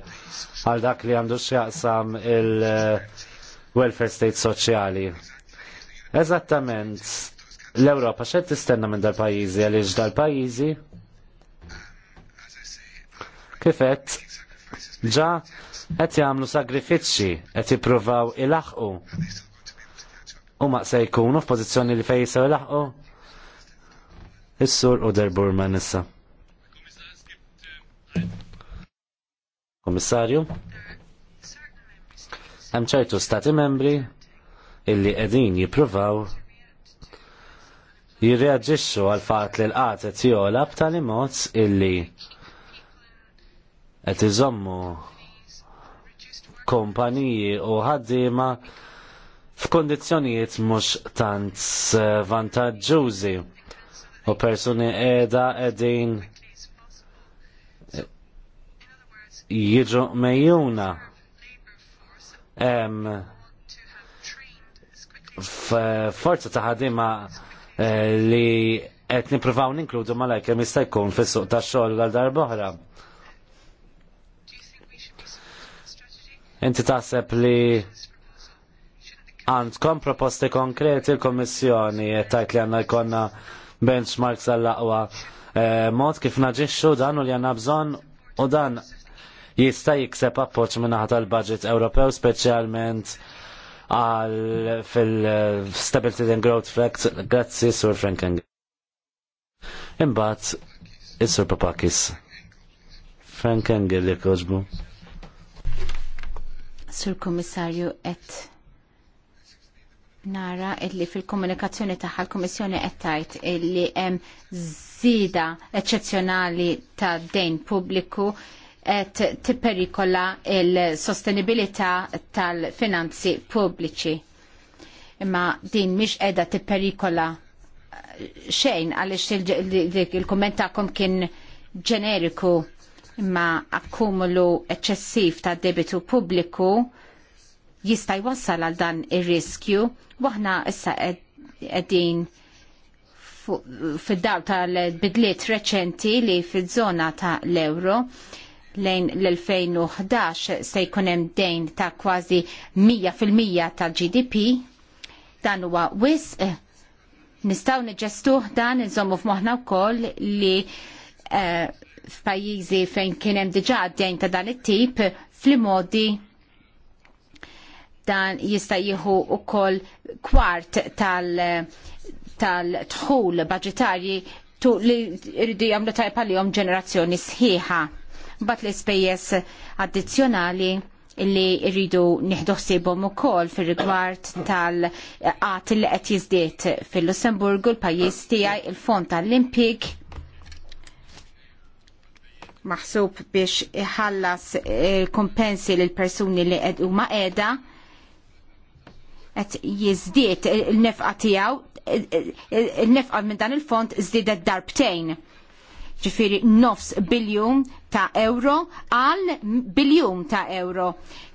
għal dak li għandu x'jaqsam il-welfare state soċjali. Eżattament, l-Ewropa xed tistenna minn dal-pajjiżi għaliex dal-pajjiżi kifet ġa qed jagħmlu sagrifiċċji qed jippruvaw ilaħqu u ma se jkunu f'pożizzjoni li fejn jisew laħqu. Is-sur u derbur ma nissa. Komissarju? Hemm ċertu stati membri illi qegħdin jippruvaw jirreaġixxu għal fatt li l-qatet jolab tal mod illi qed iżommu kompaniji u ħaddiema f'kondizzjonijiet mhux tant eh, vantaġġużi u persuni qiegħda qegħdin jiġu mejjuna hemm forza ta' ħadima eh, li qed nippruvaw ninkludu malajk kemm jista' jkun fis-suq tax-xogħol għal darb'oħra. Inti taħseb li għandkom proposti konkreti l-Komissjoni tajt li għanna jkonna benchmarks sal laqwa eh, mod kif naġiċu dan u li għanna bżon u dan jista jikseb appoċ minna tal-budget Ewropew specialment għal fil-Stability and Growth Fact. Grazzi, Sur Franking. Imbat, Is-Sur Papakis. Franking li kħoġbu. Sur Komissarju, et nara illi fil-komunikazzjoni tagħha l-Kummissjoni qed tgħid illi hemm żida eċċezzjonali ta' dejn pubbliku qed tipperikola il-sostenibilità tal-finanzi pubbliċi. Imma din mhix qiegħda tipperikola xejn għaliex il-kumment kien ġeneriku imma akkumulu eċċessiv ta' debitu pubbliku jista' jwassal għal dan ir-riskju waħna issa qegħdin fid-daw tal-bidliet reċenti li fiż-żona ta' l-euro lejn l-2011 se jkun hemm dejn ta' kważi 100% tal-GDP dan huwa wisq eh, nistgħu niġestuh dan iżommu f'moħħna wkoll li eh, f'pajjiżi fejn kien hemm diġà dejn ta' dan it-tip fl-modi dan jista' jieħu wkoll kwart tal-tħul tal budgetarji li jridu jagħmlu tajba li ġenerazzjoni sħiħa. Bat l ispejjeż addizzjonali li jridu nieħdossibhom ukoll fir-rigward tal-qat li qed jiżdied fil-Lussemburgu l-pajjiż tiegħi il-fond tal-Olimpik maħsub biex iħallas kompensi lill persuni li qed huma qiegħda qed jiżdied il-nefqa tiegħu il-nefqa minn dan il-fond żdiedet darbtejn. Ġifieri nofs biljum ta' euro għal biljum ta' euro.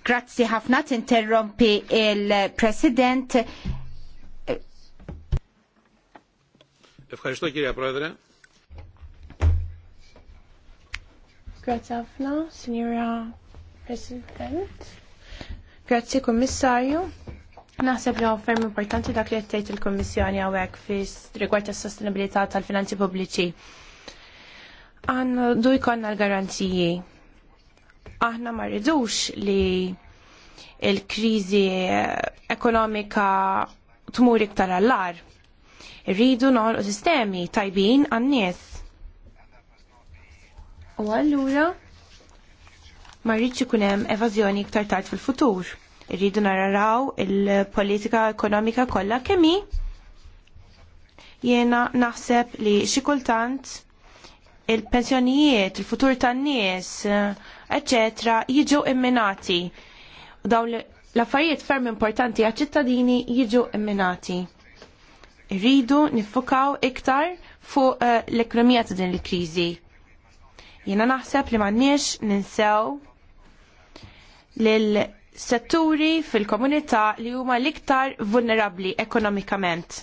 Grazzi ħafna tinterrompi il-President. Ifħarġtu kirja Prodre. Grazie ħafna, Signora President. Grazie Commissario. Naħseb li ferm importanti dak li għattajt il-Kommissjoni għawek fi rigward tas sostenibilità tal-finanzi pubbliċi. Għan du jkonna l-garanziji. Aħna ma rridux li il-krizi ekonomika tmur iktar għallar. Rridu noħolqu sistemi tajbin għan-nies. U allura ma rridx ikun hemm evażjoni iktar tard fil-futur Irridu nararaw il-politika ekonomika kollha kemm hi. Jiena naħseb li xi kultant il-pensjonijiet, il-futur tan-nies, eċetera, jiġu imminati. U dawn l-affarijiet ferm importanti għaċ-ċittadini jiġu imminati. Irridu nifukaw iktar fuq uh, l-ekonomija ta' din il-kriżi. Jiena naħseb li m'għandniex ninsew lil setturi fil-komunità li huma l-iktar vulnerabbli ekonomikament.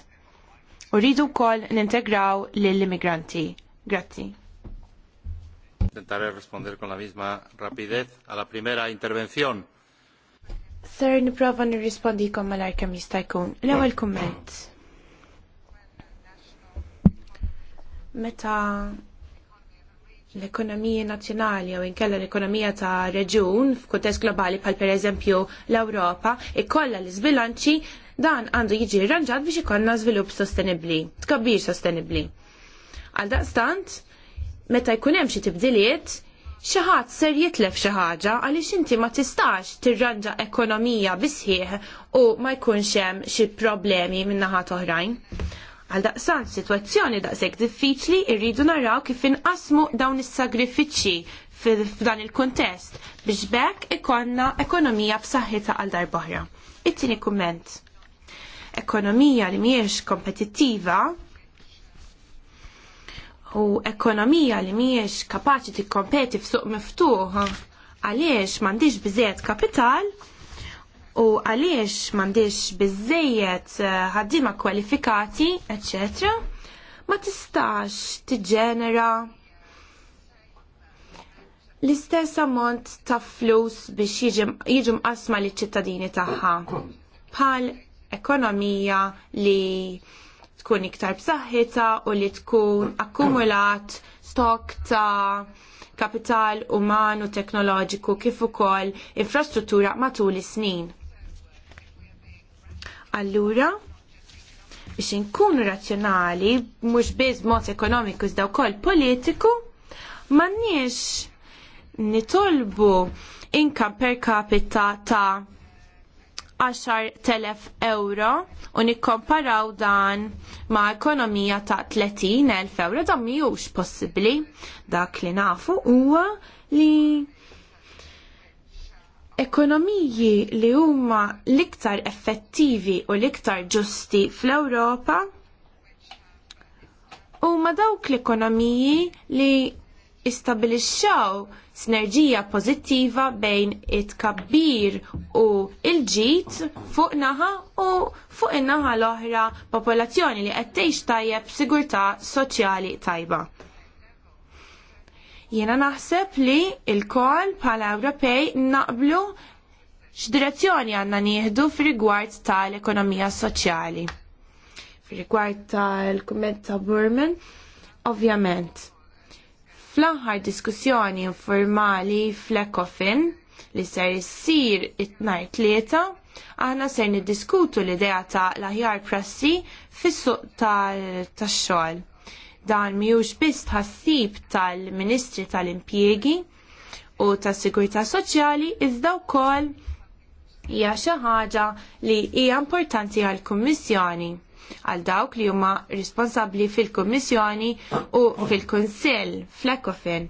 U rridu wkoll nintegraw lill-immigranti. Grazzi. Intentaré responder con la misma rapidez a la primera intervención. Sir, niprofa nirrispondi kom mal kemm jistajkun. jkun. L-ewwel kumment. Meta l-ekonomija nazzjonali u inkella l-ekonomija ta' reġun f'kuntest globali bħal pereżempju l-Ewropa ikollha l-iżbilanċi dan għandu jiġi rranġat biex ikollna żvilupp sostenibbli, tkabbir sostenibbli. Għal daqstant, meta jkun hemm xi tibdiliet, xi ħadd ser jitlef xi ħaġa għaliex inti ma tistax tirranġa ekonomija bisħieħ u ma jkunx hemm xi problemi min-naħa oħrajn. Għal daqsan situazzjoni daqshekk diffiċli irridu naraw kif inqasmu dawn is-sagrifiċċji f'dan il-kuntest biex bekk ikonna ekonomija b'saħħitha għal darb'oħra. It-tieni kumment. Ekonomija li mhijiex kompetittiva u ekonomija li mhijiex kapaċi tikkompeti f'suq miftuħ għaliex m'għandix biżejjed kapital u għaliex m'għandix biżejjed eh, ħaddima kwalifikati, etc. ma tistax tiġġenera l-istess ammont ta' flus biex jiġu mqasma liċ ċittadini tagħha bħal ekonomija li tkun iktar b'saħħitha u li tkun akkumulat stok ta' kapital uman u teknoloġiku kif ukoll infrastruttura matul is-snin. Allura, biex inkunu razzjonali, mhux biss mod ekonomiku iżda wkoll politiku, m'għandniex nitolbu inka per capita ta' 10.000 euro u nikkomparaw dan ma' ekonomija ta' 30.000 euro dan mhijiex possibbli dak li nafu huwa li ekonomiji li huma l-iktar effettivi u l-iktar ġusti fl-Ewropa huma dawk l-ekonomiji li istabilixxaw sinerġija pożittiva bejn it-kabbir u il-ġit fuq naħa u fuq in-naħa l-oħra popolazzjoni li qed tgħix tajjeb sigurtà soċjali tajba. Jena naħseb li il-kol pala Ewropej naqblu x'direzzjoni għanna nieħdu fir-rigward tal-ekonomija soċjali. Fir-rigward tal-kumment ta' Burman, ovvjament. Fl-aħħar diskussjoni informali fl-Ecofin li ser issir it-nar tlieta, aħna ser niddiskutu l-idea ta' l-aħjar prassi fis-suq tal-xogħol. Ta Dan miux biss tħassib tal-Ministri tal-Impjegi u tas-Sigurtà Soċjali iżda wkoll hija xi ħaġa li hija importanti għall-Kummissjoni għal dawk li huma responsabbli fil-Kummissjoni u fil-Kunsill fl-Ekofin.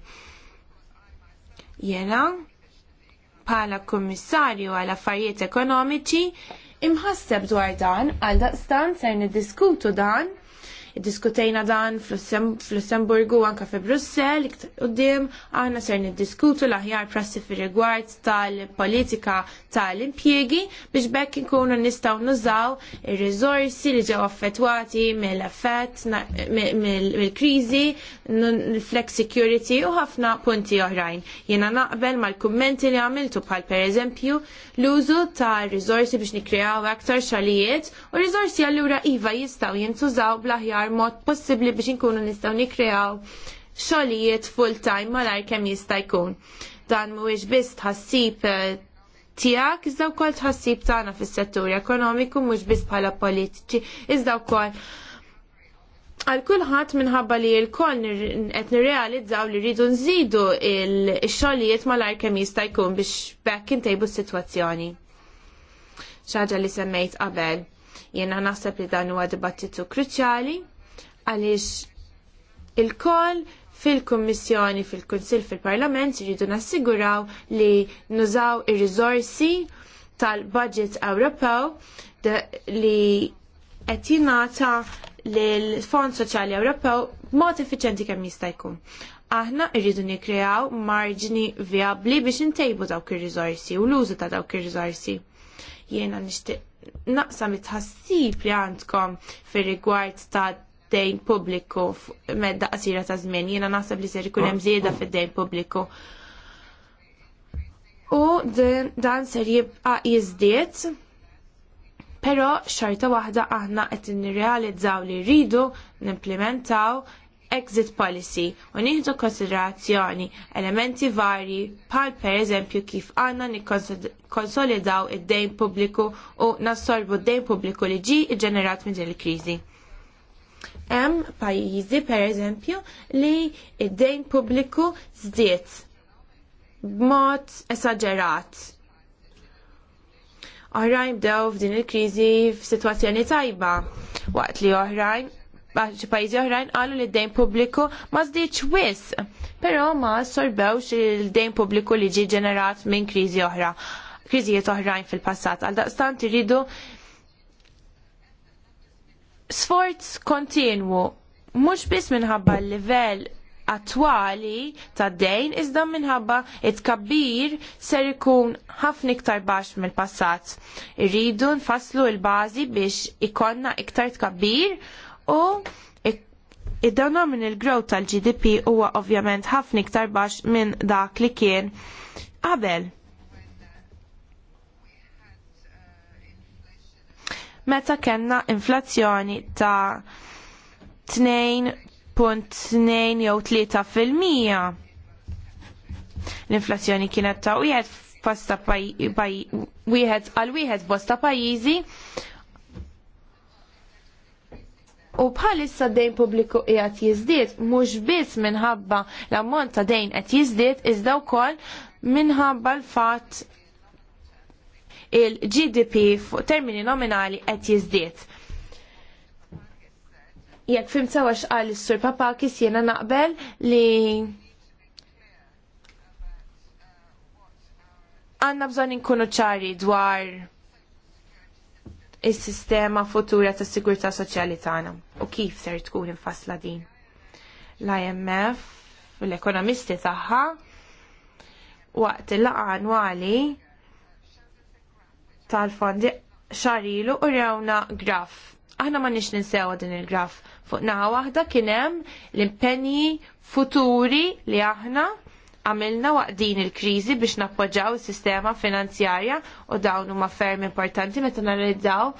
Jena bħala Kummissarju għal affarijiet ekonomiċi imħasseb dwar dan għal daqstan ser niddiskutu dan Diskutejna dan fl-Lussemburgu anka fi Brussel, dim aħna ser niddiskutu l-aħjar prassi fi rigward tal-politika tal impiegi biex bekk nkunu nistgħu nużaw ir rizorsi li ġew affettwati mill-effett mill-kriżi, flex security u ħafna punti oħrajn. Jiena naqbel mal-kummenti li għamiltu bħal pereżempju l-użu ta' rizorsi biex nikkreaw aktar xalijiet u rizorsi allura iva jistgħu jintużaw blaħjar l mod possibbli biex inkunu nistgħu nikreaw xogħlijiet full-time malajr kemm jista' jkun. Dan mhuwiex biss tħassib eh, tiegħek iżda wkoll tħassib tagħna fis-settur ekonomiku mhux biss bħala politiċi, iżda wkoll għal kulħadd minħabba li l-koll qed nirrealizzaw li rridu nżidu l xogħlijiet malajr kemm jista' jkun biex bekk intejbu s-sitwazzjoni. Xaġa li semmejt qabel. Jiena naħseb li dan huwa dibattitu kruċjali għaliex il-koll fil-Kummissjoni, fil-Kunsil, fil-Parlament jridu nassiguraw li nużaw ir-riżorsi tal-budget Ewropew li qed jingħata lill-Fond Soċjali Ewropew b'mod effiċjenti kemm jista' jkun. Aħna rridu nikkreaw marġni viabli biex intejbu dawk ir-riżorsi u l-użu ta' dawk ir-riżorsi. Jiena nixtieq naqsam it-ħassib li għandkom fir rigward ta' dejn pubbliku medda qasira ta' żmien. Jiena naħseb li ser ikun hemm żieda fid-dejn pubbliku. U dan ser jibqa' jiżdied, però xorta waħda aħna qed nirrealizzaw li rridu nimplementaw exit policy u nieħdu konsiderazzjoni elementi varji bħal pereżempju kif għandna nikkonsolidaw id-dejn pubbliku u nassorbu d-dejn pubbliku li ġie ġenerat minn din il-kriżi. Hemm pajjiżi pereżempju li id-dejn pubbliku żdied b'mod esaġerat. Oħrajn bdew f'din il-kriżi f'sitwazzjoni tajba waqt li oħrajn xi pajjiżi oħrajn qalu li d-dejn pubbliku ma żdiedx wis, pero ma sorbewx il-dejn pubbliku li ġie ġenerat minn kriżi oħra kriżijiet oħrajn fil-passat. Għal daqstant irridu sforz kontinwu mhux biss minħabba l-livell attwali tad dejn iżda minħabba it tkabbir ser ikun ħafna iktar baxx mill-passat. Irridu nfasslu l-bażi biex ikonna iktar tkabbir u id-denominal growth tal-GDP huwa ovvjament ħafna iktar baxx minn dak li kien qabel. meta kellna inflazzjoni ta' 2.2 jew 3 fil-mija. L-inflazzjoni kienet ta' wieħed fosta wieħed għal wieħed bosta pajjiżi U bħalissa dejn pubbliku qiegħed jiżdied mhux biss minħabba l-ammont ta' dejn qed jiżdied iżda wkoll minħabba l-fatt il-GDP fuq termini nominali qed jiżdied. Jekk fim sewa x'qal is-Sur Papakis jiena naqbel li għandna bżonn inkunu ċari dwar is-sistema futura tas sigurtà soċjali tagħna u kif ser tkun infassla din. L-IMF, l-ekonomisti tagħha waqt il laqgħa annwali tal-fondi xarilu u rewna graf. Aħna ma nix ninsewa din il-graf. Fuq naħa waħda kienem l-impenji futuri li aħna għamilna waqt din il-krizi biex nappoġġaw is-sistema finanzjarja u dawn huma ferm importanti meta analizzaw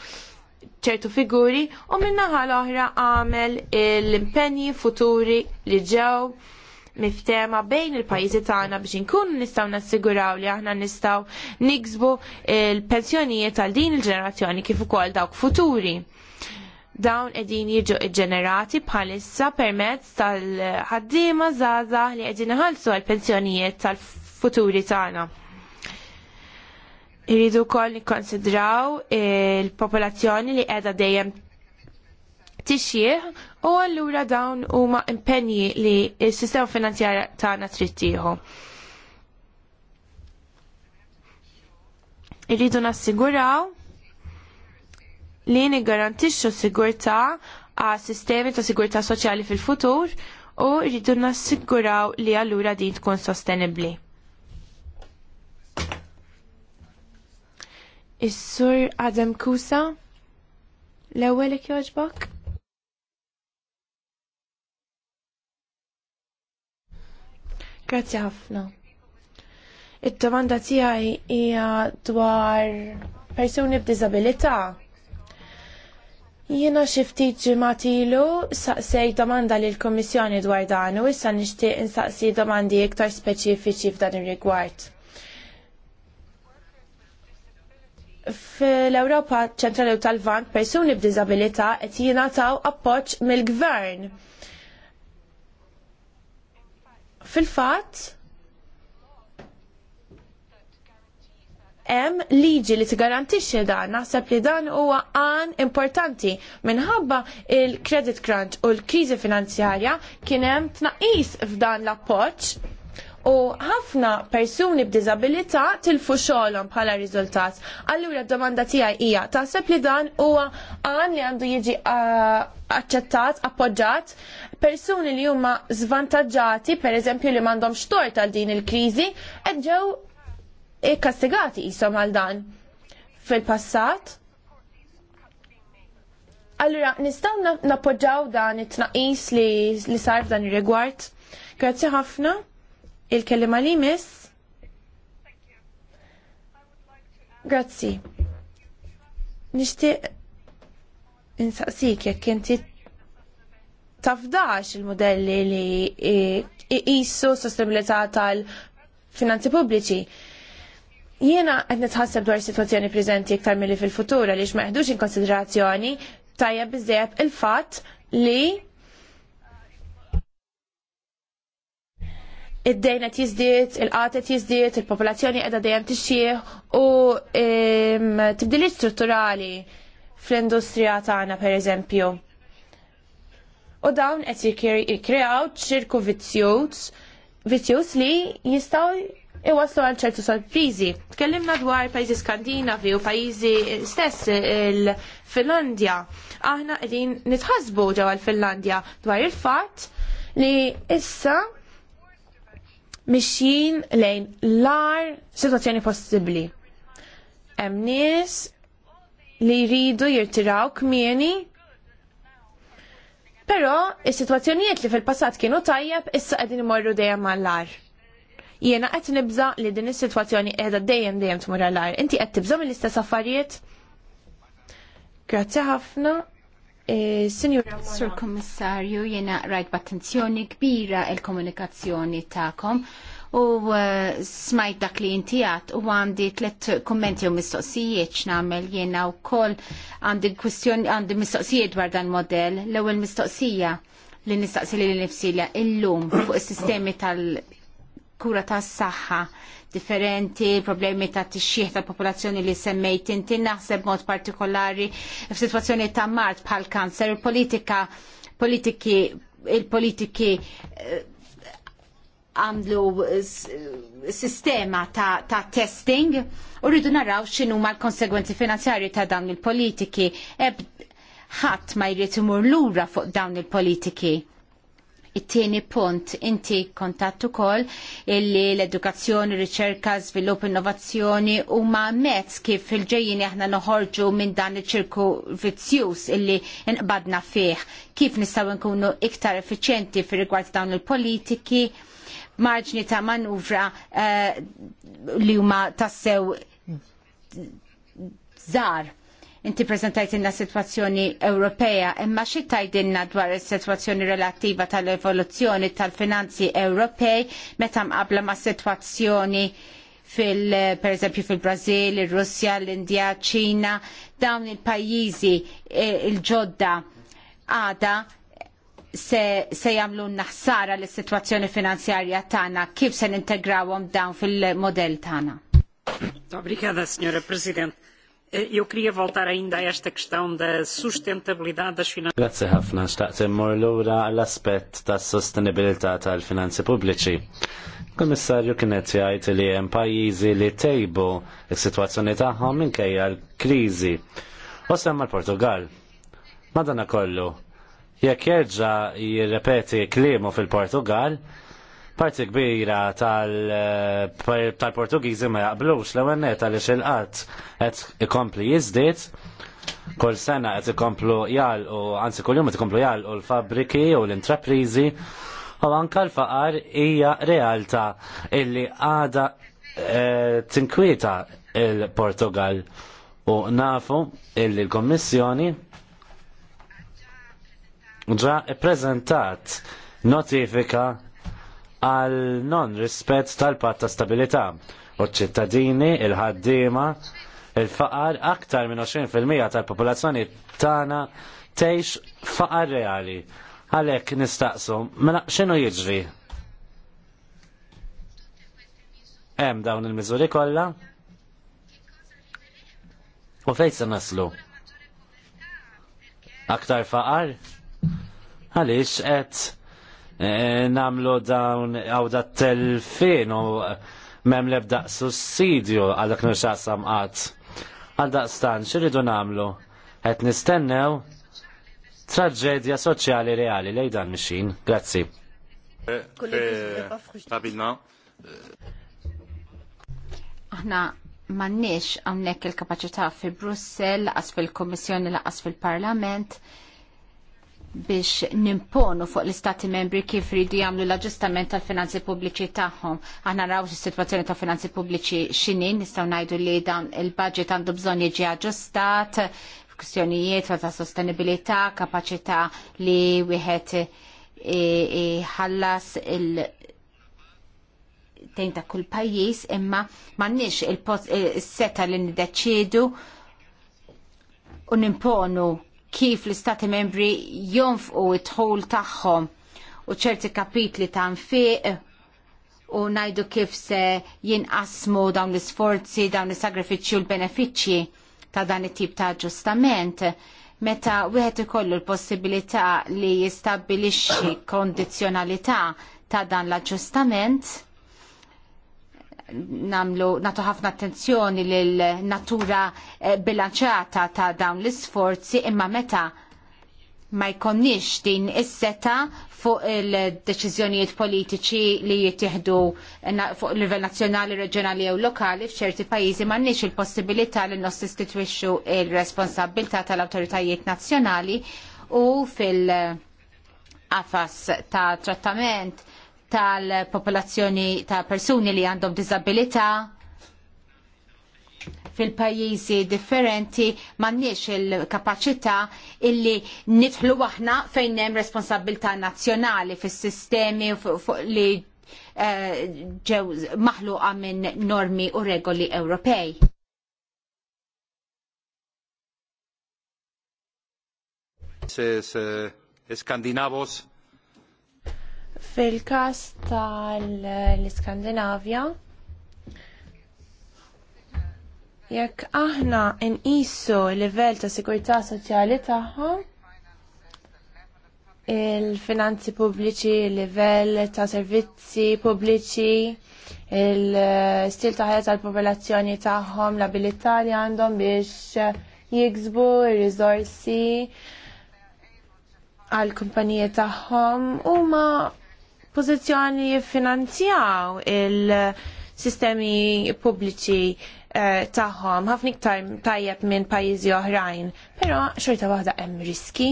ċertu figuri u minnaħa l-oħra għamel l-impenji futuri li ġew miftema bejn il-pajjiżi tagħna biex inkunu nistgħu nassiguraw li aħna nistgħu niksbu il-pensjonijiet għal din il-ġenerazzjoni kif ukoll dawk futuri. Dawn qegħdin jiġu ġenerati bħalissa permezz tal-ħaddiema żgħażagħ li qegħdin iħallsu għall pensjonijiet tal-futuri tagħna. Iridu wkoll nikkonsidraw il-popolazzjoni li qiegħda dejjem tixjih U allura dawn huma impenji li s-sistema finanzjarja tagħna trid tieħu. Irridu nassiguraw li niggarantixxu sigurtà għas sistemi ta' sigurtà soċjali fil-futur u rridu nassiguraw li allura din tkun sostenibbli. Is-sur Adam Kusa, l-ewwel jogħġbok? Grazzi ħafna. Id-domanda tiegħi hija dwar persuni b'diżabilità. Jiena xi ftit ġimgħat ilu saqsej domanda lill kummissjoni dwar dan u issa nixtieq insaqsi domandi iktar speċifiċi f'dan ir-rigward. Fl-Ewropa ċentrali u tal-Vant persuni b'diżabilità qed jingħataw appoġġ mill-gvern Fil-fatt, hemm liġi li tigarantixxi dan, naħseb li dan huwa għan importanti minħabba il-credit crunch u l-kriżi finanzjarja kien hemm tnaqqis f'dan l-appoġġ u ħafna persuni b'diżabilità tilfu xogħolhom bħala riżultat. Allura d-domanda tiegħi hija taħseb li dan huwa għan li għandu jiġi aċċettat, appoġġat persuni li huma zvantaġġati, per eżempju li m'għandhom xtor tal din il-kriżi, qed ġew ikkastigati isom għal dan fil-passat. Allura, nistaw nappoġġaw dan it-tnaqis li, li sar f'dan ir-rigward. Grazzi ħafna. Il-kellima li miss? Grazzi. Nishti insaqsik jekk inti tafdax il-modelli li jissu sostenibilità tal-finanzi pubbliċi. Jiena qed nitħasseb dwar situazzjoni prezenti preżenti iktar milli fil-futur għaliex ma in konsiderazzjoni tajjeb biżejjed il-fatt li id-dejnet jizdiet, il-qatet jizdiet, il-popolazzjoni edha dejjem tixxieħ u ehm, tibdiliet strutturali fl-industrija tagħna pereżempju. U dawn qed jikkreaw ċirku vizzjuż, vizzjuż li jistgħu iwaslu għal ċertu sorpriżi. Tkellimna dwar pajjiżi Skandinavi u pajjiżi stess il-Finlandja. Aħna qegħdin nitħasbu ġewwa l-Finlandja dwar il-fatt li issa mixjin lejn l situazzjoni possibbli. Hemm nies li jridu jirtiraw kmieni Però is-sitwazzjonijiet li fil-passat kienu tajjeb issa qegħdin imorru dejjem mal-lar. Jiena qed nibża li din is-sitwazzjoni qiegħda dejjem dejjem tmur għall-lar. Inti qed tibżgħu mill-istess affarijiet? Grazzi ħafna. E, Signora Sur Kommissarju, jena rajt b'attenzjoni kbira il-komunikazzjoni ta'kom u eh, smajt dak li inti għat u għandi tlet kommenti u mistoqsijiet x'namel jena u għandi kwistjoni għandi mistoqsijiet dwar dan model l-ewwel mistoqsija li nistaqsi li nifsilja illum fuq is-sistemi tal-kura tas-saħħa differenti, problemi ta' tixjih ta' popolazzjoni li semmejt inti naħseb mod partikolari f'sitwazzjoni ta' mart bħal kanser, il-politika politiki il-politiki eh, għamlu sistema ta', ta testing u rridu naraw xinu ma l-konsegwenzi finanzjarji ta' dawn il-politiki. Eb ħadd ma jrid imur lura fuq dawn il-politiki it-tieni punt inti kontatt ukoll illi l-edukazzjoni, riċerka, svilupp, innovazzjoni huma mezz kif il-ġejjin aħna noħorġu minn dan iċ-ċirku vizzjuż illi nqbadna fih. Kif nistgħu nkunu iktar effiċjenti fir rigward dawn il-politiki marġni ta' manuvra uh, li huma tassew hmm. żgħar Inti prezentajt inna situazzjoni Ewropea, imma xi tajdinna dwar is-sitwazzjoni relattiva tal-evoluzzjoni tal-finanzi Ewropej meta mqabbla ma' sitwazzjoni fil per eżempju fil-Brażil, ir-Russja, l-Indja, ċina, dawn il-pajjiżi e, il-ġodda għada se, se jagħmlu naħsara l sitwazzjoni finanzjarja tagħna kif se nintegrawhom dawn fil-modell tagħna. Obrigada, Signora President. Eh, eu queria voltar ainda a esta questão da sustentabilidade das finanças. Grazie ħafna, xtaqt immur lura għall aspett tas sostenibilità tal-finanzi pubbliċi. Kommissarju kienet jgħid li hemm pajjiżi li tejbu s-sitwazzjoni tagħhom minkejja l-kriżi. U semma l-Portugal. Madana kollu, jekk jerġa' jirrepeti klimu fil-Portugal, Parti kbira eh, tal-Portugiżi ma jaqblux l għennet għaliex il-qatt qed ikompli jiżdied kol sena qed ikomplu jgħalqu, anzi kuljum qed ikomplu jgħalqu l-fabriki u l-intraprizi u anka l-faqar hija realtà illi għada eh, tinkwieta il-Portugal u nafu illi l-Kommissjoni ġa prezentat notifika għal non rispett tal-patt ta' stabilità u ċittadini, il-ħaddiema, il-faqar aktar minn 20% tal-popolazzjoni tagħna tgħix faqar reali. Għalhekk nistaqsu, mela x'inhu jiġri? Hemm dawn il-miżuri kollha? U fejn se naslu? Aktar faqar? Għaliex qed Eh, namlu dawn għaw da telfin u eh, mem lebda sussidju għal dak nirxaqsam qatt. Għal daqstan, xirridu namlu? Qed nistennew traġedja soċjali reali lej dan mixin. Grazzi. Eh, Aħna mannix għamnek il-kapacità fi Brussel, għas fil-Kommissjoni, għas fil parlament biex nimponu fuq l-istati membri kif ridu jagħmlu l-aġġustament tal-finanzi pubbliċi tagħhom. Aħna naraw is-sitwazzjoni ta' finanzi pubbliċi x'inhin, nistgħu ngħidu li dan il-budget għandu bżonn jiġi aġġustat, kwistjonijiet ta' sostenibilità, kapaċità li wieħed ħallas il- tejn ta' kull pajjiż imma m'għandniex il-seta li niddeċiedu u nimponu kif l-istati membri jonfqu it-ħol tagħhom u ċerti kapitli ta' nfiq u najdu kif se jinqasmu dawn l-sforzi, dawn l-sagrifiċi u l-benefiċi ta' dan it-tip ta' ġustament. Meta wieħed ikollu l-possibilità li jistabbilixxi kondizjonalità ta' dan l-aġġustament, namlu natu ħafna attenzjoni lil natura eh, bilanċata ta' dawn l-isforzi imma meta ma jkonniex din is-seta fuq il-deċiżjonijiet politiċi li jittieħdu fuq livell nazzjonali, reġjonali jew lokali f'ċerti pajjiżi m'għandniex il-possibilità li nostistitwixxu l responsabilità tal-awtoritajiet nazzjonali u fil-qafas ta' trattament tal-popolazzjoni ta' persuni li għandhom disabilità fil-pajjiżi differenti m'għandniex il-kapaċità illi nidħlu aħna fejn hemm responsabilità nazzjonali fis-sistemi li eh, ġew maħluqa minn normi u regoli Ewropej. Skandinavos fil każ tal-Iskandinavja, jekk aħna nqisu livell ta' sigurtà soċjali tagħha, il-finanzi pubbliċi, il-livell ta' servizzi pubbliċi, il-stil ta' ħajja tal-popolazzjoni tagħhom, l-abilità li għandhom biex jiksbu ir-riżorsi għall kumpaniji tagħhom huma pożizzjoni jiffinanzjaw il-sistemi pubbliċi eh, tagħhom ħafna iktar tajjeb minn pajjiżi oħrajn, però xorta waħda hemm riski.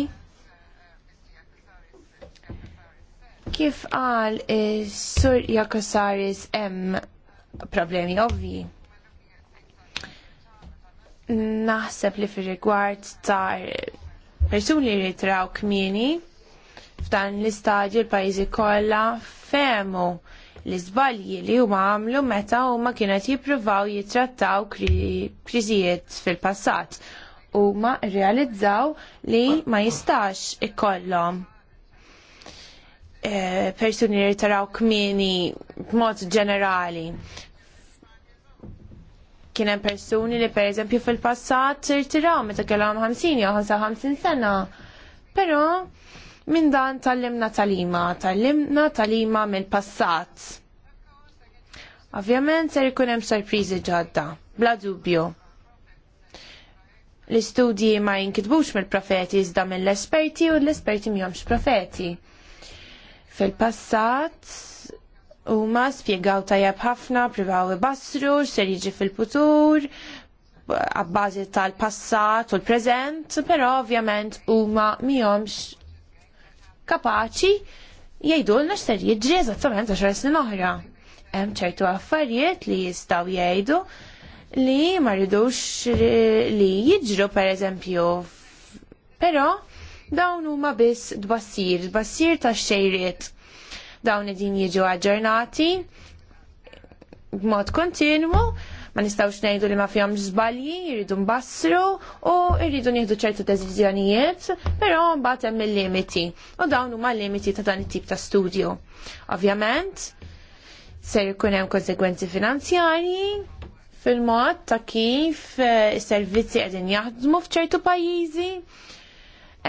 Kif qal is-Sur Jakosaris hemm problemi ovvji. Naħseb li fir rigward ta' persuni li jitraw kmieni F'dan l-istadju l-pajjiżi kollha fehmu l-iżbalji li huma għamlu meta huma kienet jippruvaw jittrattaw kriżijiet fil-passat huma rrealizzaw li ma jistax ikollhom e, persuni li taraw kmieni b'mod ġenerali. Kien hemm persuni li pereżempju fil-passat irtiraw meta kellhom 50 jew 55 sena. Però Min dan tal-limna tal-ima, tal-limna tal-ima mill-passat. Ovvjament se jkun hemm sorpriżi ġodda, bla dubju. L-istudji ma jinkitbux mill-profeti iżda mill-esperti u l-esperti mjomx profeti. Fil-passat huma spjegaw tajjeb ħafna, privaw basru, ser jiġi fil-futur, għabbażi tal-passat u l-preżent, però ovvjament huma mihomx kapaċi jgħidulna x'ser jiġri eżattament għaxar snin oħra. Hemm ċertu affarijiet li jistgħu jgħidu li ma rridux li jiġru pereżempju. Però dawn huma biss dbassir, dbassir ta' xejriet. Dawn din jiġu aġġornati b'mod kontinwu ma nistawx ngħidu li ma fihom żbalji, jridu mbassru u jridu nieħdu ċertu deċiżjonijiet, però mbagħad hemm il-limiti. U dawn huma limiti ta' dan it-tip ta' studju. Ovvjament, se jkun hemm konsegwenzi finanzjarji, fil-mod ta' kif eh, is-servizzi qegħdin jaħdmu f'ċertu pajjiżi.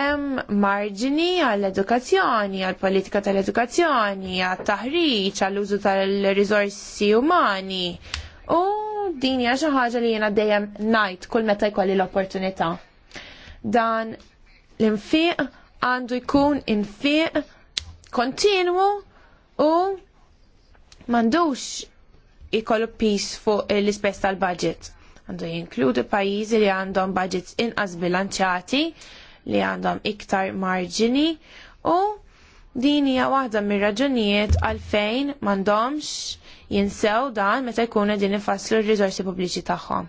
Hemm marġini għall-edukazzjoni, għall-politika tal-edukazzjoni, għat-taħriġ, għall-użu tal-riżorsi umani. U din hija xi ħaġa li jiena dejjem ngħid kull meta jkolli l-opportunità. Dan l-infiq għandu jkun infiq kontinwu u m'għandux ikollu pis fuq l-ispess tal-budget. Għandu jinkludu pajjiżi li għandhom budgets inqas bilanċati li għandhom iktar marġini u din hija waħda mir-raġunijiet għalfejn m'għandhomx jinsew dan meta jkunu din ifasslu r-riżorsi pubbliċi tagħhom.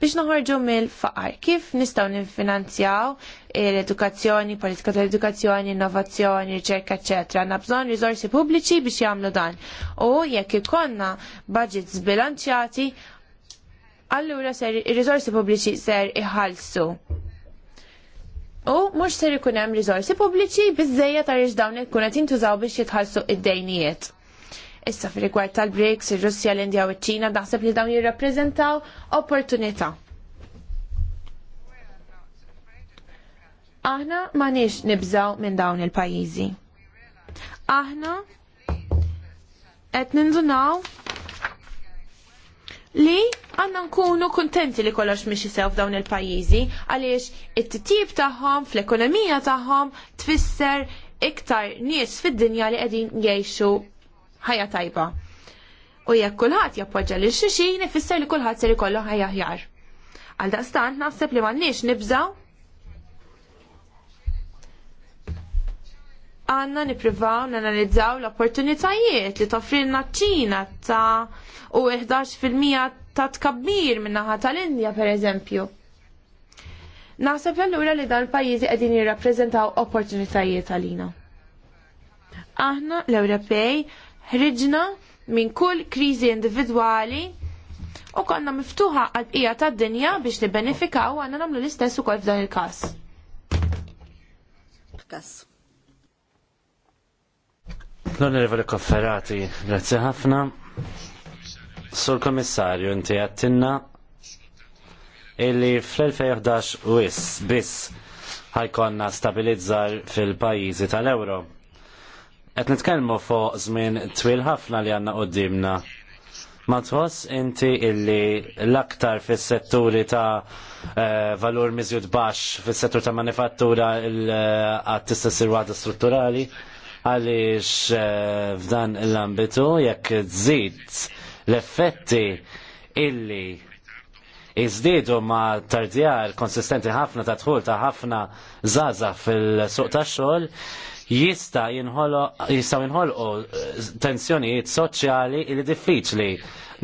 Biex naħorġu mill-faqar, kif nistgħu nifinanzjaw l-edukazzjoni, politika tal-edukazzjoni, innovazzjoni, riċerka, eċetera. Għandna bżonn riżorsi pubbliċi biex jagħmlu dan. U jekk ikonna budget zbilanċjati, allura ser rizorsi pubbliċi ser iħalsu. U mhux ser ikun hemm riżorsi pubbliċi biżejjed tar dawn qed intużaw qed jintużaw biex jitħallsu id-dejnijiet. Issa fi rigward tal breaks ir-Russja, l-Indja u ċ-Ċina naħseb li dawn jirrappreżentaw opportunità. Aħna m'għandniex nibżaw minn dawn il-pajjiżi. Aħna qed nindunaw li għanna nkunu kontenti li kollox mhix isew f'dawn il-pajjiżi għaliex it-titjib tagħhom fl-ekonomija tagħhom tfisser iktar nies fid-dinja li qegħdin jgħixu ħajja tajba. U jekk kulħadd jappoġġa lil xixin ifisser li kulħadd ser ikollu ħajja ħjar. Għal daqstan naħseb li m'għandniex nibżaw għanna niprivaw nanalizzaw l-opportunitajiet li toffrilna ċina ta' u 11% ta' tkabbir minnaħa tal-Indja per eżempju. Naħseb allura li dan pajjiżi qegħdin jirrappreżentaw opportunitajiet għalina. Aħna l-Ewropej ħriġna minn kull kriżi individwali u konna miftuħa għal bqija tad-dinja biex nibbenefikaw għandna nagħmlu l-istess ukoll f'dan il-każ. Każ. L-Onorevoli Kofferati, grazie ħafna. Sur Komissarju, inti għattinna illi fl-2011 wis biss ħajkonna stabilizzar fil-pajizi tal europa Qed nitkellmu fuq żmien twil ħafna li għandna qudiemna. Ma tħoss inti illi l-aktar fis-setturi ta' eh, valur miżjud baxx fis-settur ta' manifattura għad tista' ssir strutturali għaliex eh, f'dan l-ambitu jekk tżid l-effetti illi iżdiedu ma tardjar konsistenti ħafna ta' tħul ta' ħafna zaza fil-suq tax xogħol jista jistaw jinħolqu eh, tensjonijiet soċjali li diffiċli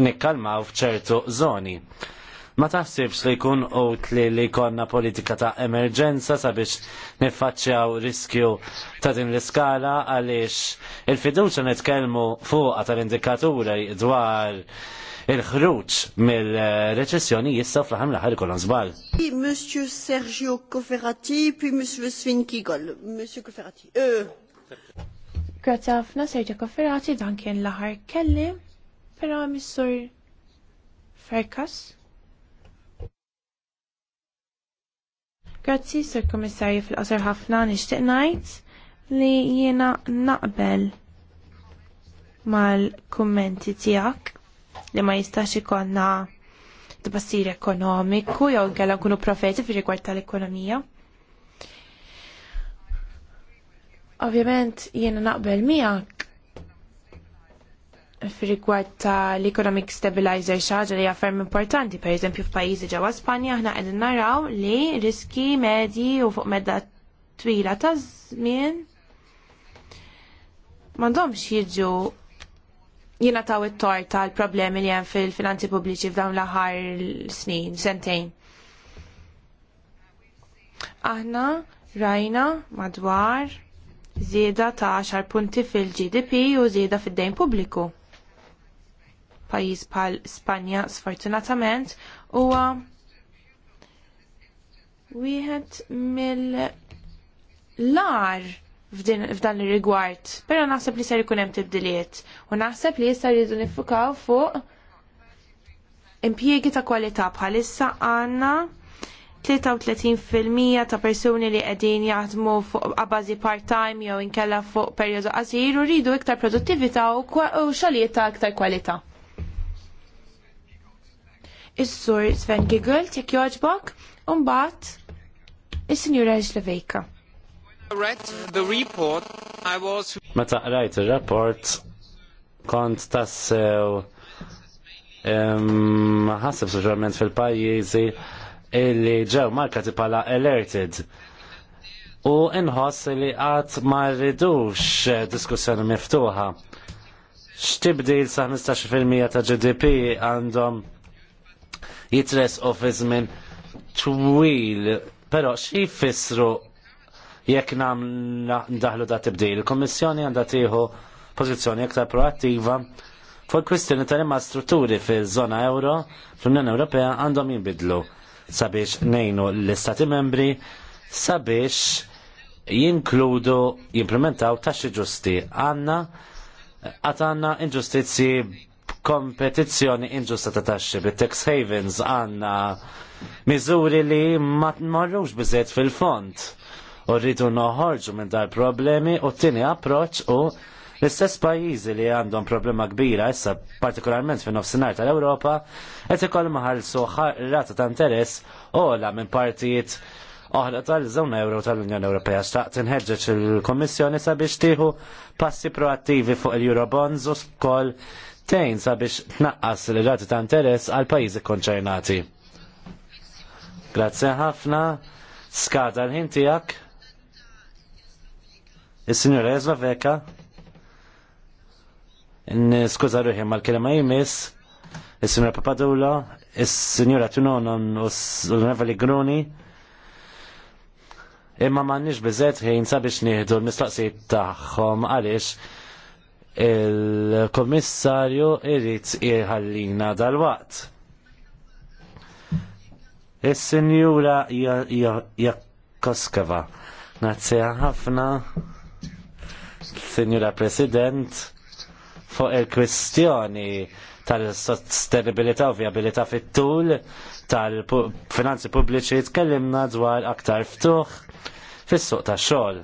nikkalmaw f'ċertu zoni. Ma taħsibx li jkun ut li konna politika ta' emerġenza sabiex niffaċċjaw riskju ta' din l-iskala għaliex il-fiduċa nitkellmu fuqa tal-indikaturi dwar il-ħruġ mill-reċessjoni jista' fl-ħam l-ħar ikollhom żball. Monsieur Sergio Coferati, puis Monsieur Sven Kigol. Monsieur Coferati. Euh. Grazie ħafna Sergio Coferati dan kien l-aħħar kelli. però Missur Farkas. Grazzi, Sir Commissario, fil-qasar ħafna nixtieq ngħid li jiena naqbel mal-kummenti tiegħek li ma jistax ikonna d-bassir ekonomiku jew inkella nkunu profeti fi rigward tal-ekonomija. Ovvjament jiena naqbel miegħek fi ta' l-economic stabilizer xaġa li għaffer importanti, per eżempju f'pajjiżi ġewwa Spanja aħna qegħdin naraw li riski medji u fuq medda twila ta' żmien m'għandhomx jiġu jina taw it-tort tal-problemi li hemm fil-finanzi pubbliċi f'dawn l-aħħar snin, sentejn. Aħna rajna madwar zieda ta' 10 punti fil-GDP u zieda fid-dejn pubbliku. Pajjiż bħal Spanja sfortunatament huwa wieħed mill-lar f'dan ir-rigward, però naħseb li ser ikun hemm tibdiliet u naħseb li issa jridu nifukaw fuq impjiegi ta' kwalità bħalissa għandna 33% ta' persuni li qegħdin jaħdmu fuq bażi part-time jew inkella fuq perjodu qasir u rridu iktar produttività u xogħlijiet ta' iktar kwalità. Is-sur Sven Giggle jekk jogħġbok, u mbagħad is-Sinjura Ġlevejka. Meta qrajt ir-rapport kont tassew ħasib suġġorment fil-pajjiżi illi ġew markati bħala alerted. U inħoss li qatt ma rridux diskussjoni miftuħa. X'tibdil sa 15% ta' GDP għandhom jitres u fizmin twil, però xi jekk namna ndaħlu da tibdil. Il-Kommissjoni għandha tieħu pożizzjoni aktar proattiva fuq kwistjoni tal-imma strutturi fil-żona euro fl-Unjoni Ewropea għandhom jinbidlu sabiex nejnu l-Istati membri sabiex jinkludu jimplementaw taxxi ġusti għanna għanna inġustizzi kompetizzjoni inġusta ta' taxxi bit-tax havens għanna miżuri li ma marrux biżiet fil-font u rridu noħorġu minn dar problemi u t-tini approċ u l-istess pajjiżi li għandhom problema kbira issa partikolarment fin nofsinhar tal-Ewropa qed maħal suħar rata ta' interess la minn partijiet oħra tal żona Ewro tal-Unjoni Ewropea xtaqt inħedġeċ il komissjoni sabiex tieħu passi proattivi fuq il-Eurobonds u skoll tejn sabiex tnaqqas l rati ta' interess għal pajjiżi konċernati. Grazzi ħafna, skada l-ħin tiegħek. Il-Sinjor Ezra Veka, n-skuza ruħi ma l-kelma jimis, il-Sinjor Papadula, il-Sinjora Tunonon u l-Nevali Gruni, imma ma nix bizet ħin sabiex nieħdu l-mistaqsijiet tagħhom għaliex il-komissarju irrit iħallina dal-waqt. Is-sinjura Jakoskova Nazzija ħafna. Signora President, fuq il-kwistjoni tal-sostenibilità u viabilità fit-tul tal-finanzi pubbliċi tkellimna dwar aktar ftuħ fis-suq tax-xogħol.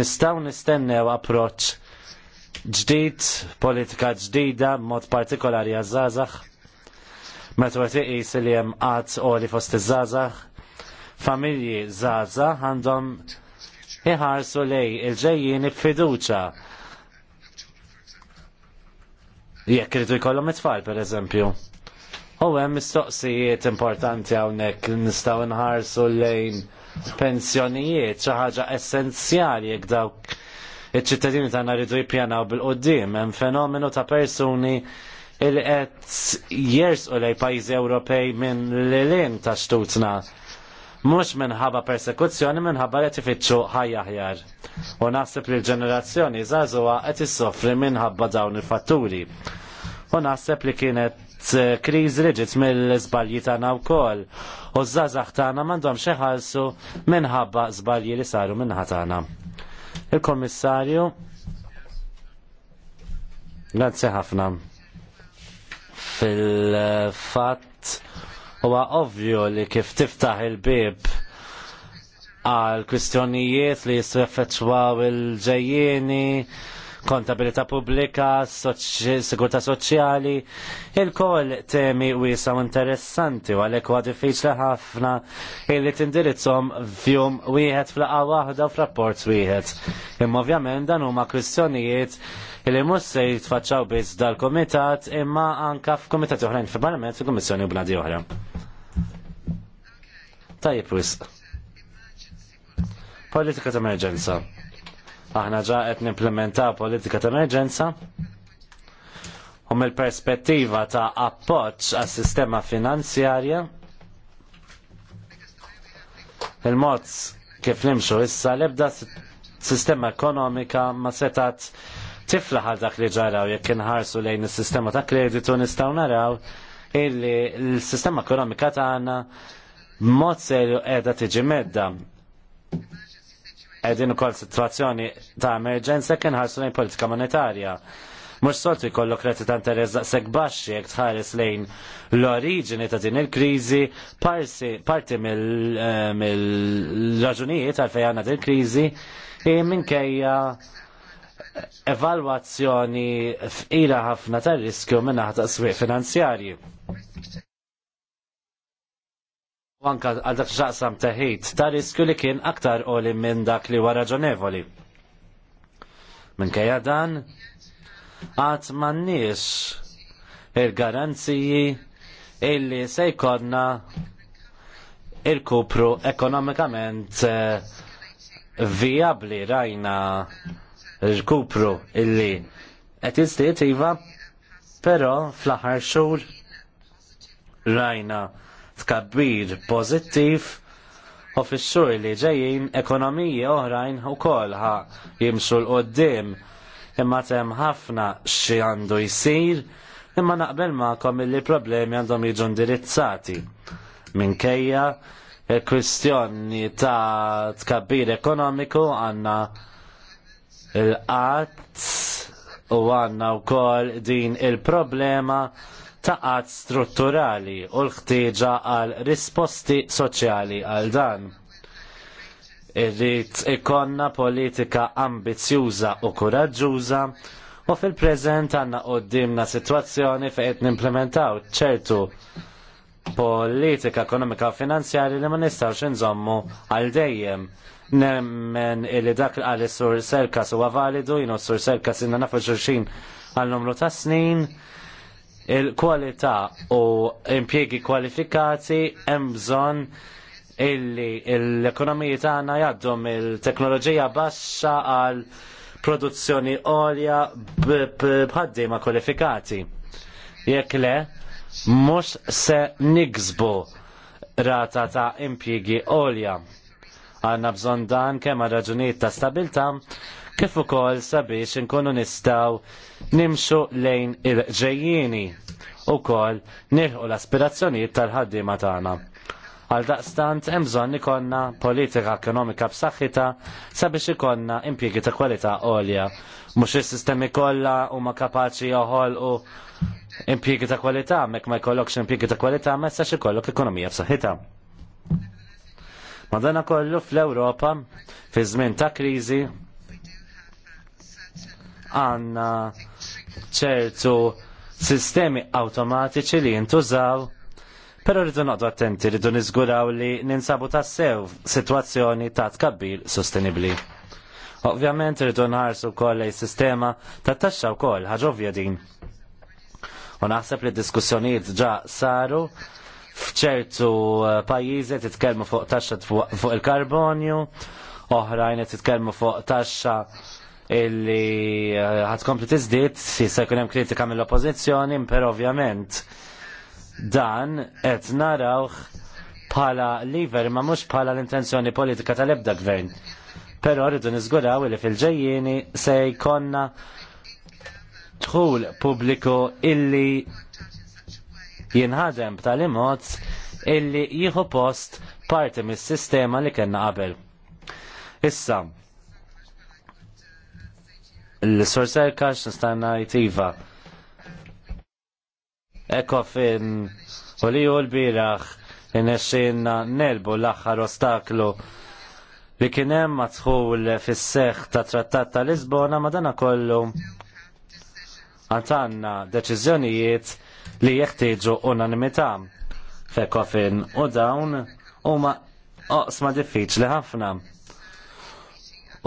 Nistgħu nistennew approċċ ġdid, politika ġdida, mod partikolari għaż-żgħażagħ. Meta iqis li hemm qatt oli fost iż-żgħażagħ, familji żgħażagħ għandhom iħarsu lej il ġejjien fiduċa jekk rridu jkollhom it-tfal pereżempju. U hemm mistoqsijiet importanti hawnhekk li nistgħu nħarsu lejn pensjonijiet xi ħaġa essenzjali jekk dawk iċ-ċittadini tagħna rridu jippjanaw bil-qudiem hemm fenomenu ta' persuni il qed jersqu lej pajjiżi Ewropej minn lilin ta' xtutna mhux minħabba persekuzzjoni minħabba qed ifittxu ħajjaħjar. U naħseb li l-ġenerazzjoni żagħżugħa qed issofri minħabba dawn il-fatturi. U naħseb li kienet eh, kriz li mill mill-żbalji tagħna wkoll. U żgħażagħ tagħna m'għandhomx iħallsu minħabba żbalji li saru minħa tagħna. il komissarju Grazzi ħafna. Fil-fatt Huwa ovvju li kif tiftaħ il-bib għal kwistjonijiet li jisrefetwaw il-ġejjieni, kontabilità pubblika, sigurtà soċjali, il-koll temi wiesa u interessanti u għalhekk huwa diffiċli ħafna illi tindirizzhom fjum wieħed flaqa waħda u f'rapport wieħed. Imma ovvjament dan huma kwistjonijiet li mhux se jitfaċċaw biss dal-kumitat imma anke komitat oħrajn f parlament u komissjoni u bladi oħra. Tajib wis. Politika ta' emerġenza. Aħna ġa qed nimplementaw politika ta' emerġenza u mill-perspettiva ta' appoġġ għas sistema finanzjarja il-mod kif nimxu issa l-ebda sistema ekonomika ma setat tifla ħal dak li ġaraw jekk inħarsu lejn is-sistema ta' kreditu nistgħu naraw illi l-sistema ekonomika tagħna mod serju edha tiġi medda. Edin ukoll situazzjoni ta' emerġenza kien ħarsu lejn politika monetarja. Mux soltu jkollok kreti ta' interess daqseg baxxi jek tħares lejn l-oriġini ta' din il-krizi, parti eh, mill-raġunijiet għalfej għanna din il-krizi, minkejja evalwazzjoni f'ira ħafna tar riskju minna ta' swieq finanzjarji u anka għal dak xaqsam taħit ta' riskju li kien aktar oli minn dak li wara ġonevoli. Minn kajja dan, għat mannix il-garanziji illi se jkollna il-kupru ekonomikament eh, viabli rajna il-kupru illi qed jistiet iva, però fl-aħħar xhur rajna tkabbir pożittiv u fix-xhur li ġejjin ekonomiji oħrajn ukoll jimxu l qoddim imma tem ħafna xi għandu jsir imma naqbel ma'kom illi problemi għandhom jiġu indirizzati minkejja il-kwistjoni ta' tkabbir ekonomiku għanna il-qatt u għanna u kol din il-problema ta' qatt strutturali u l-ħtieġa għal risposti soċjali għal dan. Irrid ikonna politika ambizzjuża u kuraġġjuża u fil-preżent għandna quddiemna sitwazzjoni fejn qed nimplementaw ċertu politika ekonomika u finanzjari li ma nistgħux inżommu għal dejjem nemmen illi dak għal sur serkas huwa validu, jino sur serkas inna nafu xurxin għal numru ta' snin, il-kwalità u impjiegi kwalifikati hemm bżonn illi l-ekonomiji tagħna jgħaddu mill-teknoloġija baxxa għal produzzjoni għolja bħaddiema kwalifikati. Jekk le, mhux se niksbu rata ta' impjiegi għolja. Għanna bżonn dan kemm raġunijiet ta' stabilta' kif ukoll sabiex inkunu nistgħu nimxu lejn il-ġejjieni ukoll nilħu l-aspirazzjonijiet tal-ħaddiema tagħna. Għal daqstant hemm bżonn ikollna politika ekonomika b'saħħitha sabiex ikollna impjiegi ta' kwalità għolja. Mhux is-sistemi kollha huma kapaċi joħolqu impjiegi ta' kwalità, mek ma jkollokx impjiegi ta' kwalità, ma jistax ikollok ekonomija b'saħħitha. Madana kollu fl-Ewropa fi żmien ta' kriżi għanna ċertu sistemi automatiċi li jintużaw, pero rridu noqdu attenti, rridu nizguraw li ninsabu tassew situazzjoni ta' tkabbir sostenibli. Ovvjament rridu nħarsu koll sistema ta' taxxa wkoll, ħaġa ovvja din. U naħseb li diskussjonijiet ġa saru f'ċertu eh, pajjiżi titkellmu fuq taxxa fuq il-karbonju, oħrajn titkellmu fuq taxxa illi eh, kompli tizdit, si jkun hemm kritika mill-oppożizzjoni, per ovvjament dan qed narawh bħala liver ma mhux bħala l-intenzjoni politika tal-ebda gvern. Però rridu nizguraw li fil ġejjini se jkollna dħul pubbliku illi jinħadem tal-imot illi jieħu post parti mis-sistema li kellna qabel. Issa, L-sorser kax nistanna jtiva. Eko fin u li u l-biraħ inesċinna nelbu l axar ostaklu li kienem matħu fis fisseħ ta' trattat ta' Lisbona ma dana kollu għantanna deċizjonijiet li jeħtieġu unanimità fin u dawn ma oqsma diffiċli ħafna.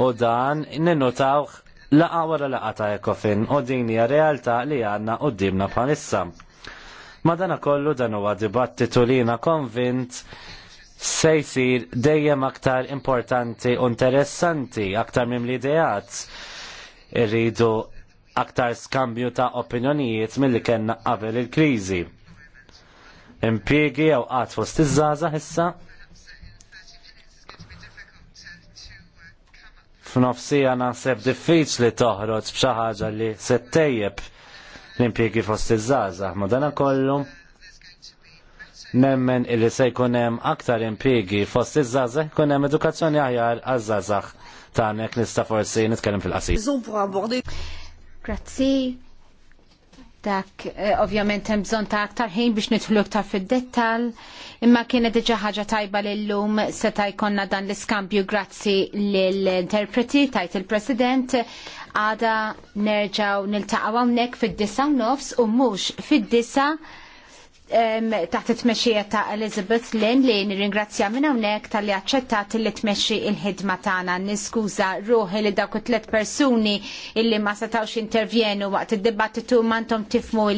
U dan ninnutawh laqa wara laqa ta' Ekofin u din hija realtà li għandna qudiemna bħalissa. Madana kollu dan huwa dibattitu li jiena konvint se jsir dejjem aktar importanti u interessanti, aktar minn l-ideat. Irridu aktar skambju ta' opinjonijiet milli kellna qabel il-kriżi. Impjiegi jew qatt fost iż żgħażagħ issa f'nofsija naħseb diffiċli toħroġ b'xi ħaġa li se tejjeb l-impjegi fost iż-żgħażagħ. Madana kollu nemmen illi se jkun hemm aktar impjegi fost iż-żgħażagħ jkun hemm edukazzjoni aħjar għaż-żgħażagħ tagħnek nista' forsi nitkellem fil-qasir. Grazzi Dak eh, ovvjament hemm bżonn ta' aktar ħin biex nidħlu aktar fid-dettall, imma kienet diġà ħaġa tajba lillum seta' jkollna dan l-iskambju grazzi lill-interpreti tajt il-President għada nerġaw niltaqgħu hawnhekk fid-disa nofs u mhux fid-disa' taħt it-tmexxija ta' Elizabeth Lynn li nirringrazzja minn hawnhekk talli aċċettat li tmexxi il-ħidma tagħna. Niskuża ruħi li dawk it-tliet persuni illi ma setgħux intervjenu waqt id-dibattitu m'għandhom tifmu